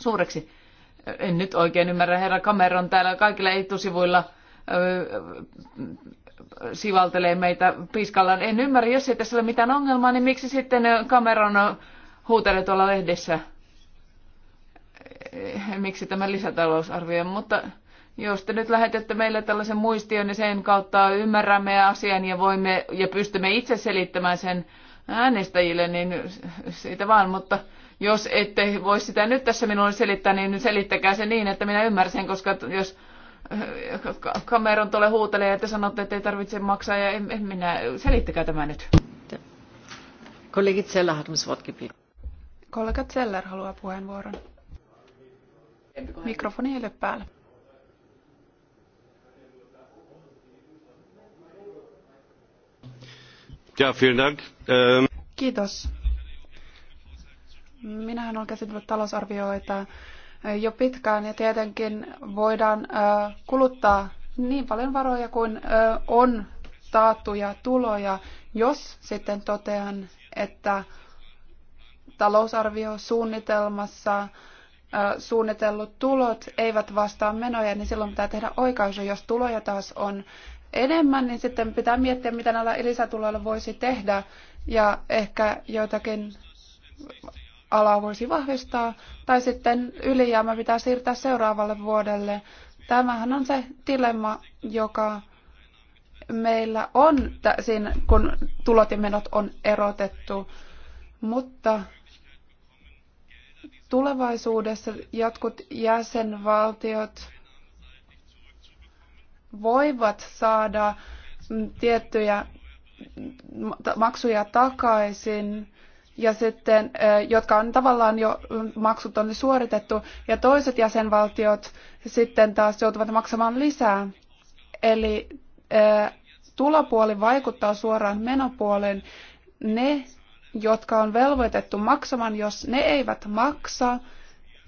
suureksi. En nyt oikein ymmärrä, herra Cameron täällä kaikilla etusivuilla sivaltelee meitä piskallaan. En ymmärrä, jos ei tässä ole mitään ongelmaa, niin miksi sitten Cameron huutelee tuolla lehdessä? Miksi tämä lisätalousarvio? Mutta jos te nyt lähetätte meille tällaisen muistion, niin sen kautta ymmärrämme asian ja voimme ja pystymme itse selittämään sen äänestäjille, niin siitä vaan, mutta jos ette voi sitä nyt tässä minulle selittää, niin selittäkää se niin, että minä ymmärsen, koska jos kameron tulee huutelee ja te sanotte, että ei tarvitse maksaa ja en, en minä, selittäkää tämä nyt. Kollegit Zeller hat ums Kollega Zeller haluaa puheenvuoron. Mikrofoni ei ole päällä. Ja, vielen Dank. Ähm, Kiitos. Minähän olen käsitellyt talousarvioita jo pitkään ja tietenkin voidaan äh, kuluttaa niin paljon varoja kuin äh, on taattuja tuloja, jos sitten totean, että talousarviosuunnitelmassa äh, suunnitellut tulot eivät vastaa menoja, niin silloin pitää tehdä oikaisu. Jos tuloja taas on enemmän, niin sitten pitää miettiä, mitä näillä lisätuloilla voisi tehdä ja ehkä joitakin alaa voisi vahvistaa, tai sitten ylijäämä pitää siirtää seuraavalle vuodelle. Tämähän on se dilemma, joka meillä on siinä, kun tulot ja menot on erotettu, mutta tulevaisuudessa jotkut jäsenvaltiot voivat saada tiettyjä maksuja takaisin ja sitten, jotka on tavallaan jo maksut on suoritettu, ja toiset jäsenvaltiot sitten taas joutuvat maksamaan lisää. Eli tulopuoli vaikuttaa suoraan menopuoleen. Ne, jotka on velvoitettu maksamaan, jos ne eivät maksa,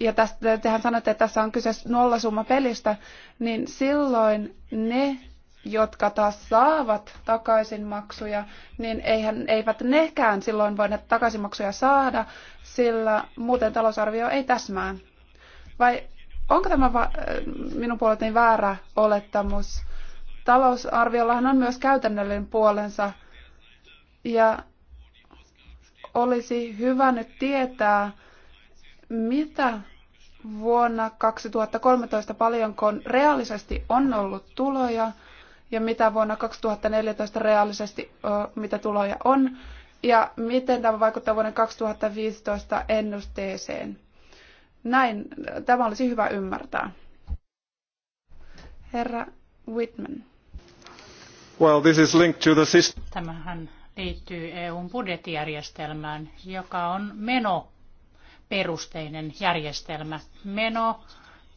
ja tästä, tehän sanotte, että tässä on kyse nollasummapelistä, niin silloin ne, jotka taas saavat takaisinmaksuja, niin eihän, eivät nekään silloin voi näitä takaisinmaksuja saada, sillä muuten talousarvio ei täsmää. Vai onko tämä va- minun puoleltani väärä olettamus? Talousarviollahan on myös käytännöllinen puolensa, ja olisi hyvä nyt tietää, mitä vuonna 2013 paljonko reaalisesti on ollut tuloja ja mitä vuonna 2014 reaalisesti mitä tuloja on ja miten tämä vaikuttaa vuoden 2015 ennusteeseen. Näin, tämä olisi hyvä ymmärtää. Herra Whitman. Well, this is linked to the system. Tämähän liittyy EUn budjettijärjestelmään, joka on meno perusteinen järjestelmä. Meno,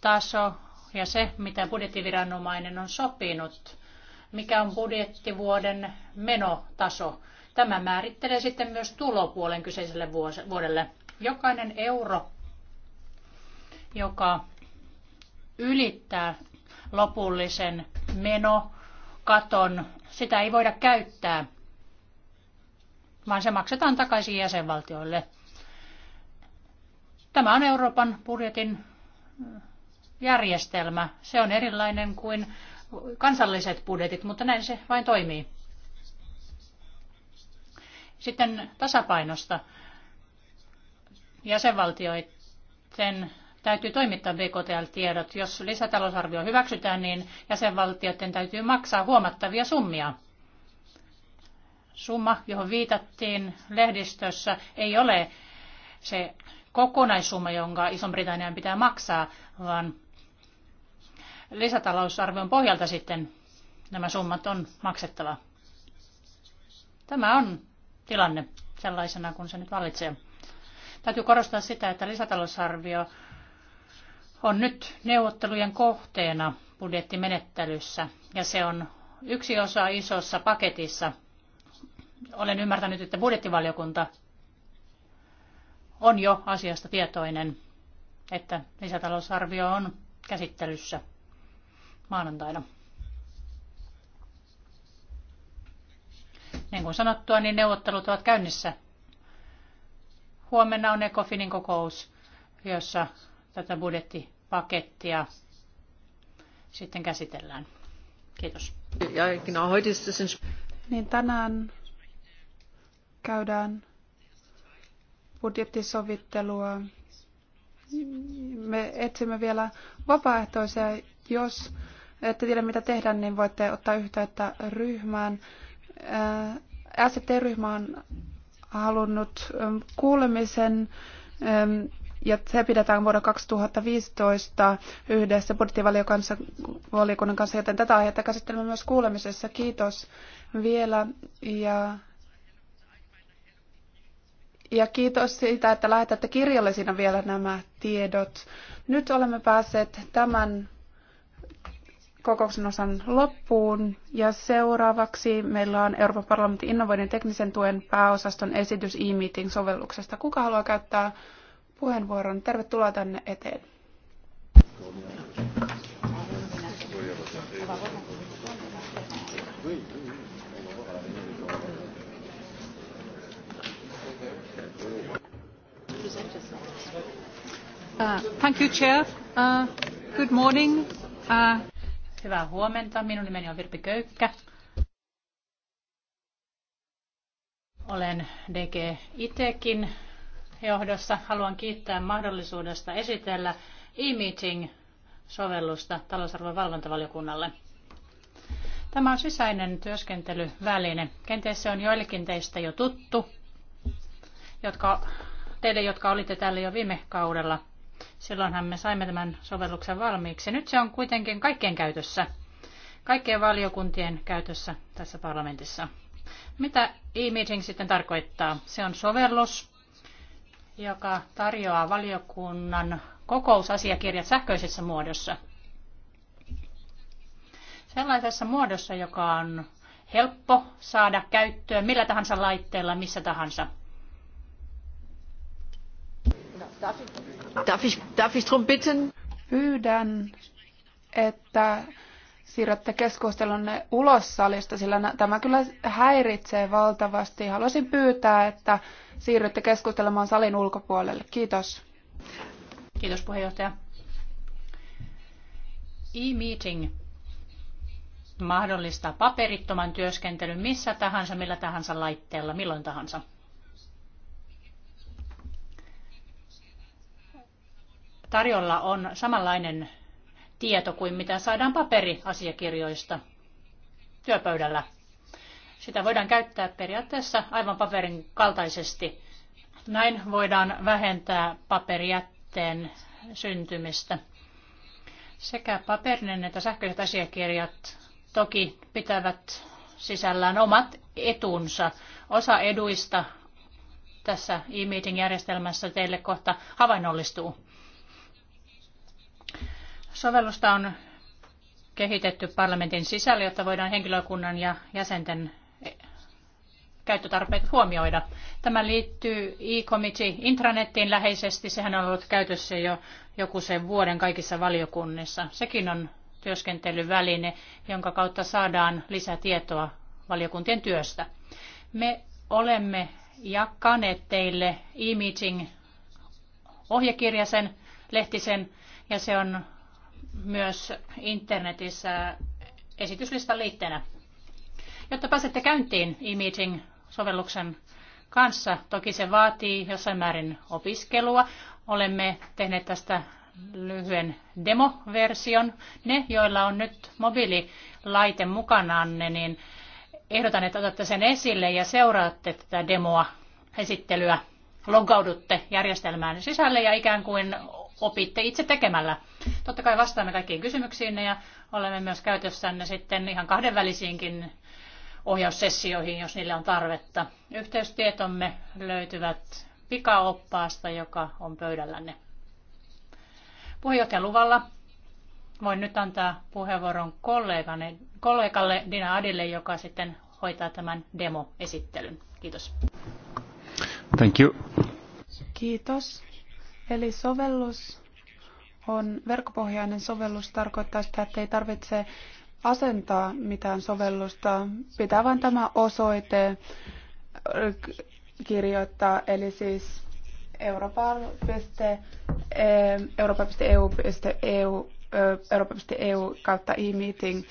taso ja se, mitä budjettiviranomainen on sopinut, mikä on budjettivuoden menotaso. Tämä määrittelee sitten myös tulopuolen kyseiselle vuodelle. Jokainen euro, joka ylittää lopullisen menokaton, sitä ei voida käyttää, vaan se maksetaan takaisin jäsenvaltioille. Tämä on Euroopan budjetin mm, järjestelmä. Se on erilainen kuin kansalliset budjetit, mutta näin se vain toimii. Sitten tasapainosta. Jäsenvaltioiden täytyy toimittaa BKTL-tiedot. Jos lisätalousarvio hyväksytään, niin jäsenvaltioiden täytyy maksaa huomattavia summia. Summa, johon viitattiin lehdistössä, ei ole se kokonaissumma, jonka Iso-Britannian pitää maksaa, vaan lisätalousarvion pohjalta sitten nämä summat on maksettava. Tämä on tilanne sellaisena, kun se nyt vallitsee. Täytyy korostaa sitä, että lisätalousarvio on nyt neuvottelujen kohteena budjettimenettelyssä ja se on yksi osa isossa paketissa. Olen ymmärtänyt, että budjettivaliokunta on jo asiasta tietoinen, että lisätalousarvio on käsittelyssä maanantaina. Niin kuin sanottua, niin neuvottelut ovat käynnissä. Huomenna on Ecofinin kokous, jossa tätä budjettipakettia sitten käsitellään. Kiitos. Ja, genau, heute ist es niin tänään käydään budjettisovittelua. Me etsimme vielä vapaaehtoisia. Jos ette tiedä mitä tehdä, niin voitte ottaa yhteyttä ryhmään. st ryhmä on halunnut kuulemisen ja se pidetään vuonna 2015 yhdessä budjettivaliokunnan kanssa, joten tätä aihetta käsittelemme myös kuulemisessa. Kiitos vielä ja ja kiitos siitä, että lähetätte kirjallisina vielä nämä tiedot. Nyt olemme päässeet tämän kokouksen osan loppuun ja seuraavaksi meillä on Euroopan parlamentin innovoinnin teknisen tuen pääosaston esitys e-meeting-sovelluksesta. Kuka haluaa käyttää puheenvuoron? Tervetuloa tänne eteen. Uh, uh, uh, Hyvää huomenta. Minun nimeni on Virpi Köykkä. Olen DG Itekin johdossa. Haluan kiittää mahdollisuudesta esitellä e-meeting-sovellusta talousarvon valvontavaliokunnalle. Tämä on sisäinen työskentelyväline. Kenties se on joillekin teistä jo tuttu, jotka, teille, jotka olitte täällä jo viime kaudella Silloinhan me saimme tämän sovelluksen valmiiksi. Nyt se on kuitenkin kaikkien käytössä, kaikkien valiokuntien käytössä tässä parlamentissa. Mitä e-meeting sitten tarkoittaa? Se on sovellus, joka tarjoaa valiokunnan kokousasiakirjat sähköisessä muodossa. Sellaisessa muodossa, joka on helppo saada käyttöön millä tahansa laitteella, missä tahansa. No, Darf ich, darf ich bitten? Pyydän, että siirrätte keskustelunne ulos salista, sillä tämä kyllä häiritsee valtavasti. Haluaisin pyytää, että siirrytte keskustelemaan salin ulkopuolelle. Kiitos. Kiitos puheenjohtaja. E-meeting mahdollistaa paperittoman työskentelyn missä tahansa, millä tahansa laitteella, milloin tahansa. tarjolla on samanlainen tieto kuin mitä saadaan paperiasiakirjoista työpöydällä. Sitä voidaan käyttää periaatteessa aivan paperin kaltaisesti. Näin voidaan vähentää paperijätteen syntymistä. Sekä paperinen että sähköiset asiakirjat toki pitävät sisällään omat etunsa. Osa eduista tässä e-meeting-järjestelmässä teille kohta havainnollistuu. Sovellusta on kehitetty parlamentin sisällä, jotta voidaan henkilökunnan ja jäsenten käyttötarpeet huomioida. Tämä liittyy e-committee intranettiin läheisesti. Sehän on ollut käytössä jo joku sen vuoden kaikissa valiokunnissa. Sekin on työskentelyväline, jonka kautta saadaan lisätietoa valiokuntien työstä. Me olemme jakaneet teille e-meeting ohjekirjasen, lehtisen, ja se on myös internetissä esityslistan liitteenä. Jotta pääsette käyntiin e-meeting-sovelluksen kanssa, toki se vaatii jossain määrin opiskelua. Olemme tehneet tästä lyhyen demoversion. Ne, joilla on nyt mobiililaite mukanaan, niin ehdotan, että otatte sen esille ja seuraatte tätä demoa, esittelyä, loggaudutte järjestelmään sisälle ja ikään kuin opitte itse tekemällä. Totta kai vastaamme kaikkiin kysymyksiin ja olemme myös käytössänne sitten ihan kahdenvälisiinkin ohjaussessioihin, jos niille on tarvetta. Yhteystietomme löytyvät pikaoppaasta, joka on pöydällänne. Puheenjohtajan luvalla voin nyt antaa puheenvuoron kollegani, kollegalle Dina Adille, joka sitten hoitaa tämän demoesittelyn. Kiitos. Thank you. Kiitos. Eli sovellus on verkkopohjainen sovellus, tarkoittaa sitä, että ei tarvitse asentaa mitään sovellusta, pitää vain tämä osoite äh, kirjoittaa, eli siis europa.eu.eu europa.eu e e e kautta e-meeting.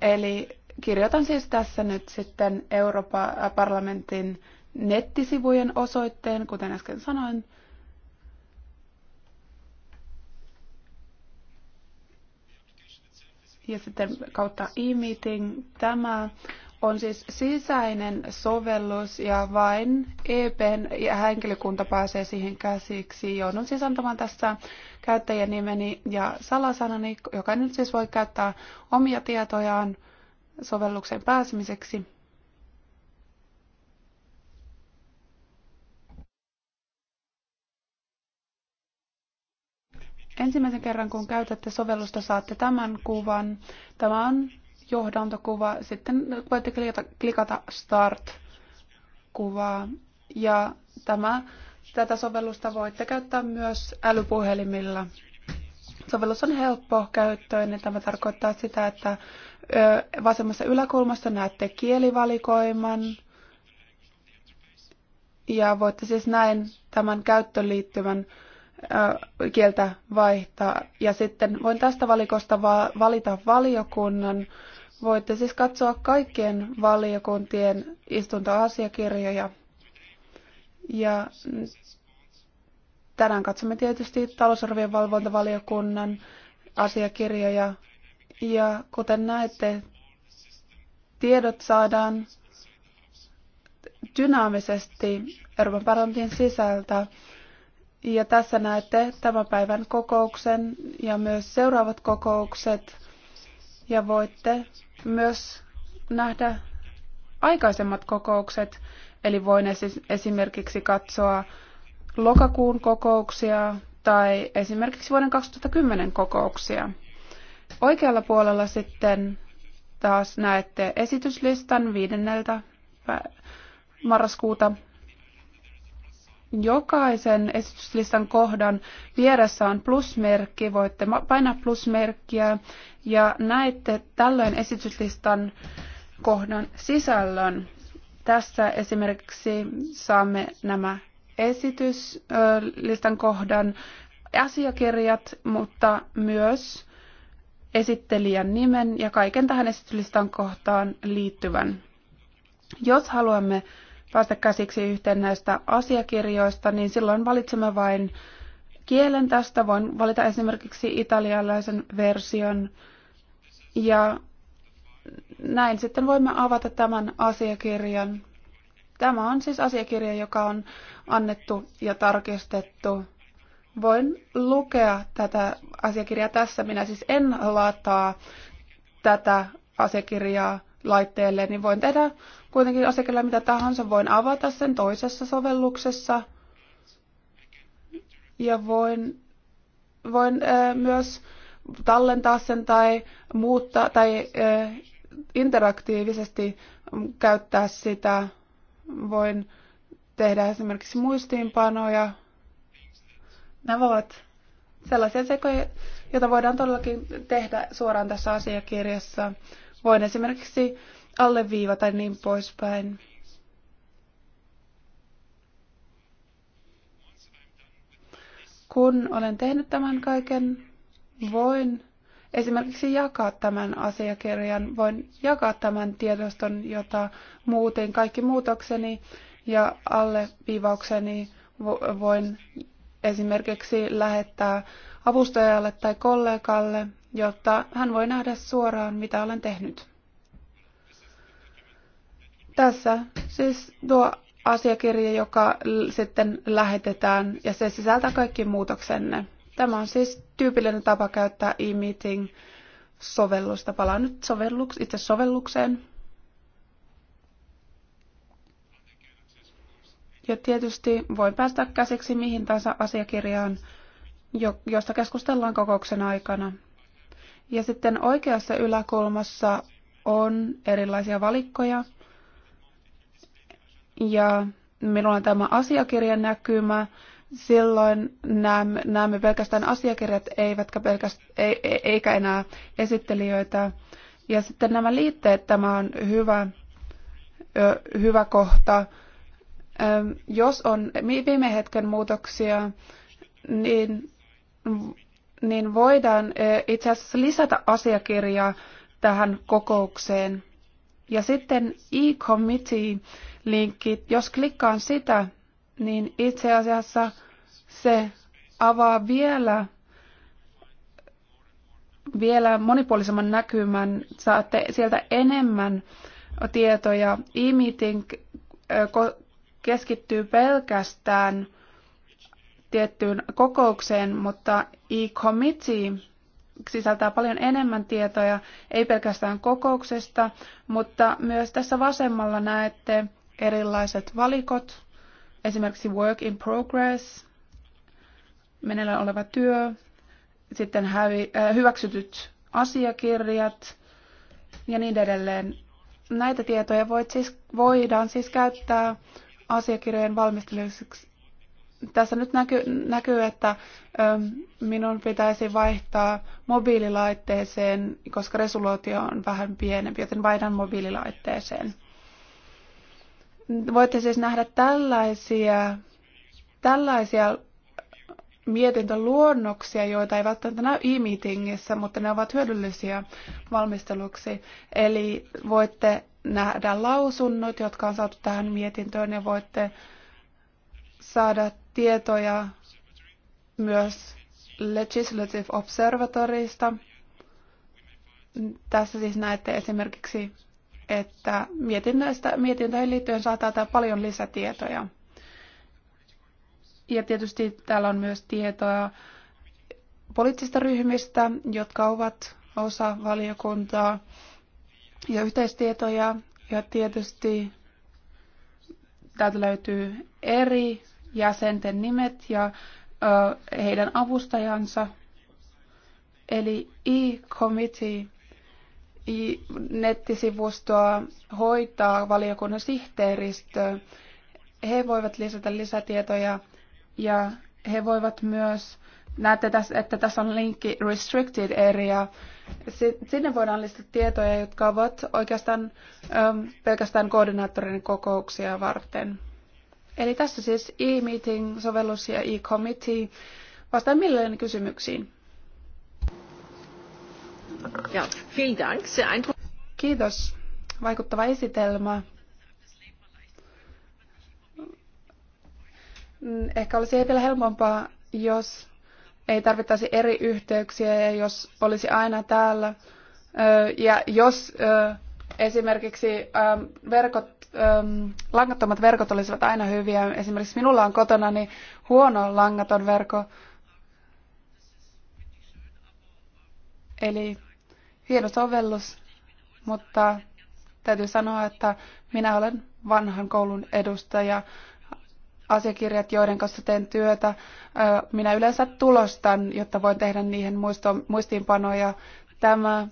Eli kirjoitan siis tässä nyt sitten Euroopan äh, parlamentin nettisivujen osoitteen, kuten äsken sanoin, ja sitten kautta e-meeting. Tämä on siis sisäinen sovellus ja vain EPn ja henkilökunta pääsee siihen käsiksi. Joudun siis antamaan tässä käyttäjän nimeni ja salasanani. joka nyt siis voi käyttää omia tietojaan sovellukseen pääsemiseksi. Ensimmäisen kerran, kun käytätte sovellusta, saatte tämän kuvan. Tämä on johdantokuva. Sitten voitte klikata, klikata Start-kuvaa. Ja tämä, tätä sovellusta voitte käyttää myös älypuhelimilla. Sovellus on helppo käyttöön, niin tämä tarkoittaa sitä, että vasemmassa yläkulmassa näette kielivalikoiman. Ja voitte siis näin tämän käyttöliittymän kieltä vaihtaa. Ja sitten voin tästä valikosta valita valiokunnan. Voitte siis katsoa kaikkien valiokuntien istuntoasiakirjoja. Ja tänään katsomme tietysti talousarvion valvontavaliokunnan asiakirjoja. Ja kuten näette, tiedot saadaan dynaamisesti Euroopan parlamentin sisältä ja tässä näette tämän päivän kokouksen ja myös seuraavat kokoukset. Ja voitte myös nähdä aikaisemmat kokoukset. Eli voin esimerkiksi katsoa lokakuun kokouksia tai esimerkiksi vuoden 2010 kokouksia. Oikealla puolella sitten taas näette esityslistan viidenneltä marraskuuta Jokaisen esityslistan kohdan vieressä on plusmerkki. Voitte painaa plusmerkkiä ja näette tällöin esityslistan kohdan sisällön. Tässä esimerkiksi saamme nämä esityslistan kohdan asiakirjat, mutta myös esittelijän nimen ja kaiken tähän esityslistan kohtaan liittyvän. Jos haluamme päästä käsiksi yhteen näistä asiakirjoista, niin silloin valitsemme vain kielen tästä. Voin valita esimerkiksi italialaisen version. Ja näin sitten voimme avata tämän asiakirjan. Tämä on siis asiakirja, joka on annettu ja tarkistettu. Voin lukea tätä asiakirjaa tässä. Minä siis en lataa tätä asiakirjaa laitteelle, niin voin tehdä kuitenkin asiakirjalle mitä tahansa. Voin avata sen toisessa sovelluksessa ja voin, voin äh, myös tallentaa sen tai muuttaa tai äh, interaktiivisesti käyttää sitä. Voin tehdä esimerkiksi muistiinpanoja. Nämä ovat sellaisia sekoja, joita voidaan todellakin tehdä suoraan tässä asiakirjassa voin esimerkiksi alleviivata niin poispäin. Kun olen tehnyt tämän kaiken, voin esimerkiksi jakaa tämän asiakirjan, voin jakaa tämän tiedoston, jota muuten kaikki muutokseni ja alleviivaukseni voin esimerkiksi lähettää avustajalle tai kollegalle jotta hän voi nähdä suoraan, mitä olen tehnyt. Tässä siis tuo asiakirja, joka sitten lähetetään, ja se sisältää kaikki muutoksenne. Tämä on siis tyypillinen tapa käyttää e-meeting-sovellusta. Palaan nyt sovelluks- itse sovellukseen. Ja tietysti voi päästä käsiksi mihin tahansa asiakirjaan, josta keskustellaan kokouksen aikana. Ja sitten oikeassa yläkulmassa on erilaisia valikkoja. Ja minulla on tämä asiakirjan näkymä. Silloin näemme, näemme pelkästään asiakirjat, eivätkä pelkästään, e, eikä enää esittelijöitä. Ja sitten nämä liitteet, tämä on hyvä, ö, hyvä kohta. Ö, jos on viime hetken muutoksia, niin niin voidaan itse asiassa lisätä asiakirjaa tähän kokoukseen. Ja sitten e-committee-linkki, jos klikkaan sitä, niin itse asiassa se avaa vielä, vielä monipuolisemman näkymän. Saatte sieltä enemmän tietoja. E-meeting keskittyy pelkästään – tiettyyn kokoukseen, mutta e-committee sisältää paljon enemmän tietoja, ei pelkästään kokouksesta, mutta myös tässä vasemmalla näette erilaiset valikot, esimerkiksi work in progress, meneillään oleva työ, sitten äh, hyväksytyt asiakirjat ja niin edelleen. Näitä tietoja voit siis, voidaan siis käyttää asiakirjojen valmistelemiseksi, tässä nyt näkyy, näkyy että minun pitäisi vaihtaa mobiililaitteeseen, koska resoluutio on vähän pienempi, joten vaihdan mobiililaitteeseen. Voitte siis nähdä tällaisia, tällaisia mietintöluonnoksia, joita ei välttämättä näy e-meetingissä, mutta ne ovat hyödyllisiä valmisteluksi. Eli voitte nähdä lausunnot, jotka on saatu tähän mietintöön ja voitte saada tietoja myös Legislative Observatorista. Tässä siis näette esimerkiksi, että mietinnöistä, mietintöihin liittyen saattaa tää paljon lisätietoja. Ja tietysti täällä on myös tietoa poliittisista ryhmistä, jotka ovat osa valiokuntaa ja yhteistietoja. Ja tietysti täältä löytyy eri jäsenten nimet ja ö, heidän avustajansa. Eli e-committee nettisivustoa hoitaa valiokunnan sihteeristö. He voivat lisätä lisätietoja ja he voivat myös, näette, tässä, että tässä on linkki restricted area. Sinne voidaan lisätä tietoja, jotka ovat oikeastaan pelkästään koordinaattorin kokouksia varten. Eli tässä siis e-meeting-sovellus ja e-committee. Vastaan mielelläni kysymyksiin. Ja, vielen Dank. Kiitos. Vaikuttava esitelmä. Ehkä olisi vielä helpompaa, jos ei tarvittaisi eri yhteyksiä ja jos olisi aina täällä. Ja jos Esimerkiksi ähm, verkot, ähm, langattomat verkot olisivat aina hyviä. Esimerkiksi minulla on kotona niin huono langaton verko. Eli hieno sovellus, mutta täytyy sanoa, että minä olen vanhan koulun edustaja. Asiakirjat, joiden kanssa teen työtä, äh, minä yleensä tulostan, jotta voin tehdä niihin muistiinpanoja. Tämä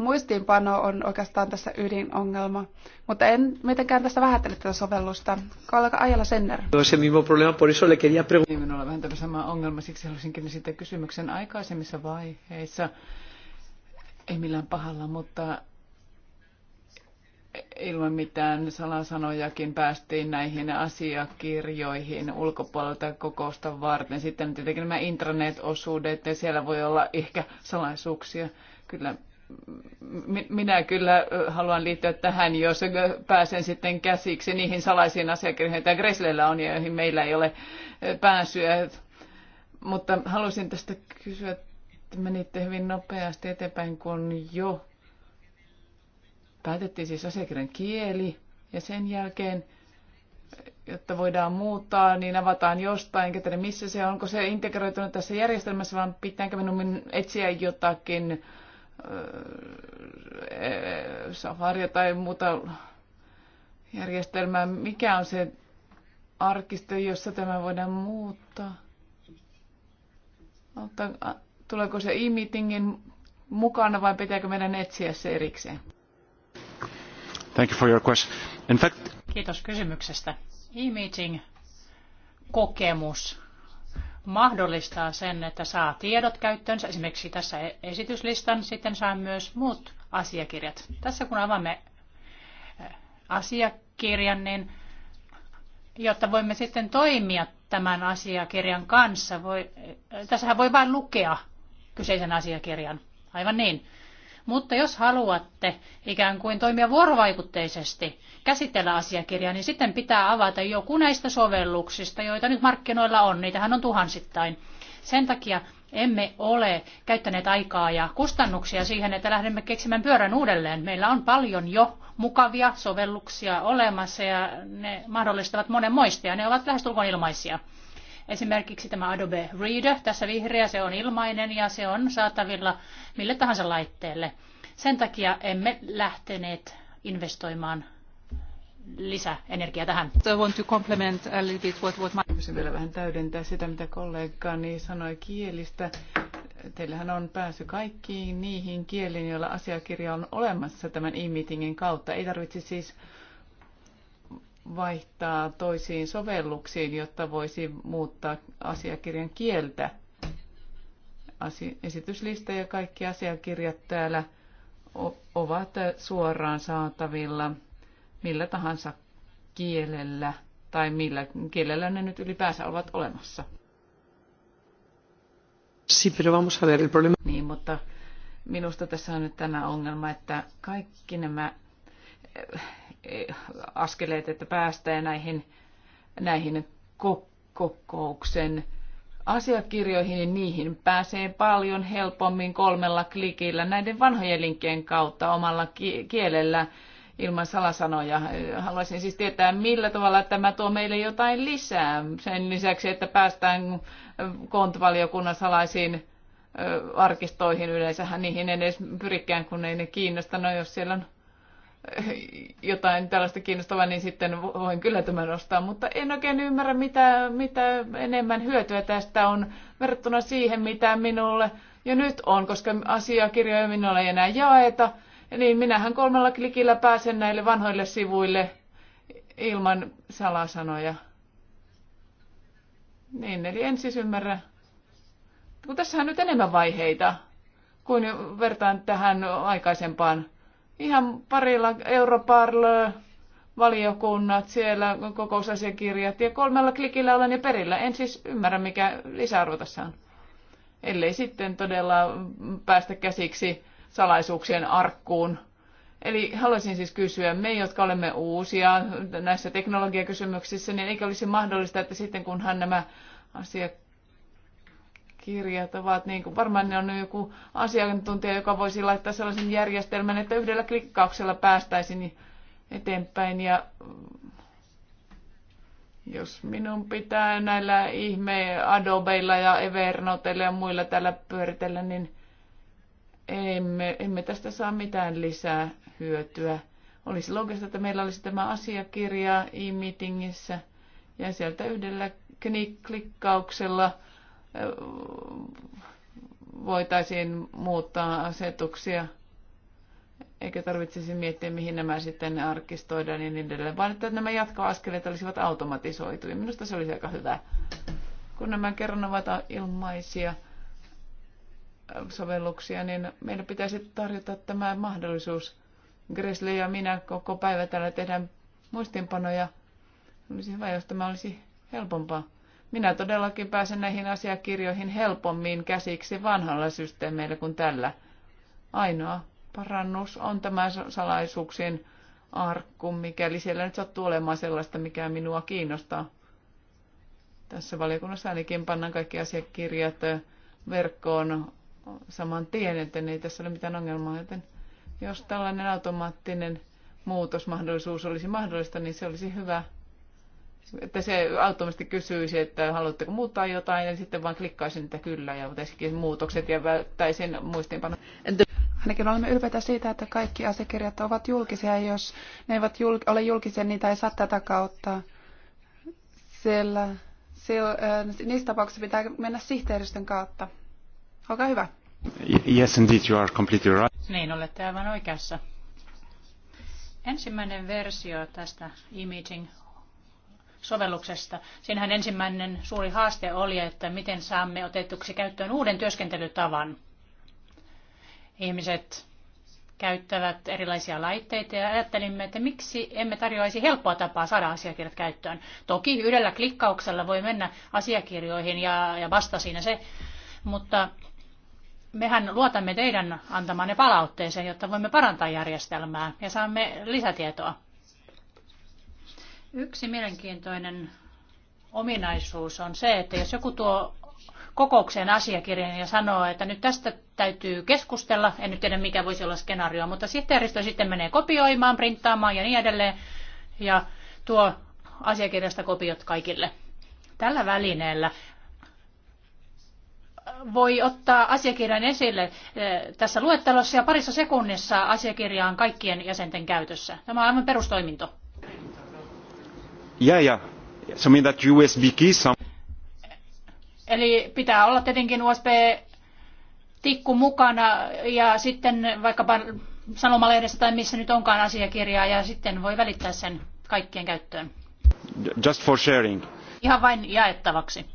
muistiinpano on oikeastaan tässä ydinongelma. Mutta en mitenkään tässä vähättele tätä sovellusta. Kollega Ajala Senner. No se mismo problema, por eso le quería preguntar. Niin, minulla on vähän tämä sama ongelma, siksi halusinkin sitten kysymyksen aikaisemmissa vaiheissa. Ei millään pahalla, mutta ilman mitään salasanojakin päästiin näihin asiakirjoihin ulkopuolelta kokousta varten. Sitten tietenkin nämä intranet-osuudet, ja siellä voi olla ehkä salaisuuksia. Kyllä minä kyllä haluan liittyä tähän, jos pääsen sitten käsiksi niihin salaisiin asiakirjoihin, joita Greslellä on ja joihin meillä ei ole pääsyä. Mutta halusin tästä kysyä, että menitte hyvin nopeasti eteenpäin, kun jo päätettiin siis asiakirjan kieli ja sen jälkeen jotta voidaan muuttaa, niin avataan jostain, ketä missä se on, onko se integroitunut tässä järjestelmässä, vaan pitääkö minun etsiä jotakin safaria tai muuta järjestelmää. Mikä on se arkisto, jossa tämä voidaan muuttaa? Tuleeko se e-meetingin mukana vai pitääkö meidän etsiä se erikseen? Thank you for your question. In fact... Kiitos kysymyksestä. E-meeting kokemus mahdollistaa sen, että saa tiedot käyttöönsä, esimerkiksi tässä e- esityslistan, sitten saa myös muut asiakirjat. Tässä kun avaamme asiakirjan, niin jotta voimme sitten toimia tämän asiakirjan kanssa, voi, tässähän voi vain lukea kyseisen asiakirjan, aivan niin. Mutta jos haluatte ikään kuin toimia vuorovaikutteisesti, käsitellä asiakirjaa, niin sitten pitää avata joku näistä sovelluksista, joita nyt markkinoilla on. Niitähän on tuhansittain. Sen takia emme ole käyttäneet aikaa ja kustannuksia siihen, että lähdemme keksimään pyörän uudelleen. Meillä on paljon jo mukavia sovelluksia olemassa ja ne mahdollistavat monen ja ne ovat lähestulkoon ilmaisia. Esimerkiksi tämä Adobe Reader, tässä vihreä, se on ilmainen ja se on saatavilla mille tahansa laitteelle. Sen takia emme lähteneet investoimaan lisäenergiaa tähän. So I want to complement a little bit what, what my... vielä vähän täydentää sitä, mitä kollegani sanoi kielistä. Teillähän on pääsy kaikkiin niihin kieliin, joilla asiakirja on olemassa tämän e-meetingin kautta. Ei tarvitse siis vaihtaa toisiin sovelluksiin, jotta voisi muuttaa asiakirjan kieltä. Asi- esityslista ja kaikki asiakirjat täällä ovat suoraan saatavilla millä tahansa kielellä tai millä kielellä ne nyt ylipäänsä ovat olemassa. Sí, pero vamos a ver el problema. Niin, mutta minusta tässä on nyt tämä ongelma, että kaikki nämä askeleet, että päästään näihin, näihin kokouksen asiakirjoihin, niin niihin pääsee paljon helpommin kolmella klikillä näiden vanhojen linkkien kautta omalla kielellä ilman salasanoja. Haluaisin siis tietää, millä tavalla tämä tuo meille jotain lisää. Sen lisäksi, että päästään kontvaliokunnan salaisiin arkistoihin yleensähän niihin edes pyrikään, kun ei ne kiinnosta. No jos siellä on jotain tällaista kiinnostavaa, niin sitten voin kyllä tämän ostaa. Mutta en oikein ymmärrä, mitä, mitä enemmän hyötyä tästä on verrattuna siihen, mitä minulle jo nyt on, koska asiakirjoja minulle ei enää jaeta. Niin minähän kolmella klikillä pääsen näille vanhoille sivuille ilman salasanoja. Niin, eli en siis ymmärrä. Kun tässähän on nyt enemmän vaiheita, kuin vertaan tähän aikaisempaan ihan parilla Europarlö valiokunnat, siellä kokousasiakirjat ja kolmella klikillä olen jo perillä. En siis ymmärrä, mikä lisäarvo tässä on. Ellei sitten todella päästä käsiksi salaisuuksien arkkuun. Eli haluaisin siis kysyä, me jotka olemme uusia näissä teknologiakysymyksissä, niin eikö olisi mahdollista, että sitten kunhan nämä asiakkaat kirjat ovat, niin kuin varmaan ne on joku asiantuntija, joka voisi laittaa sellaisen järjestelmän, että yhdellä klikkauksella päästäisiin eteenpäin. Ja mm, jos minun pitää näillä ihme Adobeilla ja Evernoteilla ja muilla tällä pyöritellä, niin emme, emme tästä saa mitään lisää hyötyä. Olisi loogista, että meillä olisi tämä asiakirja e-meetingissä ja sieltä yhdellä klikkauksella – voitaisiin muuttaa asetuksia, eikä tarvitsisi miettiä, mihin nämä sitten arkistoidaan ja niin edelleen, vaan että nämä jatkoaskeleet olisivat automatisoituja. Minusta se olisi aika hyvä, kun nämä kerran ovat ilmaisia sovelluksia, niin meidän pitäisi tarjota tämä mahdollisuus. Gresley ja minä koko päivä täällä tehdään muistinpanoja. Olisi hyvä, jos tämä olisi helpompaa. Minä todellakin pääsen näihin asiakirjoihin helpommin käsiksi vanhalla systeemeillä kuin tällä. Ainoa parannus on tämä salaisuuksien arkku, mikäli siellä nyt sattuu olemaan sellaista, mikä minua kiinnostaa. Tässä valiokunnassa ainakin pannaan kaikki asiakirjat verkkoon saman tien, että ei tässä ole mitään ongelmaa, joten jos tällainen automaattinen muutosmahdollisuus olisi mahdollista, niin se olisi hyvä että se automaattisesti kysyisi, että haluatteko muuttaa jotain, ja sitten vaan klikkaisin, että kyllä, ja tekisikin muutokset ja välttäisin muistiinpano. Ainakin olemme ylpeitä siitä, että kaikki asiakirjat ovat julkisia, ja jos ne eivät jul- ole julkisia, niitä ei saa tätä kautta. Siellä, siellä, äh, niissä tapauksissa pitää mennä sihteeristön kautta. Olkaa hyvä. Yes, indeed, you are completely right. Niin, olette aivan oikeassa. Ensimmäinen versio tästä imaging sovelluksesta. Siinähän ensimmäinen suuri haaste oli, että miten saamme otetuksi käyttöön uuden työskentelytavan. Ihmiset käyttävät erilaisia laitteita ja ajattelimme, että miksi emme tarjoaisi helppoa tapaa saada asiakirjat käyttöön. Toki yhdellä klikkauksella voi mennä asiakirjoihin ja, ja vasta siinä se, mutta mehän luotamme teidän antamanne palautteeseen, jotta voimme parantaa järjestelmää ja saamme lisätietoa. Yksi mielenkiintoinen ominaisuus on se, että jos joku tuo kokoukseen asiakirjan ja sanoo, että nyt tästä täytyy keskustella, en nyt tiedä mikä voisi olla skenaario, mutta sihteeristö sitten menee kopioimaan, printtaamaan ja niin edelleen ja tuo asiakirjasta kopiot kaikille. Tällä välineellä voi ottaa asiakirjan esille eh, tässä luettelossa ja parissa sekunnissa asiakirjaan kaikkien jäsenten käytössä. Tämä on aivan perustoiminto. USB Eli pitää olla tietenkin USB-tikku mukana ja sitten vaikkapa sanomalehdessä tai missä nyt onkaan asiakirjaa ja sitten voi välittää sen kaikkien käyttöön. Just for sharing. Ihan vain jaettavaksi.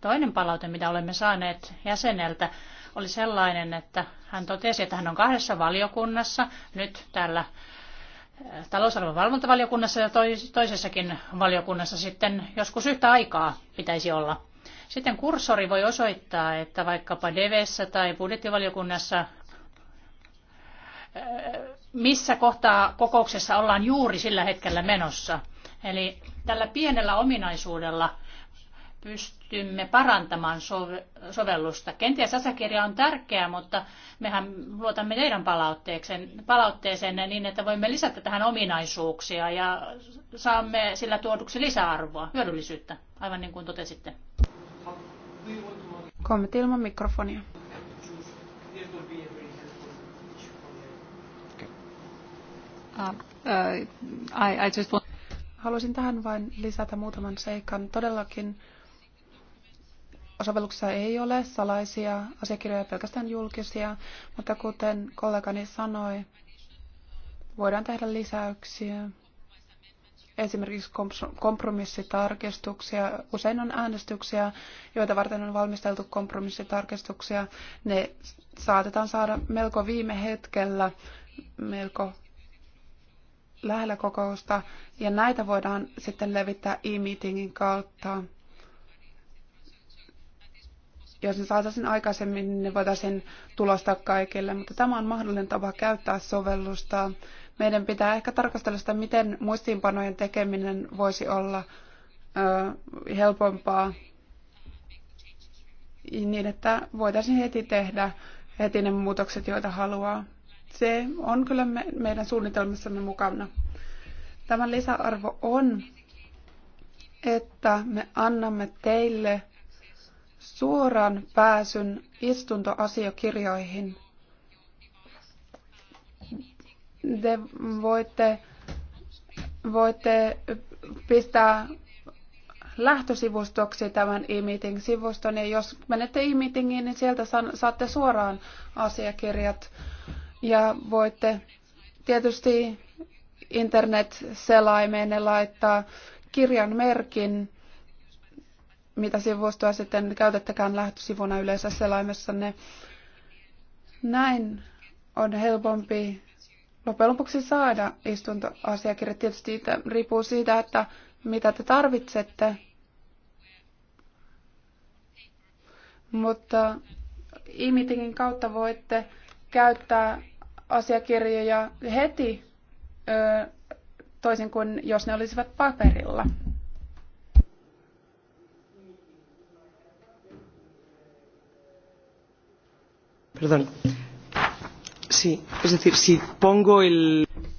Toinen palaute, mitä olemme saaneet jäseneltä, oli sellainen, että hän totesi, että hän on kahdessa valiokunnassa, nyt täällä talousarvon valvontavaliokunnassa ja toisessakin valiokunnassa sitten joskus yhtä aikaa pitäisi olla. Sitten kursori voi osoittaa, että vaikkapa Devessä tai budjettivaliokunnassa äh, missä kohtaa kokouksessa ollaan juuri sillä hetkellä menossa. Eli tällä pienellä ominaisuudella pystymme parantamaan sovellusta. Kenties asiakirja on tärkeä, mutta mehän luotamme teidän palautteeseen niin, että voimme lisätä tähän ominaisuuksia ja saamme sillä tuoduksi lisäarvoa, hyödyllisyyttä, aivan niin kuin totesitte. Kommentti ilman mikrofonia. Uh, uh, Haluaisin tähän vain lisätä muutaman seikan. Todellakin sovelluksessa ei ole salaisia asiakirjoja, pelkästään julkisia, mutta kuten kollegani sanoi, voidaan tehdä lisäyksiä. Esimerkiksi kompromissitarkistuksia. Usein on äänestyksiä, joita varten on valmisteltu kompromissitarkistuksia. Ne saatetaan saada melko viime hetkellä, melko lähellä kokousta, ja näitä voidaan sitten levittää e-meetingin kautta jos ne saataisiin aikaisemmin, niin ne voitaisiin tulostaa kaikille. Mutta tämä on mahdollinen tapa käyttää sovellusta. Meidän pitää ehkä tarkastella sitä, miten muistiinpanojen tekeminen voisi olla ö, helpompaa niin, että voitaisiin heti tehdä heti ne muutokset, joita haluaa. Se on kyllä me, meidän suunnitelmassamme mukana. Tämän lisäarvo on, että me annamme teille – suoran pääsyn istuntoasiakirjoihin. Te voitte, voitte pistää lähtösivustoksi tämän e-meeting-sivuston, ja jos menette e-meetingiin, niin sieltä saatte suoraan asiakirjat, ja voitte tietysti internet-selaimeen laittaa kirjan merkin, mitä sivustoa sitten käytettäkään lähtösivuna yleensä selaimessanne. Näin on helpompi loppujen lopuksi saada istuntoasiakirja. Tietysti siitä, riippuu siitä, että mitä te tarvitsette. Mutta e-meetingin kautta voitte käyttää asiakirjoja heti toisin kuin jos ne olisivat paperilla.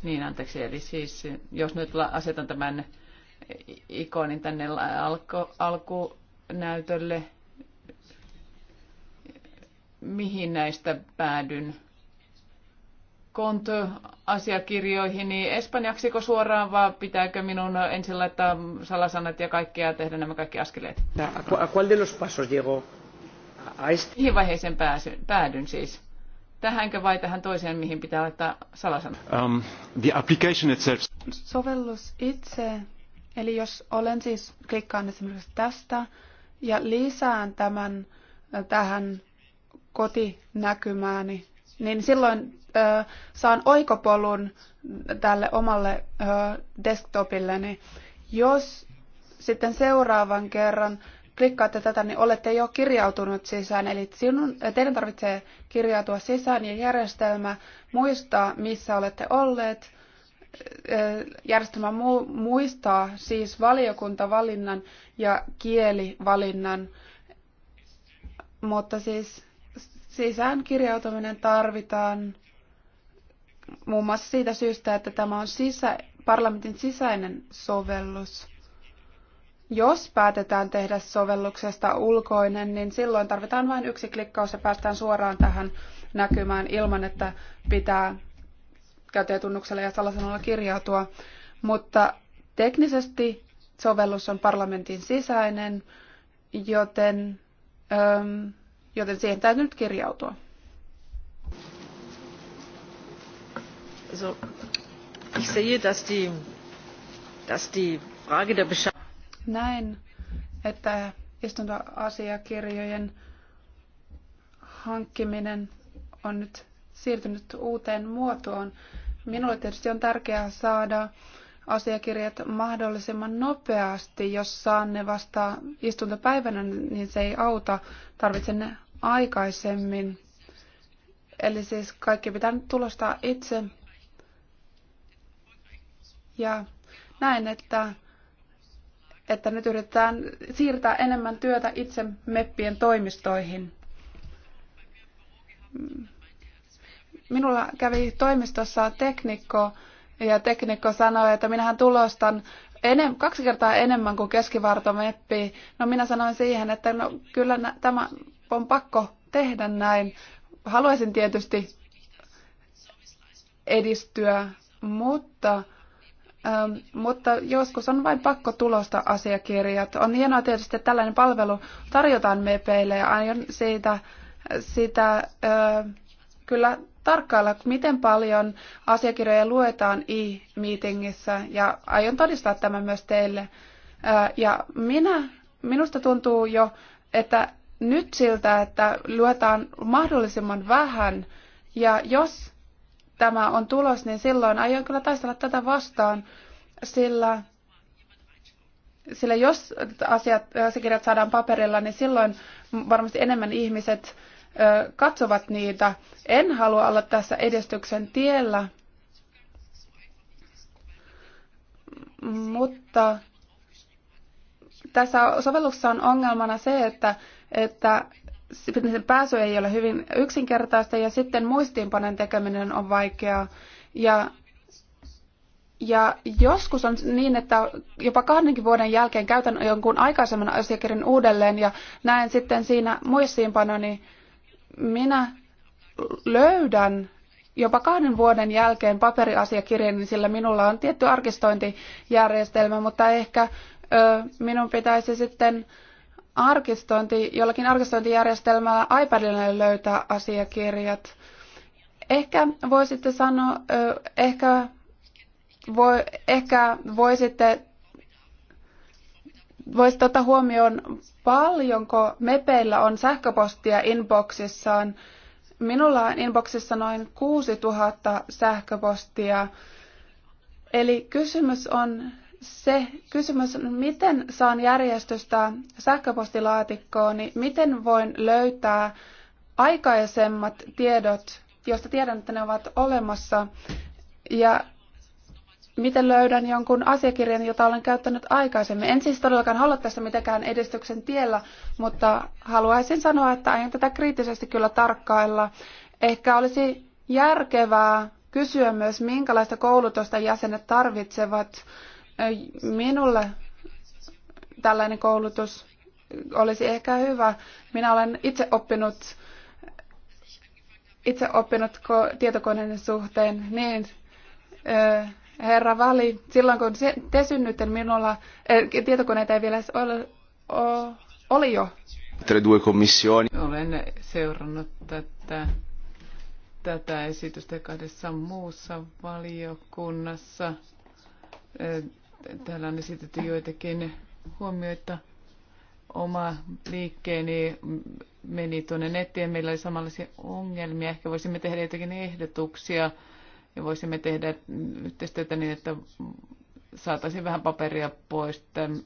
Niin, anteeksi. Eli siis, jos nyt asetan tämän eh, ikonin tänne alku, alkunäytölle, mihin näistä päädyn? Konto-asiakirjoihini niin espanjaksiko suoraan, vai pitääkö minun ensin laittaa salasanat ja kaikkea tehdä nämä kaikki askeleet? ¿A cuál de los pasos llegó? Mihin vaiheeseen pääsyn, päädyn siis? Tähänkö vai tähän toiseen, mihin pitää laittaa salasana? Um, the application itself. Sovellus itse. Eli jos olen siis, klikkaan esimerkiksi tästä ja lisään tämän tähän kotinäkymääni, niin silloin ö, saan oikopolun tälle omalle ö, desktopilleni. Jos sitten seuraavan kerran klikkaatte tätä, niin olette jo kirjautunut sisään. Eli sinun, teidän tarvitsee kirjautua sisään ja järjestelmä muistaa, missä olette olleet. Järjestelmä muistaa siis valiokuntavalinnan ja kielivalinnan. Mutta siis sisään kirjautuminen tarvitaan muun muassa siitä syystä, että tämä on sisä, parlamentin sisäinen sovellus. Jos päätetään tehdä sovelluksesta ulkoinen, niin silloin tarvitaan vain yksi klikkaus ja päästään suoraan tähän näkymään ilman, että pitää käteetunnuksella ja salasanalla kirjautua. Mutta teknisesti sovellus on parlamentin sisäinen, joten, öm, joten siihen täytyy nyt kirjautua. So, ich sehe, dass die, dass die Frage der Bescheid näin, että istuntoasiakirjojen hankkiminen on nyt siirtynyt uuteen muotoon. Minulle tietysti on tärkeää saada asiakirjat mahdollisimman nopeasti. Jos saan ne vasta istuntopäivänä, niin se ei auta. Tarvitsen ne aikaisemmin. Eli siis kaikki pitää nyt tulostaa itse. Ja näin, että että nyt yritetään siirtää enemmän työtä itse meppien toimistoihin. Minulla kävi toimistossa teknikko ja teknikko sanoi, että minähän tulostan enem, kaksi kertaa enemmän kuin keskivartomeppi. No minä sanoin siihen, että no, kyllä nä, tämä on pakko tehdä näin. Haluaisin tietysti edistyä, mutta Ähm, mutta joskus on vain pakko tulosta asiakirjat. On hienoa tietysti, että tällainen palvelu tarjotaan mepeille ja aion siitä, sitä äh, kyllä tarkkailla, miten paljon asiakirjoja luetaan e-meetingissä ja aion todistaa tämän myös teille. Äh, ja minä, minusta tuntuu jo, että nyt siltä, että luetaan mahdollisimman vähän ja jos tämä on tulos, niin silloin aion kyllä taistella tätä vastaan, sillä, sillä jos asiat, asiakirjat saadaan paperilla, niin silloin varmasti enemmän ihmiset ö, katsovat niitä. En halua olla tässä edistyksen tiellä, mutta tässä sovelluksessa on ongelmana se, että, että pääsy ei ole hyvin yksinkertaista ja sitten muistiinpanen tekeminen on vaikeaa. Ja, ja joskus on niin, että jopa kahdenkin vuoden jälkeen käytän jonkun aikaisemman asiakirjan uudelleen ja näen sitten siinä muistiinpanoni, niin minä löydän jopa kahden vuoden jälkeen paperiasiakirjan, niin sillä minulla on tietty arkistointijärjestelmä, mutta ehkä ö, minun pitäisi sitten arkistointi, jollakin arkistointijärjestelmällä iPadilla löytää asiakirjat. Ehkä voisitte sanoa, ehkä, voi, ehkä voisitte voisitte ottaa huomioon, paljonko mepeillä on sähköpostia inboxissaan. Minulla on inboxissa noin 6000 sähköpostia. Eli kysymys on se kysymys, miten saan järjestystä sähköpostilaatikkoon, niin miten voin löytää aikaisemmat tiedot, joista tiedän, että ne ovat olemassa, ja miten löydän jonkun asiakirjan, jota olen käyttänyt aikaisemmin. En siis todellakaan halua tässä mitenkään edistyksen tiellä, mutta haluaisin sanoa, että aion tätä kriittisesti kyllä tarkkailla. Ehkä olisi järkevää kysyä myös, minkälaista koulutusta jäsenet tarvitsevat Minulle tällainen koulutus olisi ehkä hyvä. Minä olen itse oppinut, itse oppinut tietokoneen suhteen niin, herra Vali, silloin kun te synnytte, minulla tietokoneita ei vielä ole, oli jo. Olen seurannut tätä, tätä esitystä kahdessa muussa valiokunnassa Täällä on esitetty joitakin huomioita. Oma liikkeeni meni tuonne nettiin meillä oli samanlaisia ongelmia. Ehkä voisimme tehdä jotakin ehdotuksia ja voisimme tehdä yhteistyötä niin, että saataisiin vähän paperia pois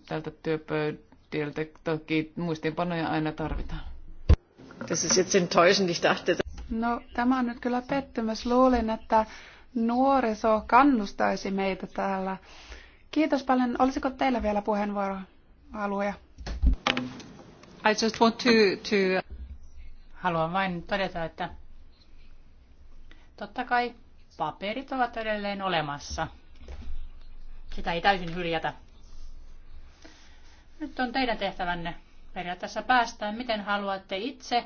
tältä työpöydiltä. Toki muistiinpanoja aina tarvitaan. Das ist jetzt enttäuschend. Ich dachte, No, tämä on nyt kyllä pettymys. Luulin, että nuoriso kannustaisi meitä täällä Kiitos paljon. Olisiko teillä vielä puheenvuoroalueja? I just want to, to... Haluan vain todeta, että totta kai paperit ovat edelleen olemassa. Sitä ei täysin hyljätä. Nyt on teidän tehtävänne periaatteessa päästään, miten haluatte itse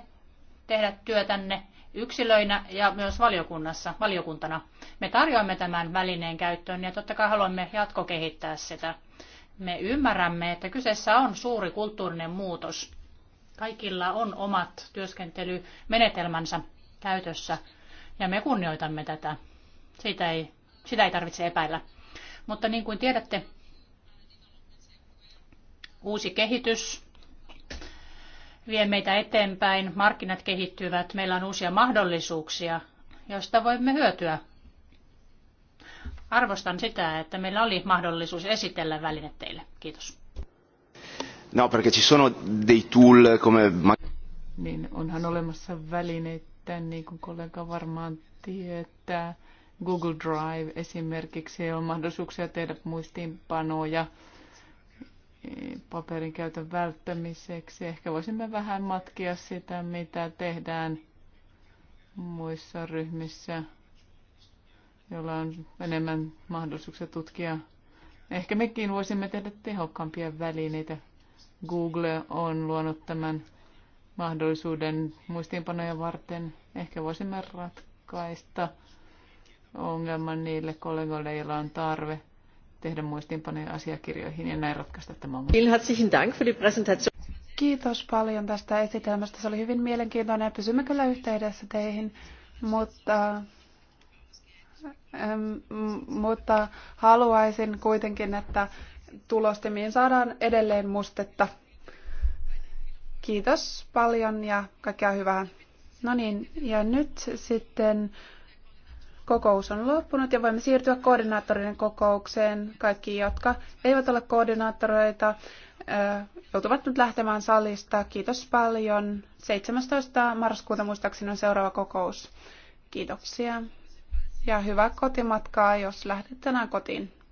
tehdä työtänne yksilöinä ja myös valiokunnassa, valiokuntana. Me tarjoamme tämän välineen käyttöön ja totta kai haluamme jatkokehittää sitä. Me ymmärrämme, että kyseessä on suuri kulttuurinen muutos. Kaikilla on omat työskentelymenetelmänsä käytössä ja me kunnioitamme tätä. ei, sitä ei tarvitse epäillä. Mutta niin kuin tiedätte, uusi kehitys vie meitä eteenpäin, markkinat kehittyvät, meillä on uusia mahdollisuuksia, joista voimme hyötyä. Arvostan sitä, että meillä oli mahdollisuus esitellä väline teille. Kiitos. No, perché ci sono dei tool come... Niin onhan olemassa välineitä, niin kuin kollega varmaan tietää. Google Drive esimerkiksi on mahdollisuuksia tehdä muistiinpanoja paperin käytön välttämiseksi. Ehkä voisimme vähän matkia sitä, mitä tehdään muissa ryhmissä, joilla on enemmän mahdollisuuksia tutkia. Ehkä mekin voisimme tehdä tehokkaampia välineitä. Google on luonut tämän mahdollisuuden muistiinpanoja varten. Ehkä voisimme ratkaista ongelman niille kollegoille, joilla on tarve tehdä muistiinpanoja asiakirjoihin ja näin ratkaista tämä ongelma. Kiitos paljon tästä esitelmästä. Se oli hyvin mielenkiintoinen ja pysymme kyllä yhteydessä teihin, mutta, ähm, mutta haluaisin kuitenkin, että tulostimiin saadaan edelleen mustetta. Kiitos paljon ja kaikkea hyvää. No niin, ja nyt sitten Kokous on loppunut ja voimme siirtyä koordinaattorien kokoukseen. Kaikki, jotka eivät ole koordinaattoreita, joutuvat nyt lähtemään salista. Kiitos paljon. 17. marraskuuta muistaakseni on seuraava kokous. Kiitoksia ja hyvää kotimatkaa, jos lähdet tänään kotiin.